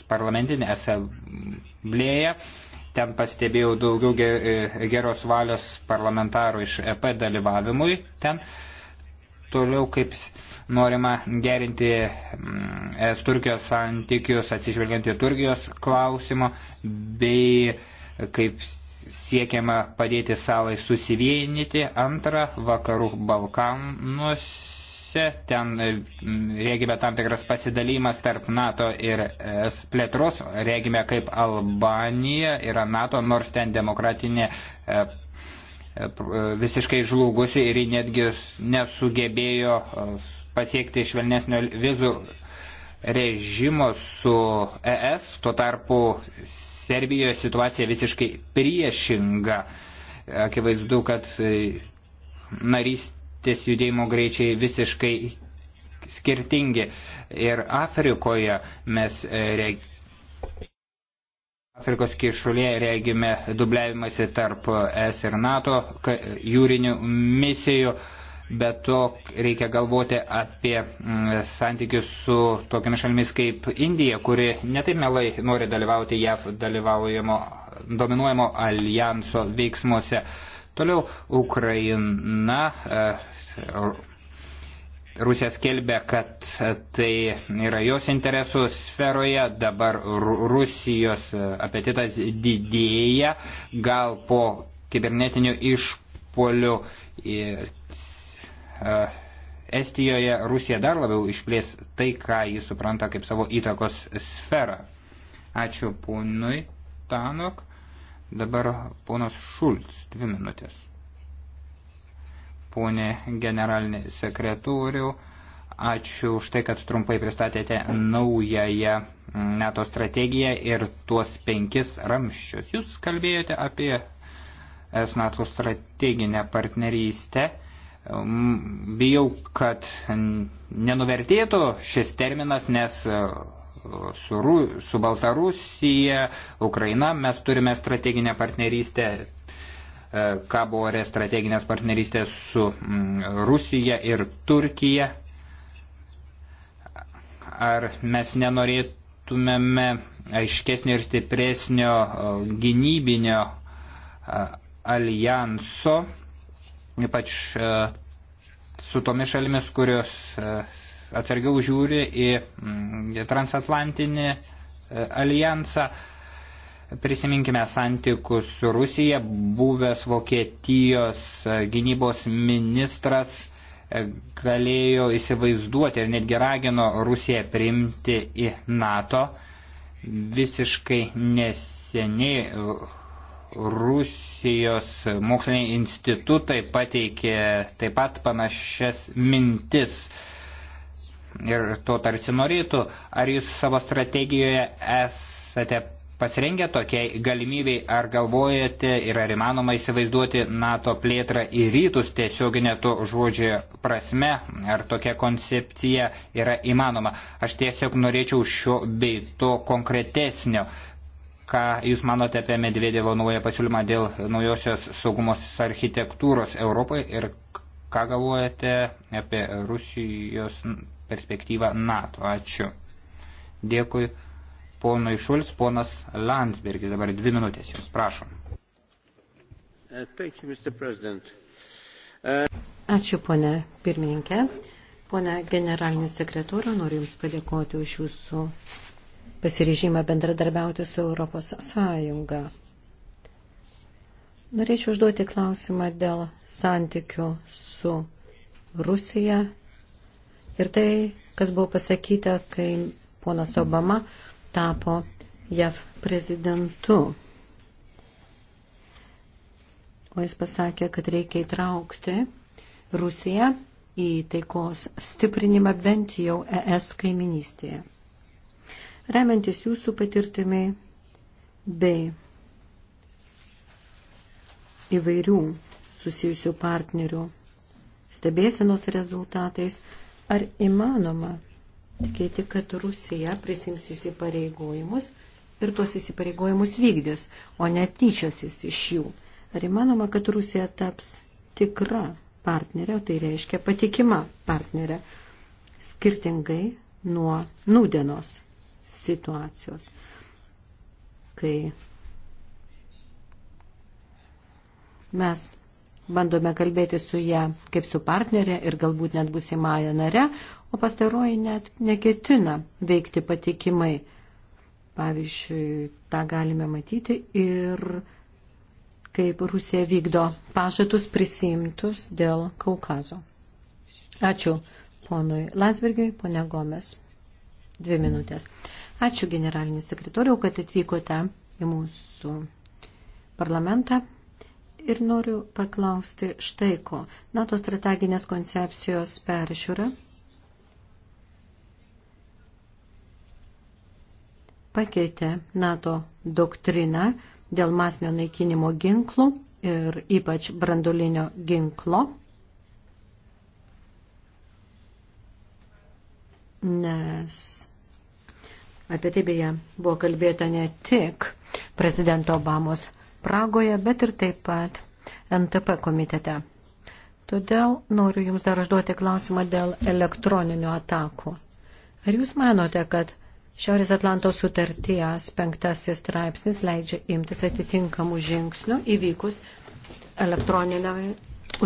S4: parlamentinė asamblėje. Ten pastebėjau daugiau e, geros valios parlamentarų iš EP dalyvavimui ten. Toliau kaip norima gerinti mm, es Turkijos santykius atsižvelgiant į Turkijos klausimą bei kaip siekiama padėti salai susivienyti, antra vakarų Balkanuose, ten mm, regime tam tikras pasidalymas tarp NATO ir ES plėtros, regime kaip Albanija yra NATO, nors ten demokratinė e, e, e, visiškai žlugusi ir netgi nesugebėjo pasiekti švelnesnio vizų režimo su ES, tuo tarpu Serbijoje situacija visiškai priešinga. Akivaizdu, kad e, narystės judėjimo greičiai visiškai skirtingi. Ir Afrikoje mes e, reg... Afrikos kišulėje regime dubliavimąsi tarp S ir NATO jūrinių misijų bet to reikia galvoti apie mm, santykius su tokiamis šalimis kaip Indija, kuri netaip melai nori dalyvauti JAV dalyvaujamo, dominuojamo alijanso veiksmuose. Toliau Ukraina. E, Rusija skelbia, kad tai yra jos interesų sferoje, dabar Rusijos e, apetitas didėja, gal po kibernetinių išpolių e, E, Estijoje Rusija dar labiau išplės tai, ką jis supranta kaip savo įtakos sferą. Ačiū ponui Tanok. Dabar ponas Šulc, dvi minutės. Pone generalinė sekretorių, ačiū už tai, kad trumpai pristatėte naująją NATO strategiją ir tuos penkis ramščius. Jūs kalbėjote apie esnato strateginę partnerystę Bijau, kad nenuvertėtų šis terminas, nes e, su, Ru, su Baltarusija, Ukraina mes turime strateginę partnerystę, e, ką buvo strateginės partnerystės su mm, Rusija ir Turkija. Ar mes nenorėtumėme aiškesnio ir stipresnio e, gynybinio alijanso? ypač e, su tomis šalimis, kurios e, atsargiau žiūri į mm, transatlantinį e, alijansą. Prisiminkime santykius su Rusija, buvęs Vokietijos gynybos ministras galėjo įsivaizduoti ir netgi ragino Rusiją priimti į NATO. Visiškai neseniai Rusijos moksliniai institutai pateikė taip pat panašias mintis ir to tarsi norėtų. Ar jūs savo strategijoje esate pasirengę tokiai galimybei, ar galvojate ir ar įmanoma įsivaizduoti NATO plėtrą į rytus tiesioginė to žodžio prasme, ar tokia koncepcija yra įmanoma. Aš tiesiog norėčiau šio bei to konkretesnio ką Jūs manote apie Medvedevo naują pasiūlymą dėl naujosios saugumos architektūros Europoje ir ką galvojate apie Rusijos perspektyvą NATO. Ačiū. Dėkui ponui Šulis, ponas Landsbergis. Dabar dvi minutės Jums, prašom. Uh, uh,
S3: Ačiū, ponė pirmininkė. Pone generalinė sekretorė, noriu Jums padėkoti už Jūsų pasiryžimą bendradarbiauti su Europos Sąjunga. Norėčiau užduoti klausimą dėl santykių su Rusija ir tai, kas buvo pasakyta, kai ponas Obama tapo JAV prezidentu. O jis pasakė, kad reikia įtraukti Rusiją į taikos stiprinimą bent jau ES kaiminystėje remiantis jūsų patirtimi bei įvairių susijusių partnerių stebėsenos rezultatais, ar įmanoma tikėti, kad Rusija prisims įsipareigojimus ir tuos įsipareigojimus vykdys, o netyčiosis iš jų. Ar įmanoma, kad Rusija taps tikra partnerė, o tai reiškia patikima partnerė, skirtingai nuo nūdienos situacijos, kai mes bandome kalbėti su ją kaip su partnerė ir galbūt net busimąją nare, o pastaroji net neketina veikti patikimai. Pavyzdžiui, tą galime matyti ir kaip Rusija vykdo pažadus prisimtus dėl Kaukazo. Ačiū ponui Landsbergiui, ponia Gomes. Dvi minutės. Ačiū generalinis sekretoriau, kad atvykote į mūsų parlamentą. Ir noriu paklausti štai ko. NATO strateginės koncepcijos peržiūra pakeitė NATO doktriną dėl masinio naikinimo ginklų ir ypač brandolinio ginklo, nes Apie tai beje buvo kalbėta ne tik prezidento Obamos Pragoje, bet ir taip pat NTP komitete. Todėl noriu Jums dar užduoti klausimą dėl elektroninių atakų. Ar Jūs manote, kad Šiaurės Atlanto sutarties penktasis straipsnis leidžia imtis atitinkamų žingsnių įvykus elektroniniam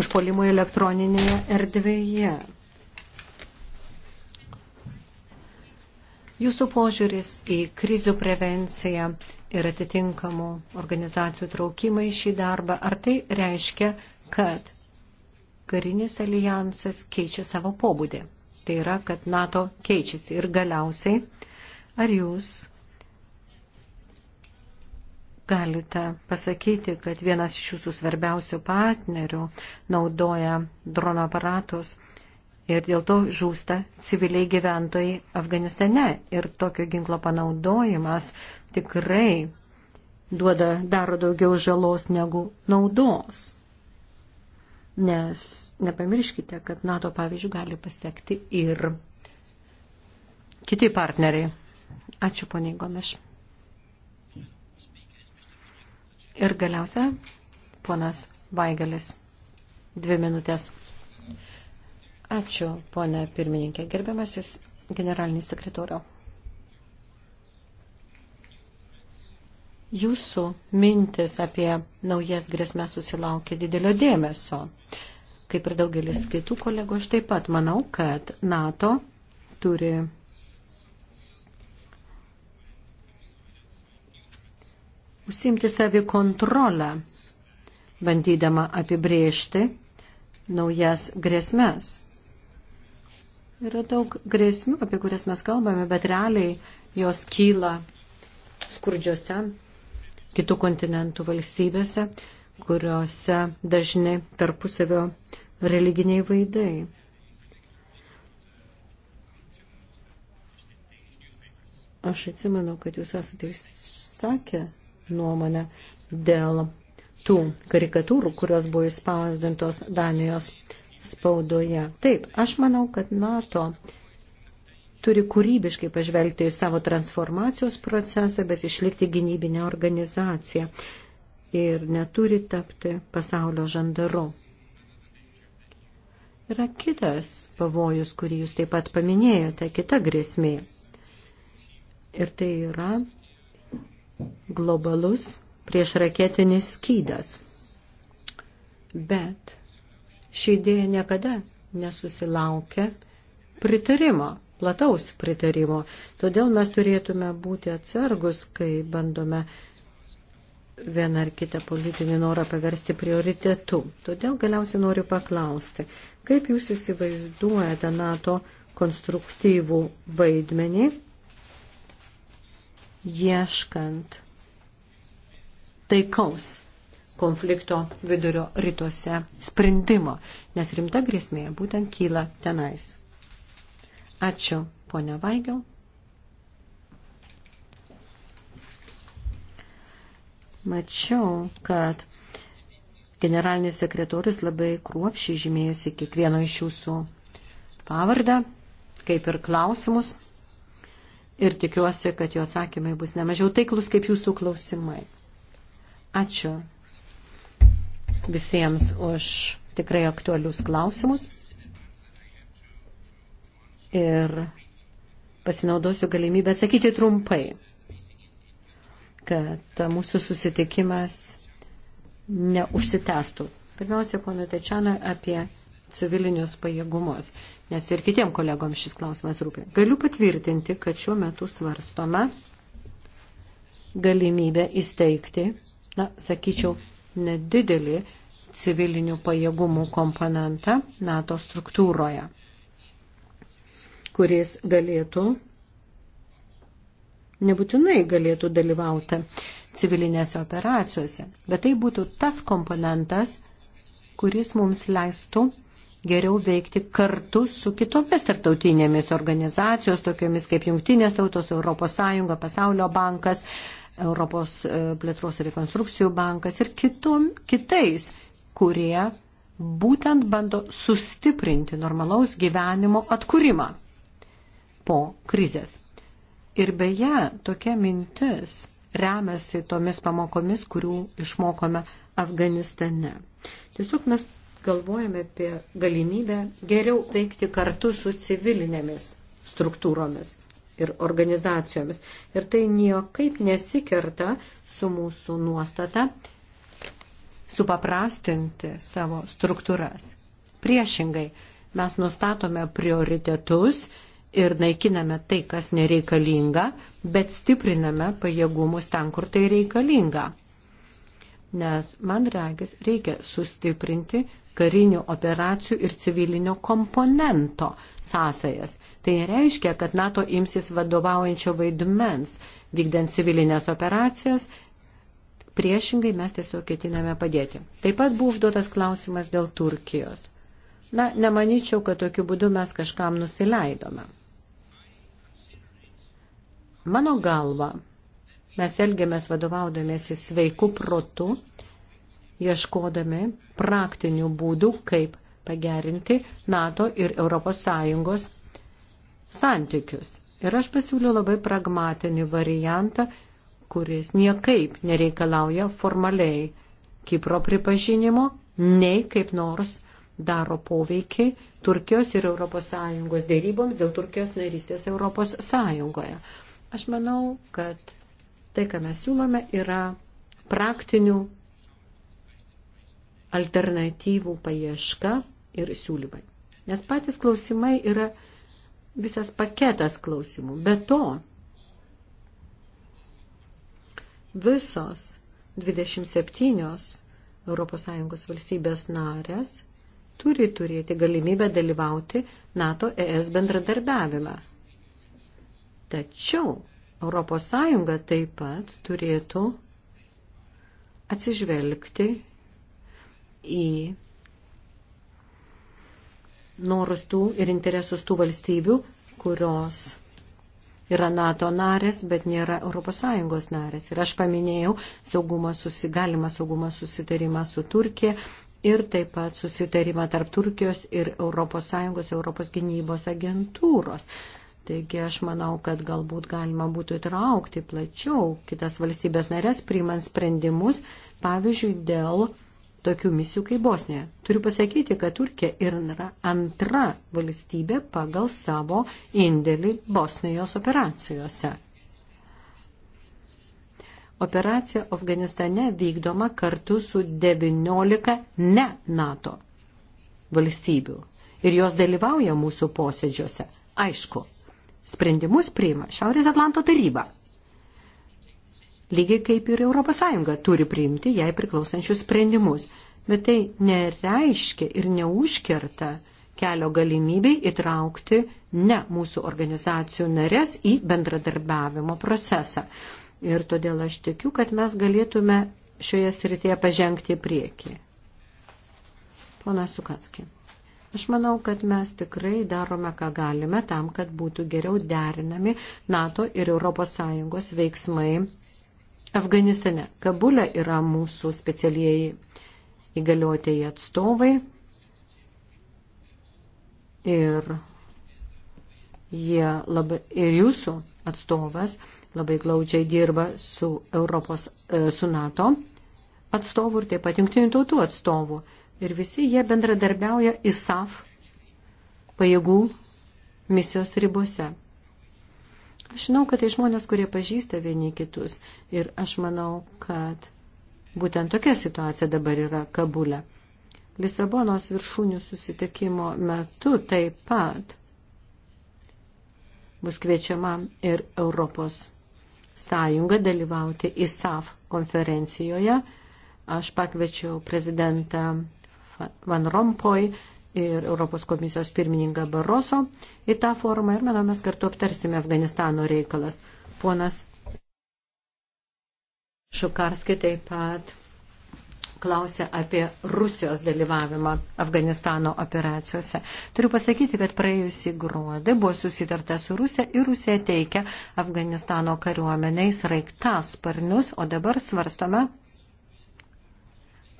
S3: užpolimui elektroninėje erdvėje. Jūsų požiūris į krizių prevenciją ir atitinkamų organizacijų traukimą į šį darbą, ar tai reiškia, kad karinis alijansas keičia savo pobūdį? Tai yra, kad NATO keičiasi ir galiausiai, ar jūs galite pasakyti, kad vienas iš jūsų svarbiausių partnerių naudoja drono aparatus ir dėl to žūsta civiliai gyventojai Afganistane. Ir tokio ginklo panaudojimas tikrai duoda, daro daugiau žalos negu naudos. Nes nepamirškite, kad NATO pavyzdžių gali pasiekti ir kiti partneriai. Ačiū, poniai Gomeš. Ir galiausia, ponas Vaigelis. Dvi minutės. Ačiū, ponė pirmininkė. Gerbiamasis generalinis sekretoriau. Jūsų mintis apie naujas grėsmės susilaukė didelio dėmesio. Kaip ir daugelis kitų kolegų, aš taip pat manau, kad NATO turi užsimti savi kontrolę, bandydama apibrėžti naujas grėsmės Yra daug grėsmių, apie kurias mes kalbame, bet realiai jos kyla skurdžiose kitų kontinentų valstybėse, kuriuose dažnai tarpusavio religiniai vaidai. Aš atsimenu, kad jūs esate išsakę nuomonę dėl tų karikatūrų, kurios buvo įspausdintos Danijos spaudoje. Taip, aš manau, kad NATO turi kūrybiškai pažvelgti į savo transformacijos procesą, bet išlikti gynybinę organizaciją ir neturi tapti pasaulio žandaru. Yra kitas pavojus, kurį jūs taip pat paminėjote, kita grėsmė. Ir tai yra globalus priešraketinis skydas. Bet Ši idėja niekada nesusilaukė pritarimo, plataus pritarimo. Todėl mes turėtume būti atsargus, kai bandome vieną ar kitą politinį norą paversti prioritetu. Todėl galiausiai noriu paklausti, kaip jūs įsivaizduojate NATO konstruktyvų vaidmenį, ieškant taikaus konflikto vidurio rytuose sprendimo, nes rimta grėsmė būtent kyla tenais. Ačiū, ponia Vaigel. Mačiau, kad generalinis sekretorius labai kruopšiai žymėjusi kiekvieno iš jūsų pavardę, kaip ir klausimus. Ir tikiuosi, kad jo atsakymai bus nemažiau taiklus kaip jūsų klausimai. Ačiū visiems už tikrai aktualius klausimus. Ir pasinaudosiu galimybę atsakyti trumpai, kad mūsų susitikimas neužsitestų. Pirmiausia, pono Tečianą apie civilinius pajėgumus, nes ir kitiem kolegom šis klausimas rūpi. Galiu patvirtinti, kad šiuo metu svarstome galimybę įsteigti, na, sakyčiau, nedidelį civilinių pajėgumų komponentą NATO struktūroje, kuris galėtų, nebūtinai galėtų dalyvauti civilinėse operacijose, bet tai būtų tas komponentas, kuris mums leistų geriau veikti kartu su kitomis tarptautinėmis organizacijos, tokiomis kaip Jungtinės tautos, Europos Sąjunga, Pasaulio bankas, Europos e, plėtros ir rekonstrukcijų bankas ir kitom, kitais kurie būtent bando sustiprinti normalaus gyvenimo atkūrimą po krizės. Ir beje, tokia mintis remiasi tomis pamokomis, kurių išmokome Afganistane. Tiesiog mes galvojame apie galimybę geriau veikti kartu su civilinėmis struktūromis ir organizacijomis. Ir tai niekaip nesikerta su mūsų nuostata supaprastinti savo struktūras. Priešingai, mes nustatome prioritetus ir naikiname tai, kas nereikalinga, bet stipriname pajėgumus ten, kur tai reikalinga. Nes man regis reikia sustiprinti karinių operacijų ir civilinio komponento sąsajas. Tai nereiškia, kad NATO imsis vadovaujančio vaidmens, vykdant civilinės operacijas, Priešingai mes tiesiog ketiname padėti. Taip pat buvo užduotas klausimas dėl Turkijos. Na, nemanyčiau, kad tokiu būdu mes kažkam nusileidome. Mano galva, mes elgiamės vadovaudomėsi sveiku protu, ieškodami praktinių būdų, kaip pagerinti NATO ir ES santykius. Ir aš pasiūliau labai pragmatinį variantą kuris niekaip nereikalauja formaliai Kipro pripažinimo, nei kaip nors daro poveikį Turkijos ir ES dėryboms dėl Turkijos narystės ES. Aš manau, kad tai, ką mes siūlome, yra praktinių alternatyvų paieška ir siūlymai. Nes patys klausimai yra visas paketas klausimų. Be to, visos 27 ES valstybės narės turi turėti galimybę dalyvauti NATO ES bendradarbiavime. Tačiau ES taip pat turėtų atsižvelgti į norus tų ir interesus tų valstybių, kurios yra NATO narės, bet nėra ES narės. Ir aš paminėjau saugumo susigalimą saugumo susitarimą su Turkija ir taip pat susitarimą tarp Turkijos ir ES, Europos gynybos agentūros. Taigi aš manau, kad galbūt galima būtų įtraukti plačiau kitas valstybės narės, priimant sprendimus, pavyzdžiui, dėl tokių misijų kaip Bosnija. Turiu pasakyti, kad Turkija yra antra valstybė pagal savo indėlį Bosnijos operacijose. Operacija Afganistane vykdoma kartu su 19 ne NATO valstybių ir jos dalyvauja mūsų posėdžiuose. Aišku, sprendimus priima Šiaurės Atlanto taryba lygiai kaip ir ES turi priimti jai priklausančius sprendimus. Bet tai nereiškia ir neužkerta kelio galimybei įtraukti ne mūsų organizacijų narės į bendradarbiavimo procesą. Ir todėl aš tikiu, kad mes galėtume šioje srityje pažengti į priekį. Pona Sukatski. Aš manau, kad mes tikrai darome, ką galime tam, kad būtų geriau derinami NATO ir ES veiksmai Afganistane. Kabulė yra mūsų specialieji įgaliotieji atstovai ir, jie labai, ir jūsų atstovas labai glaudžiai dirba su, Europos, e, su NATO atstovu ir taip pat jungtinių tautų atstovu. Ir visi jie bendradarbiauja ISAF pajėgų misijos ribose. Aš žinau, kad tai žmonės, kurie pažįsta vieni kitus ir aš manau, kad būtent tokia situacija dabar yra Kabule. Lisabonos viršūnių susitikimo metu taip pat bus kviečiama ir Europos sąjunga dalyvauti ISAF konferencijoje. Aš pakviečiau prezidentą Van Rompoj ir Europos komisijos pirmininką Baroso į tą formą ir, manau, mes kartu aptarsime Afganistano reikalas. Ponas Šukarski taip pat klausė apie Rusijos dalyvavimą Afganistano operacijose. Turiu pasakyti, kad praėjusį gruodį buvo susitarta su Rusija ir Rusija teikia Afganistano kariuomeniais raiktas sparnius, o dabar svarstome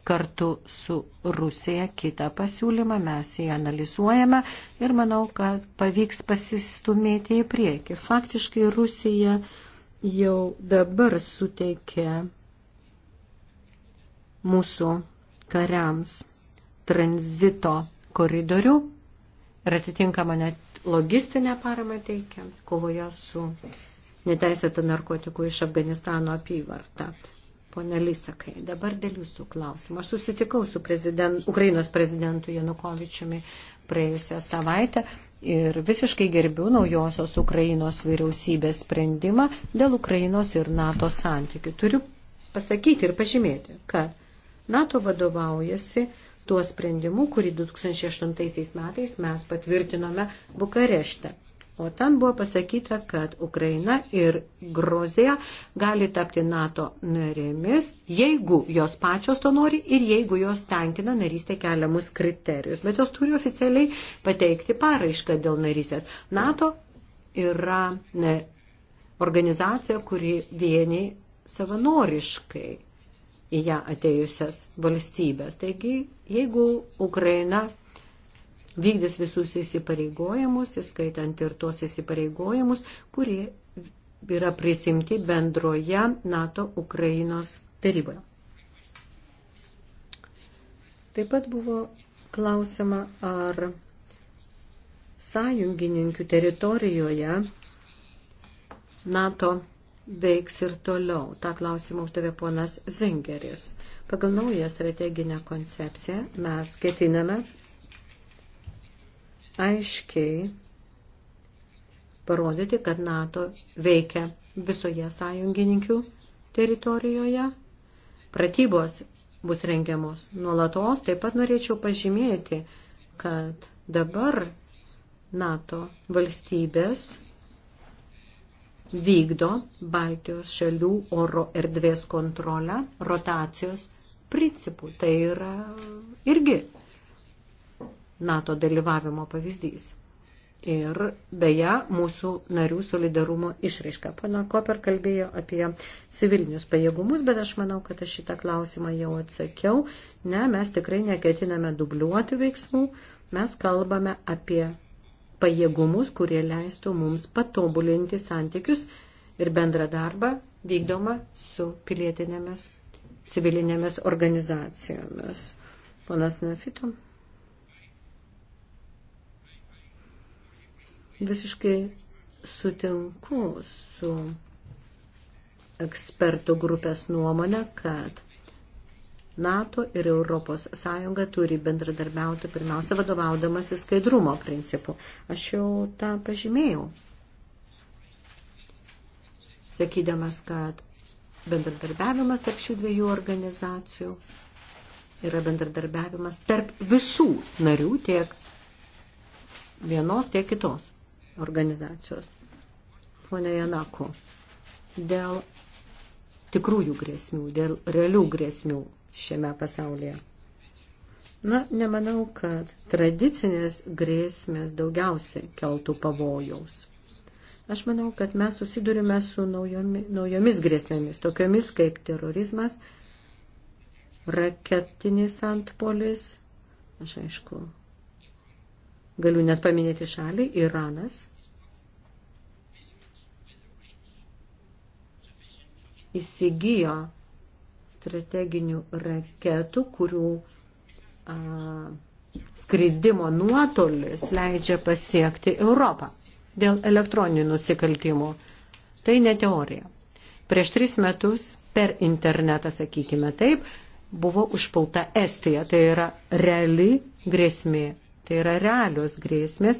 S3: kartu su Rusija. Kitą pasiūlymą mes jį analizuojame ir manau, kad pavyks pasistumėti į priekį. Faktiškai Rusija jau dabar suteikia mūsų kariams tranzito koridorių ir atitinkamą net logistinę paramą teikia kovoje su neteisėta narkotikų iš Afganistano apyvarta. Pone Lisakai, dabar dėl jūsų klausimų. Aš susitikau su prezident, Ukrainos prezidentu Janukovičiumi praėjusią savaitę ir visiškai gerbiu naujosios Ukrainos vyriausybės sprendimą dėl Ukrainos ir NATO santykių. Turiu pasakyti ir pažymėti, kad NATO vadovaujasi tuo sprendimu, kurį 2008 metais mes patvirtinome Bukarešte. O ten buvo pasakyta, kad Ukraina ir Gruzija gali tapti NATO narėmis, jeigu jos pačios to nori ir jeigu jos tenkina narystė keliamus kriterijus. Bet jos turi oficialiai pateikti paraišką dėl narystės. NATO yra ne, organizacija, kuri vieniai savanoriškai į ją atėjusias valstybės. Taigi, jeigu Ukraina vykdys visus įsipareigojimus, įskaitant ir tuos įsipareigojimus, kurie yra prisimti bendroje NATO Ukrainos taryboje. Taip pat buvo klausima, ar sąjungininkių teritorijoje NATO veiks ir toliau. Ta klausimą uždavė ponas Zingeris. Pagal naują strateginę koncepciją mes ketiname aiškiai parodyti, kad NATO veikia visoje sąjungininkių teritorijoje. Pratybos bus rengiamos nuolatos. Taip pat norėčiau pažymėti, kad dabar NATO valstybės vykdo Baltijos šalių oro erdvės kontrolę rotacijos principų. Tai yra irgi NATO dalyvavimo pavyzdys. Ir beje, mūsų narių solidarumo išraiška. Pana Koper kalbėjo apie civilinius pajėgumus, bet aš manau, kad aš šitą klausimą jau atsakiau. Ne, mes tikrai neketiname dubliuoti veiksmų, mes kalbame apie pajėgumus, kurie leistų mums patobulinti santykius ir bendrą darbą vykdomą su pilietinėmis civilinėmis organizacijomis. Ponas Nefito. Visiškai sutinku su ekspertų grupės nuomonė, kad NATO ir Europos Sąjunga turi bendradarbiauti pirmiausia vadovaudamas į skaidrumo principų. Aš jau tą pažymėjau, sakydamas, kad bendradarbiavimas tarp šių dviejų organizacijų yra bendradarbiavimas tarp visų narių tiek vienos, tiek kitos organizacijos. Pone Janako, dėl tikrųjų grėsmių, dėl realių grėsmių šiame pasaulyje. Na, nemanau, kad tradicinės grėsmės daugiausiai keltų pavojaus. Aš manau, kad mes susidurime su naujomis, naujomis grėsmėmis, tokiomis kaip terorizmas, raketinis antpolis, aš aišku, galiu net paminėti šalį, Iranas įsigijo strateginių raketų, kurių a, skridimo nuotolis leidžia pasiekti Europą dėl elektroninių nusikaltimų. Tai ne teorija. Prieš tris metus per internetą, sakykime taip, buvo užpulta Estija. Tai yra reali grėsmė Tai yra realios grėsmės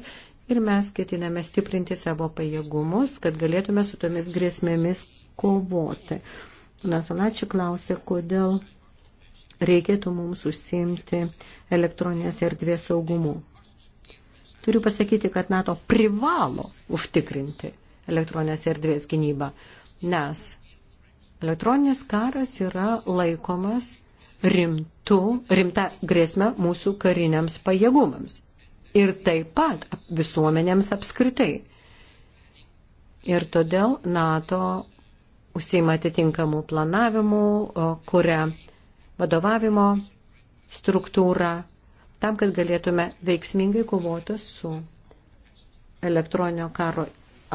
S3: ir mes ketiname stiprinti savo pajėgumus, kad galėtume su tomis grėsmėmis kovoti. Nasalačiai klausė, kodėl reikėtų mums užsiimti elektroninės erdvės saugumu. Turiu pasakyti, kad NATO privalo užtikrinti elektroninės erdvės gynybą, nes elektroninis karas yra laikomas rimtų, rimta grėsme mūsų kariniams pajėgumams ir taip pat visuomenėms apskritai. Ir todėl NATO užsima atitinkamų planavimų, kuria vadovavimo struktūrą, tam, kad galėtume veiksmingai kovoti su elektroninio karo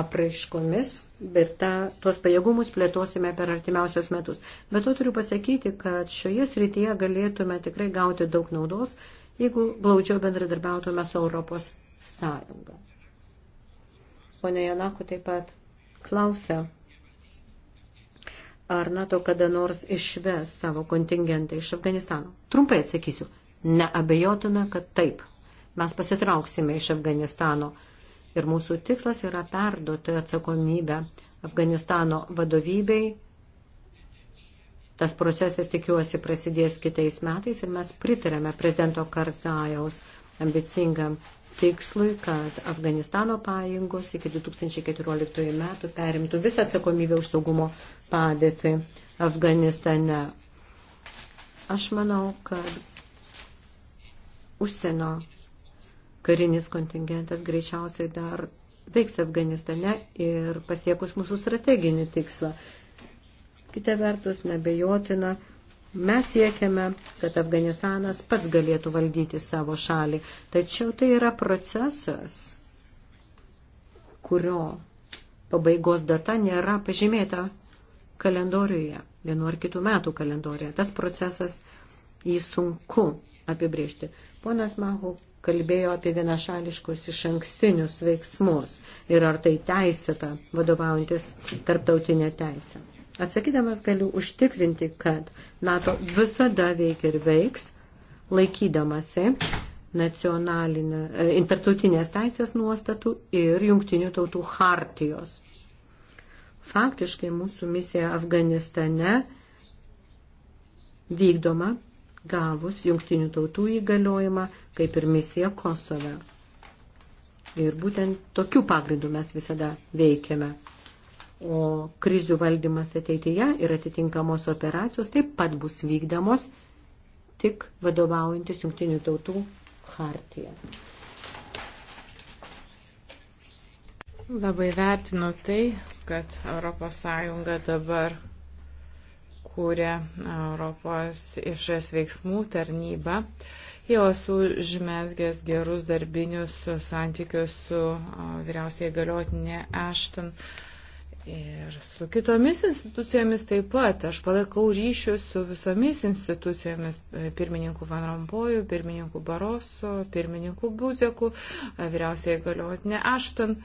S3: apraiškomis ir tą, tuos pajėgumus plėtosime per artimiausios metus. Bet to turiu pasakyti, kad šioje srityje galėtume tikrai gauti daug naudos, jeigu glaudžiau bendradarbiautume su Europos Sąjunga. Pone Janaku taip pat klausia, ar NATO kada nors išves savo kontingentą iš Afganistano. Trumpai atsakysiu. Neabejotina, kad taip. Mes pasitrauksime iš Afganistano Ir mūsų tikslas yra perduoti atsakomybę Afganistano vadovybei. Tas procesas, tikiuosi, prasidės kitais metais ir mes pritarėme prezidento Karzajaus ambicingam tikslui, kad Afganistano pajėgos iki 2014 metų perimtų visą atsakomybę už saugumo padėtį Afganistane. Aš manau, kad užsienio karinis kontingentas greičiausiai dar veiks Afganistane ir pasiekus mūsų strateginį tikslą. Kita vertus, nebejotina, mes siekiame, kad Afganistanas pats galėtų valdyti savo šalį. Tačiau tai yra procesas, kurio pabaigos data nėra pažymėta kalendoriuje, vienu ar kitų metų kalendoriuje. Tas procesas jį sunku apibriežti. Ponas Mahu kalbėjo apie vienašališkus iš ankstinius veiksmus ir ar tai teisėta vadovaujantis tarptautinė teisė. Atsakydamas galiu užtikrinti, kad NATO visada veikia ir veiks, laikydamasi nacionalinė, e, tarptautinės teisės nuostatų ir jungtinių tautų hartijos. Faktiškai mūsų misija Afganistane vykdoma gavus jungtinių tautų įgaliojimą, kaip ir misija Kosove. Ir būtent tokių pagrindų mes visada veikiame. O krizių valdymas ateityje ir atitinkamos operacijos taip pat bus vykdamos tik vadovaujantis jungtinių tautų hartiją.
S2: Labai vertinu tai, kad ES dabar kūrė Europos išės veiksmų tarnyba. Jau esu žmesgęs gerus darbinius santykius su vyriausiai galiotinė Ashton. Ir su kitomis institucijomis taip pat. Aš palaikau ryšius su visomis institucijomis. Pirmininku Van Rompoju, pirmininku Barosu, pirmininku Buzeku, vyriausiai galiotinė Ašton.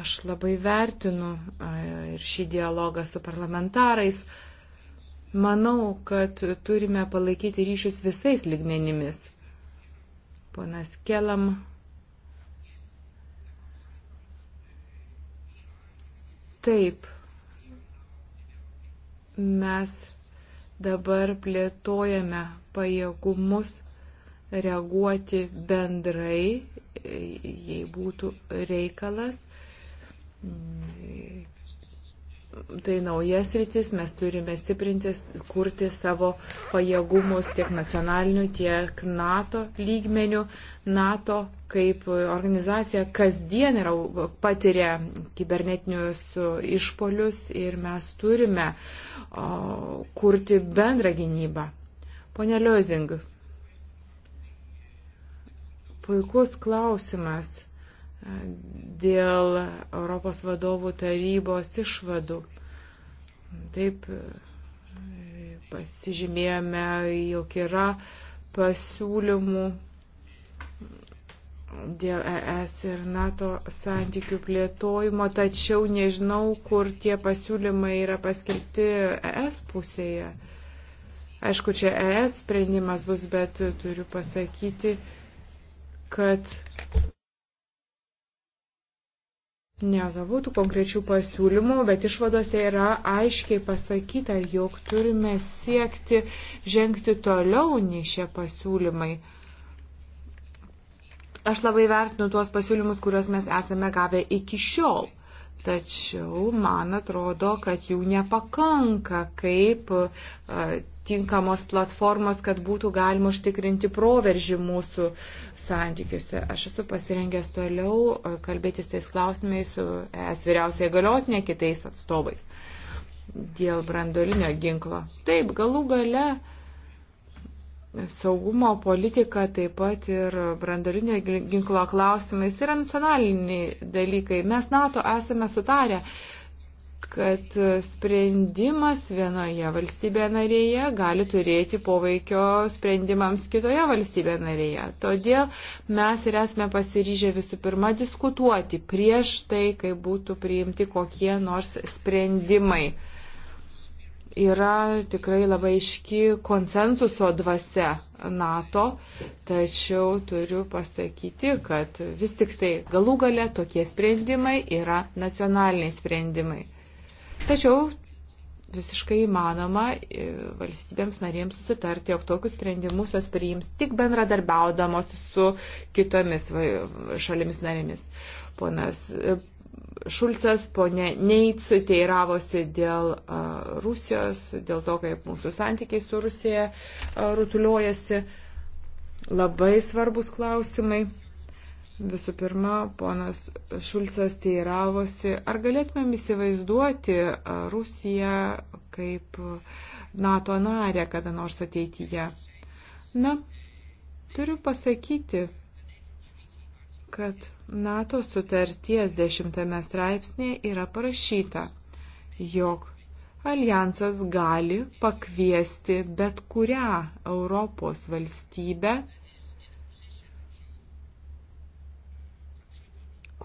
S2: Aš labai vertinu ir šį dialogą su parlamentarais. Manau, kad turime palaikyti ryšius visais ligmenimis. Ponas Kelam. Taip. Mes dabar plėtojame pajėgumus reaguoti bendrai, jei būtų reikalas tai naujas rytis, mes turime stiprinti, kurti savo pajėgumus tiek nacionaliniu, tiek NATO lygmeniu. NATO kaip organizacija kasdien yra, patiria kibernetinius išpolius ir mes turime o, kurti bendrą gynybą. Pone Liozing, puikus klausimas dėl Europos vadovų tarybos išvadų. Taip pasižymėjome, jog yra pasiūlymų dėl ES ir NATO santykių plėtojimo, tačiau nežinau, kur tie pasiūlymai yra paskelbti ES pusėje. Aišku, čia ES sprendimas bus, bet turiu pasakyti, kad Negavau tų konkrečių pasiūlymų, bet išvadose yra aiškiai pasakyta, jog turime siekti žengti toliau nei šie pasiūlymai. Aš labai vertinu tuos pasiūlymus, kuriuos mes esame gavę iki šiol. Tačiau man atrodo, kad jų nepakanka kaip tinkamos platformos, kad būtų galima užtikrinti proveržį mūsų santykiuose. Aš esu pasirengęs toliau kalbėtis tais klausimais su es vyriausiai galiotinė kitais atstovais dėl brandolinio ginklo. Taip, galų gale saugumo politika, taip pat ir brandolinio ginklo klausimais yra nacionaliniai dalykai. Mes NATO esame sutarę, kad sprendimas vienoje valstybėje narėje gali turėti poveikio sprendimams kitoje valstybėje narėje. Todėl mes ir esame pasiryžę visų pirma diskutuoti prieš tai, kai būtų priimti kokie nors sprendimai yra tikrai labai iški konsensuso dvasia NATO, tačiau turiu pasakyti, kad vis tik tai galų gale tokie sprendimai yra nacionaliniai sprendimai. Tačiau visiškai įmanoma e, valstybėms narėms susitarti, jog tokius sprendimus jos priims tik bendradarbiaudamos su kitomis šalimis narėmis. Ponas e, Šulcas, ponė Neits teiravosi dėl uh, Rusijos, dėl to, kaip mūsų santykiai su Rusija uh, rutuliuojasi. Labai svarbus klausimai. Visų pirma, ponas Šulcas teiravosi, ar galėtumėm įsivaizduoti uh, Rusiją kaip NATO narę kada nors ateityje. Na, turiu pasakyti, kad NATO sutarties dešimtame straipsnėje yra parašyta, jog alijansas gali pakviesti bet kurią Europos valstybę,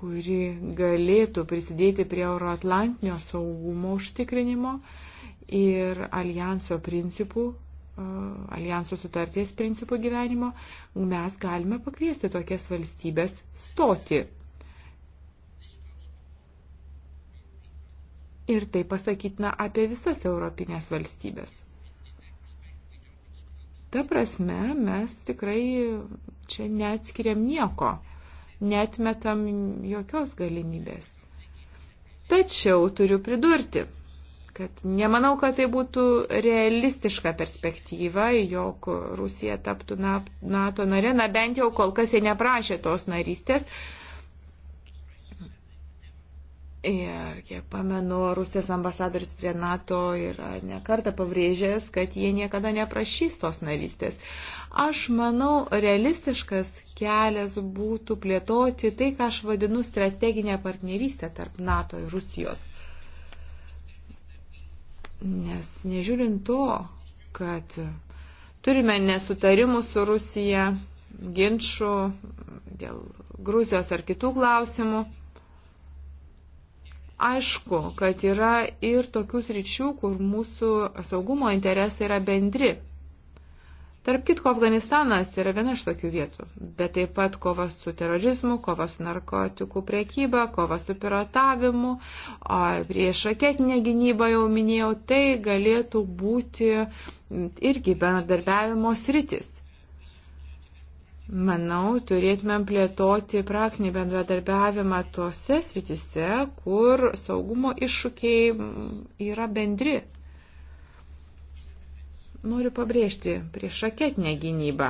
S2: kuri galėtų prisidėti prie Euroatlantinio saugumo užtikrinimo ir alijanso principų alijansų sutarties principų gyvenimo, mes galime pakviesti tokias valstybės stoti. Ir tai pasakytina apie visas europinės valstybės. Ta prasme, mes tikrai čia neatskiriam nieko, netmetam jokios galimybės. Tačiau turiu pridurti – kad nemanau, kad tai būtų realistiška perspektyva, jog Rusija taptų NATO narė, na bent jau kol kas jie neprašė tos narystės. Ir kiek pamenu, Rusijos ambasadoris prie NATO yra nekarta pavrėžęs, kad jie niekada neprašys tos narystės. Aš manau, realistiškas kelias būtų plėtoti tai, ką aš vadinu strateginę partnerystę tarp NATO ir Rusijos. Nes nežiūrint to, kad turime nesutarimų su Rusija, ginčių dėl Gruzijos ar kitų klausimų, aišku, kad yra ir tokių sričių, kur mūsų saugumo interesai yra bendri. Tarp kitko, Afganistanas yra viena iš tokių vietų, bet taip pat kova su terorizmu, kova su narkotikų priekyba, kova su piratavimu, prieš raketinę gynybą jau minėjau, tai galėtų būti irgi bendradarbiavimo sritis. Manau, turėtumėm plėtoti praktinį bendradarbiavimą tose sritise, kur saugumo iššūkiai yra bendri. Noriu pabrėžti prieš raketinę gynybą.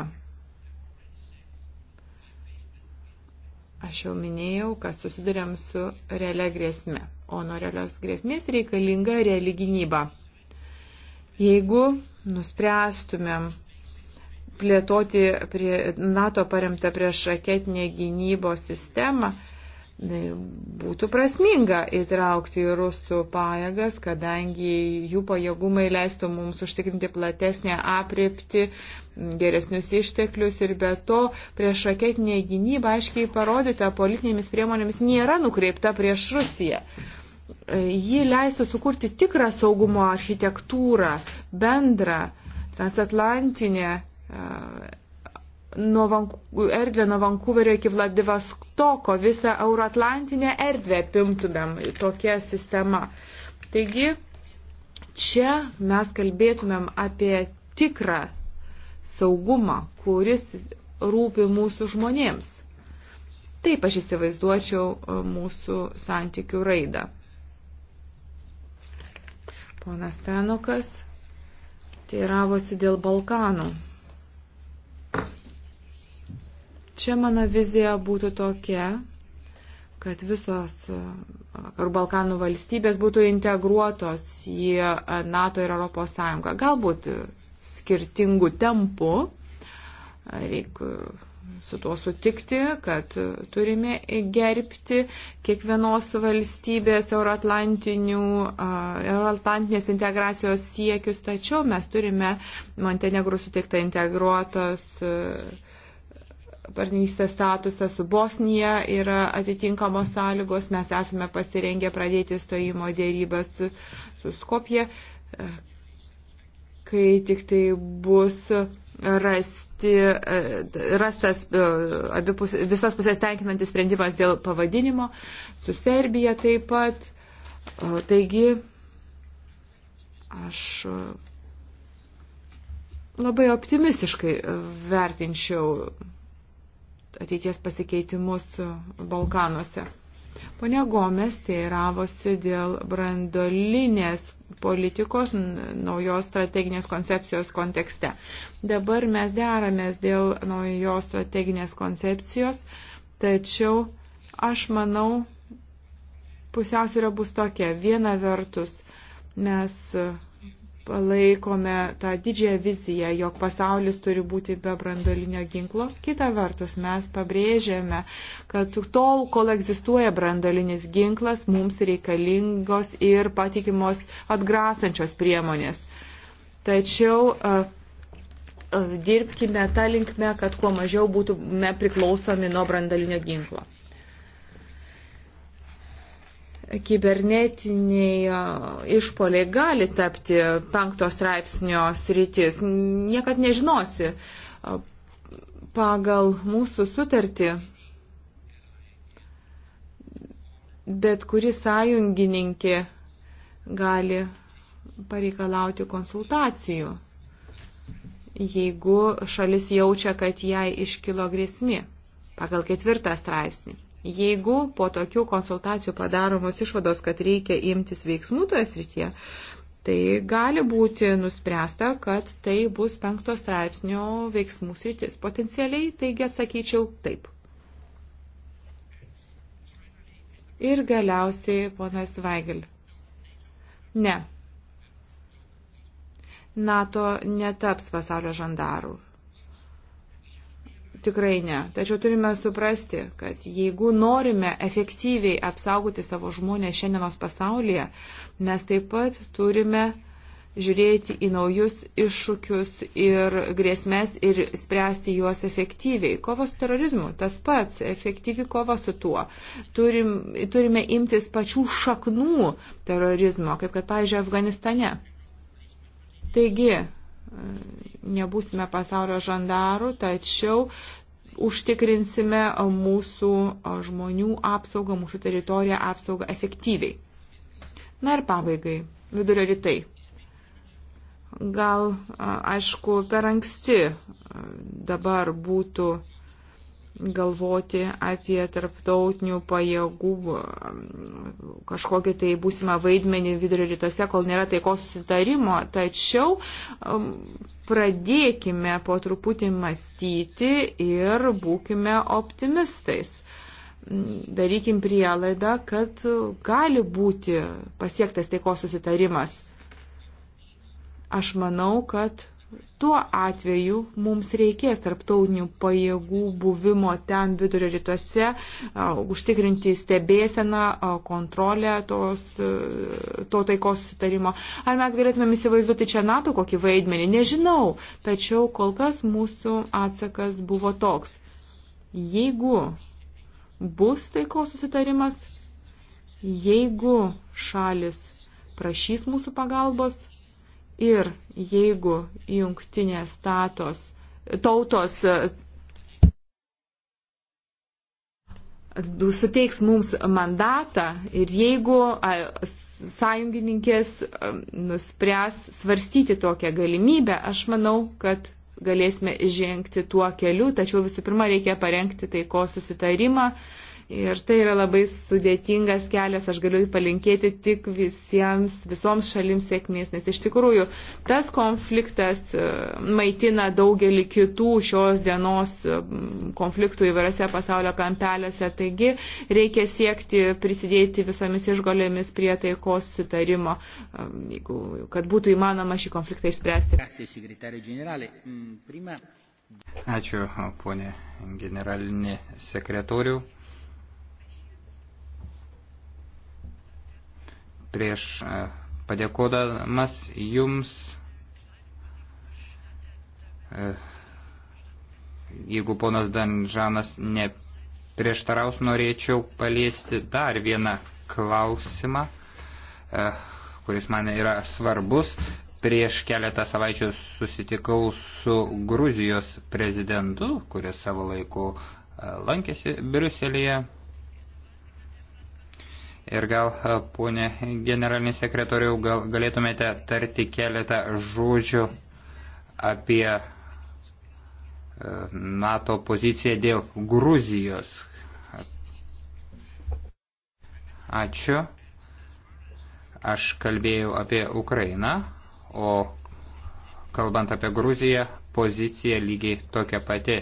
S2: Aš jau minėjau, kad susidurėm su realia grėsme, o nuo realios grėsmės reikalinga reali gynyba. Jeigu nuspręstumėm plėtoti prie NATO paremtą prieš raketinę gynybos sistemą, būtų prasminga įtraukti į rusų pajėgas, kadangi jų pajėgumai leistų mums užtikrinti platesnę apriepti, geresnius išteklius ir be to prieš raketinė gynyba aiškiai parodyta politinėmis priemonėmis nėra nukreipta prieš Rusiją. Ji leistų sukurti tikrą saugumo architektūrą, bendrą, transatlantinę nuo Vanku, erdvę nuo Vankuverio iki Vladivostoko, visą euroatlantinę erdvę apimtumėm tokia sistema. Taigi, čia mes kalbėtumėm apie tikrą saugumą, kuris rūpi mūsų žmonėms. Taip aš įsivaizduočiau e, mūsų santykių raidą. Ponas Tenokas teiravosi dėl Balkanų. Čia mano vizija būtų tokia, kad visos ir e, Balkanų valstybės būtų integruotos į e, NATO ir ES. Galbūt skirtingų tempų, e, reikia su tuo sutikti, kad turime gerbti kiekvienos valstybės euroatlantinės integracijos siekius, tačiau mes turime Montenegrų sutiktą integruotos. Uh, partnerystės statusą su Bosnija yra atitinkamos sąlygos. Mes esame pasirengę pradėti stojimo dėrybą su, su Skopje, kai tik tai bus rasti, rastas e, abipus, visas pusės tenkinantis sprendimas dėl pavadinimo, su Serbija taip pat. E, taigi, aš e, labai optimistiškai vertinčiau ateities pasikeitimus Balkanuose. Pone Gomes teiravosi dėl brandolinės politikos naujos strateginės koncepcijos kontekste. Dabar mes deramės dėl naujos strateginės koncepcijos, tačiau aš manau, pusiausvyrė bus tokia. Viena vertus mes palaikome tą didžiąją viziją, jog pasaulis turi būti be brandolinio ginklo. Kita vertus, mes pabrėžėme, kad tol, kol egzistuoja brandolinis ginklas, mums reikalingos ir patikimos atgrasančios priemonės. Tačiau dirbkime tą linkmę, kad kuo mažiau būtume priklausomi nuo brandalinio ginklo kibernetiniai e, išpoliai gali tapti penkto straipsnio sritis. Niekad nežinosi. E, pagal mūsų sutartį bet kuri sąjungininkė gali pareikalauti konsultacijų, jeigu šalis jaučia, kad jai iškilo grėsmė pagal ketvirtą straipsnį. Jeigu po tokių konsultacijų padaromos išvados, kad reikia imtis veiksmų toje srityje, tai gali būti nuspręsta, kad tai bus penkto straipsnio veiksmų sritis. Potencialiai, taigi atsakyčiau taip. Ir galiausiai ponas Vaigel. Ne. NATO netaps pasaulio žandarų. Tikrai ne. Tačiau turime suprasti, kad jeigu norime efektyviai apsaugoti savo žmonės šiandienos pasaulyje, mes taip pat turime žiūrėti į naujus iššūkius ir grėsmės ir spręsti juos efektyviai. Kova su terorizmu, tas pats, efektyvi kova su tuo. Turim, turime imtis pačių šaknų terorizmo, kaip kad, pavyzdžiui, Afganistane. Taigi, nebūsime pasaulio žandarų, tačiau užtikrinsime mūsų žmonių apsaugą, mūsų teritoriją apsaugą efektyviai. Na ir pabaigai, vidurio rytai. Gal, aišku, per anksti dabar būtų galvoti apie tarptautinių pajėgų um, kažkokį tai būsimą vaidmenį vidurio rytuose, kol nėra taikos susitarimo. Tačiau um, pradėkime po truputį mąstyti ir būkime optimistais. Darykim prielaidą, kad gali būti pasiektas taikos susitarimas. Aš manau, kad tuo atveju mums reikės tarptautinių pajėgų buvimo ten vidurio rytuose, užtikrinti stebėseną, kontrolę tos, to taikos sutarimo. Ar mes galėtumėm įsivaizduoti čia NATO kokį vaidmenį? Nežinau, tačiau kol kas mūsų atsakas buvo toks. Jeigu bus taikos susitarimas, jeigu šalis prašys mūsų pagalbos, Ir jeigu jungtinės statos, tautos e, suteiks mums mandatą ir jeigu sąjungininkės e, nuspręs svarstyti tokią galimybę, aš manau, kad galėsime žengti tuo keliu, tačiau visų pirma reikia parengti taiko susitarimą, uh, Ir tai yra labai sudėtingas kelias, aš galiu palinkėti tik visiems, visoms šalims sėkmės, nes iš tikrųjų tas konfliktas e, maitina daugelį kitų šios dienos e, konfliktų įvairiose pasaulio kampeliuose, taigi reikia siekti prisidėti visomis išgolėmis prie taikos sutarimo, e, jeigu, kad būtų įmanoma šį konfliktą išspręsti.
S5: Mm,
S4: Ačiū, ponė generalinė sekretorių. prieš e, padėkodamas jums, e, jeigu ponas Danžanas neprieštaraus, norėčiau paliesti dar vieną klausimą, e, kuris man yra svarbus. Prieš keletą savaičių susitikau su Gruzijos prezidentu, kuris savo laiku lankėsi Briuselėje. Ir gal, ponė generalinis sekretoriau, gal galėtumėte tarti keletą žodžių apie NATO poziciją dėl Gruzijos. Ačiū. Aš kalbėjau apie Ukrainą, o kalbant apie Gruziją, pozicija lygiai tokia pati.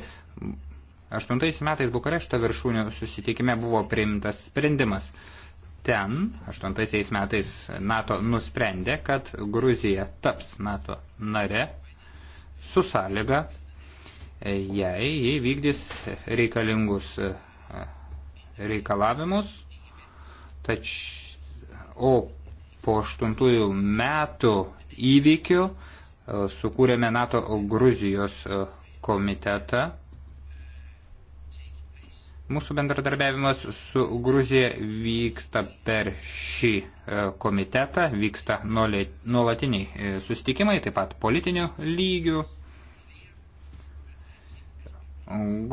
S4: Aštuntais metais Bukarešto viršūnių susitikime buvo priimtas sprendimas ten, 8 metais NATO nusprendė, kad Gruzija taps NATO nare su sąlyga, e, jei jį vykdys reikalingus e, reikalavimus, tač, o po 8 metų įvykių e, sukūrėme NATO Gruzijos komitetą Mūsų bendradarbiavimas su Gruzija vyksta per šį e, komitetą, vyksta nuolatiniai e, sustikimai, taip pat politinių lygių.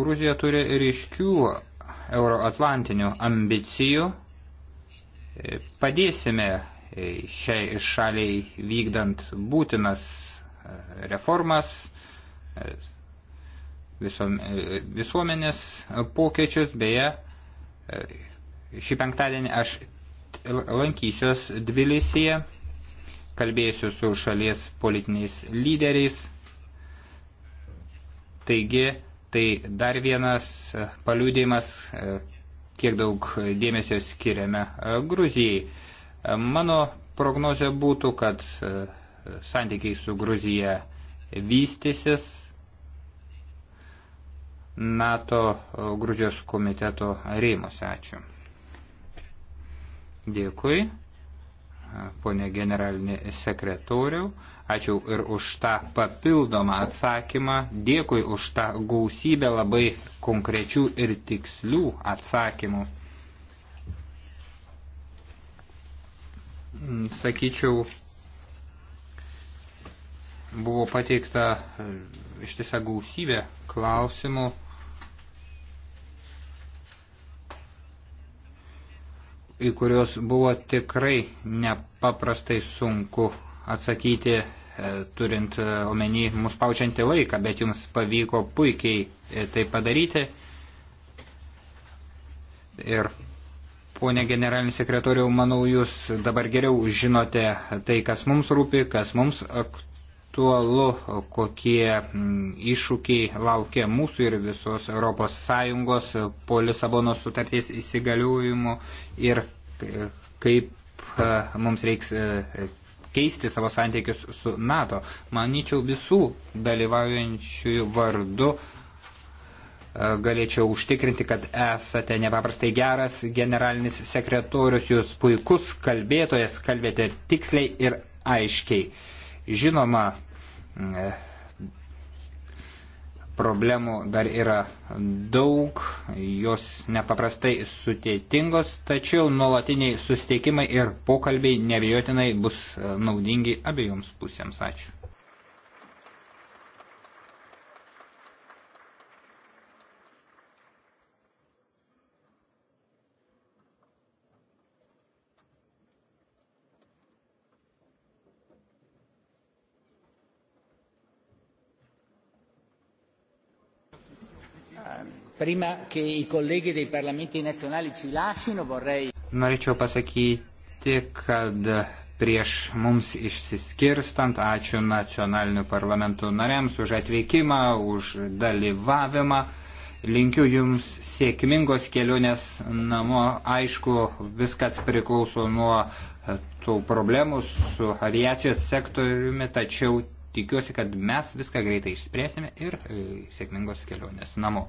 S4: Gruzija turi ryškių euroatlantinių ambicijų. E, padėsime šiai šaliai vykdant būtinas reformas, visom, visuomenės pokyčius. Beje, šį penktadienį aš lankysiuos Dvilisyje, kalbėsiu su šalies politiniais lyderiais. Taigi, tai dar vienas paliūdėjimas, kiek daug dėmesio skiriame Gruzijai. Mano prognozija būtų, kad santykiai su Gruzija vystysis, NATO e, Gruzijos komiteto rėmose. Ačiū. Dėkui, e, ponė generalinė sekretoriau. Ačiū ir už tą papildomą atsakymą. Dėkui už tą gausybę labai konkrečių ir tikslių atsakymų. Sakyčiau, buvo pateikta e, ištisa gausybė klausimų. į kuriuos buvo tikrai nepaprastai sunku atsakyti, e, turint e, omeny mus paučiantį laiką, bet jums pavyko puikiai e, tai padaryti. Ir Pone generalinis sekretoriau, manau, jūs dabar geriau žinote tai, kas mums rūpi, kas mums aktualu aktualu, kokie mm, iššūkiai laukia mūsų ir visos ES po Lisabonos sutarties įsigaliojimo ir kaip e, mums reiks e, keisti savo santykius su NATO. Manyčiau visų dalyvaujančiųjų vardu e, galėčiau užtikrinti, kad esate nepaprastai geras generalinis sekretorius, jūs puikus kalbėtojas, kalbėte tiksliai ir aiškiai. Žinoma, problemų dar yra daug, jos nepaprastai sutėtingos, tačiau nuolatiniai susitikimai ir pokalbiai nebejotinai bus naudingi abiejoms pusėms. Ačiū.
S5: Prima, kai į kolegį dei parlamentai nacionaliai ci lascino, vorrei.
S4: Norėčiau pasakyti, kad prieš mums išsiskirstant, ačiū nacionalinių parlamentų nariams už atvykimą, už dalyvavimą. Linkiu Jums sėkmingos kelionės namo. Aišku, viskas priklauso nuo tų problemų su aviacijos sektoriumi, tačiau tikiuosi, kad mes viską greitai išspręsime ir e, sėkmingos kelionės namo.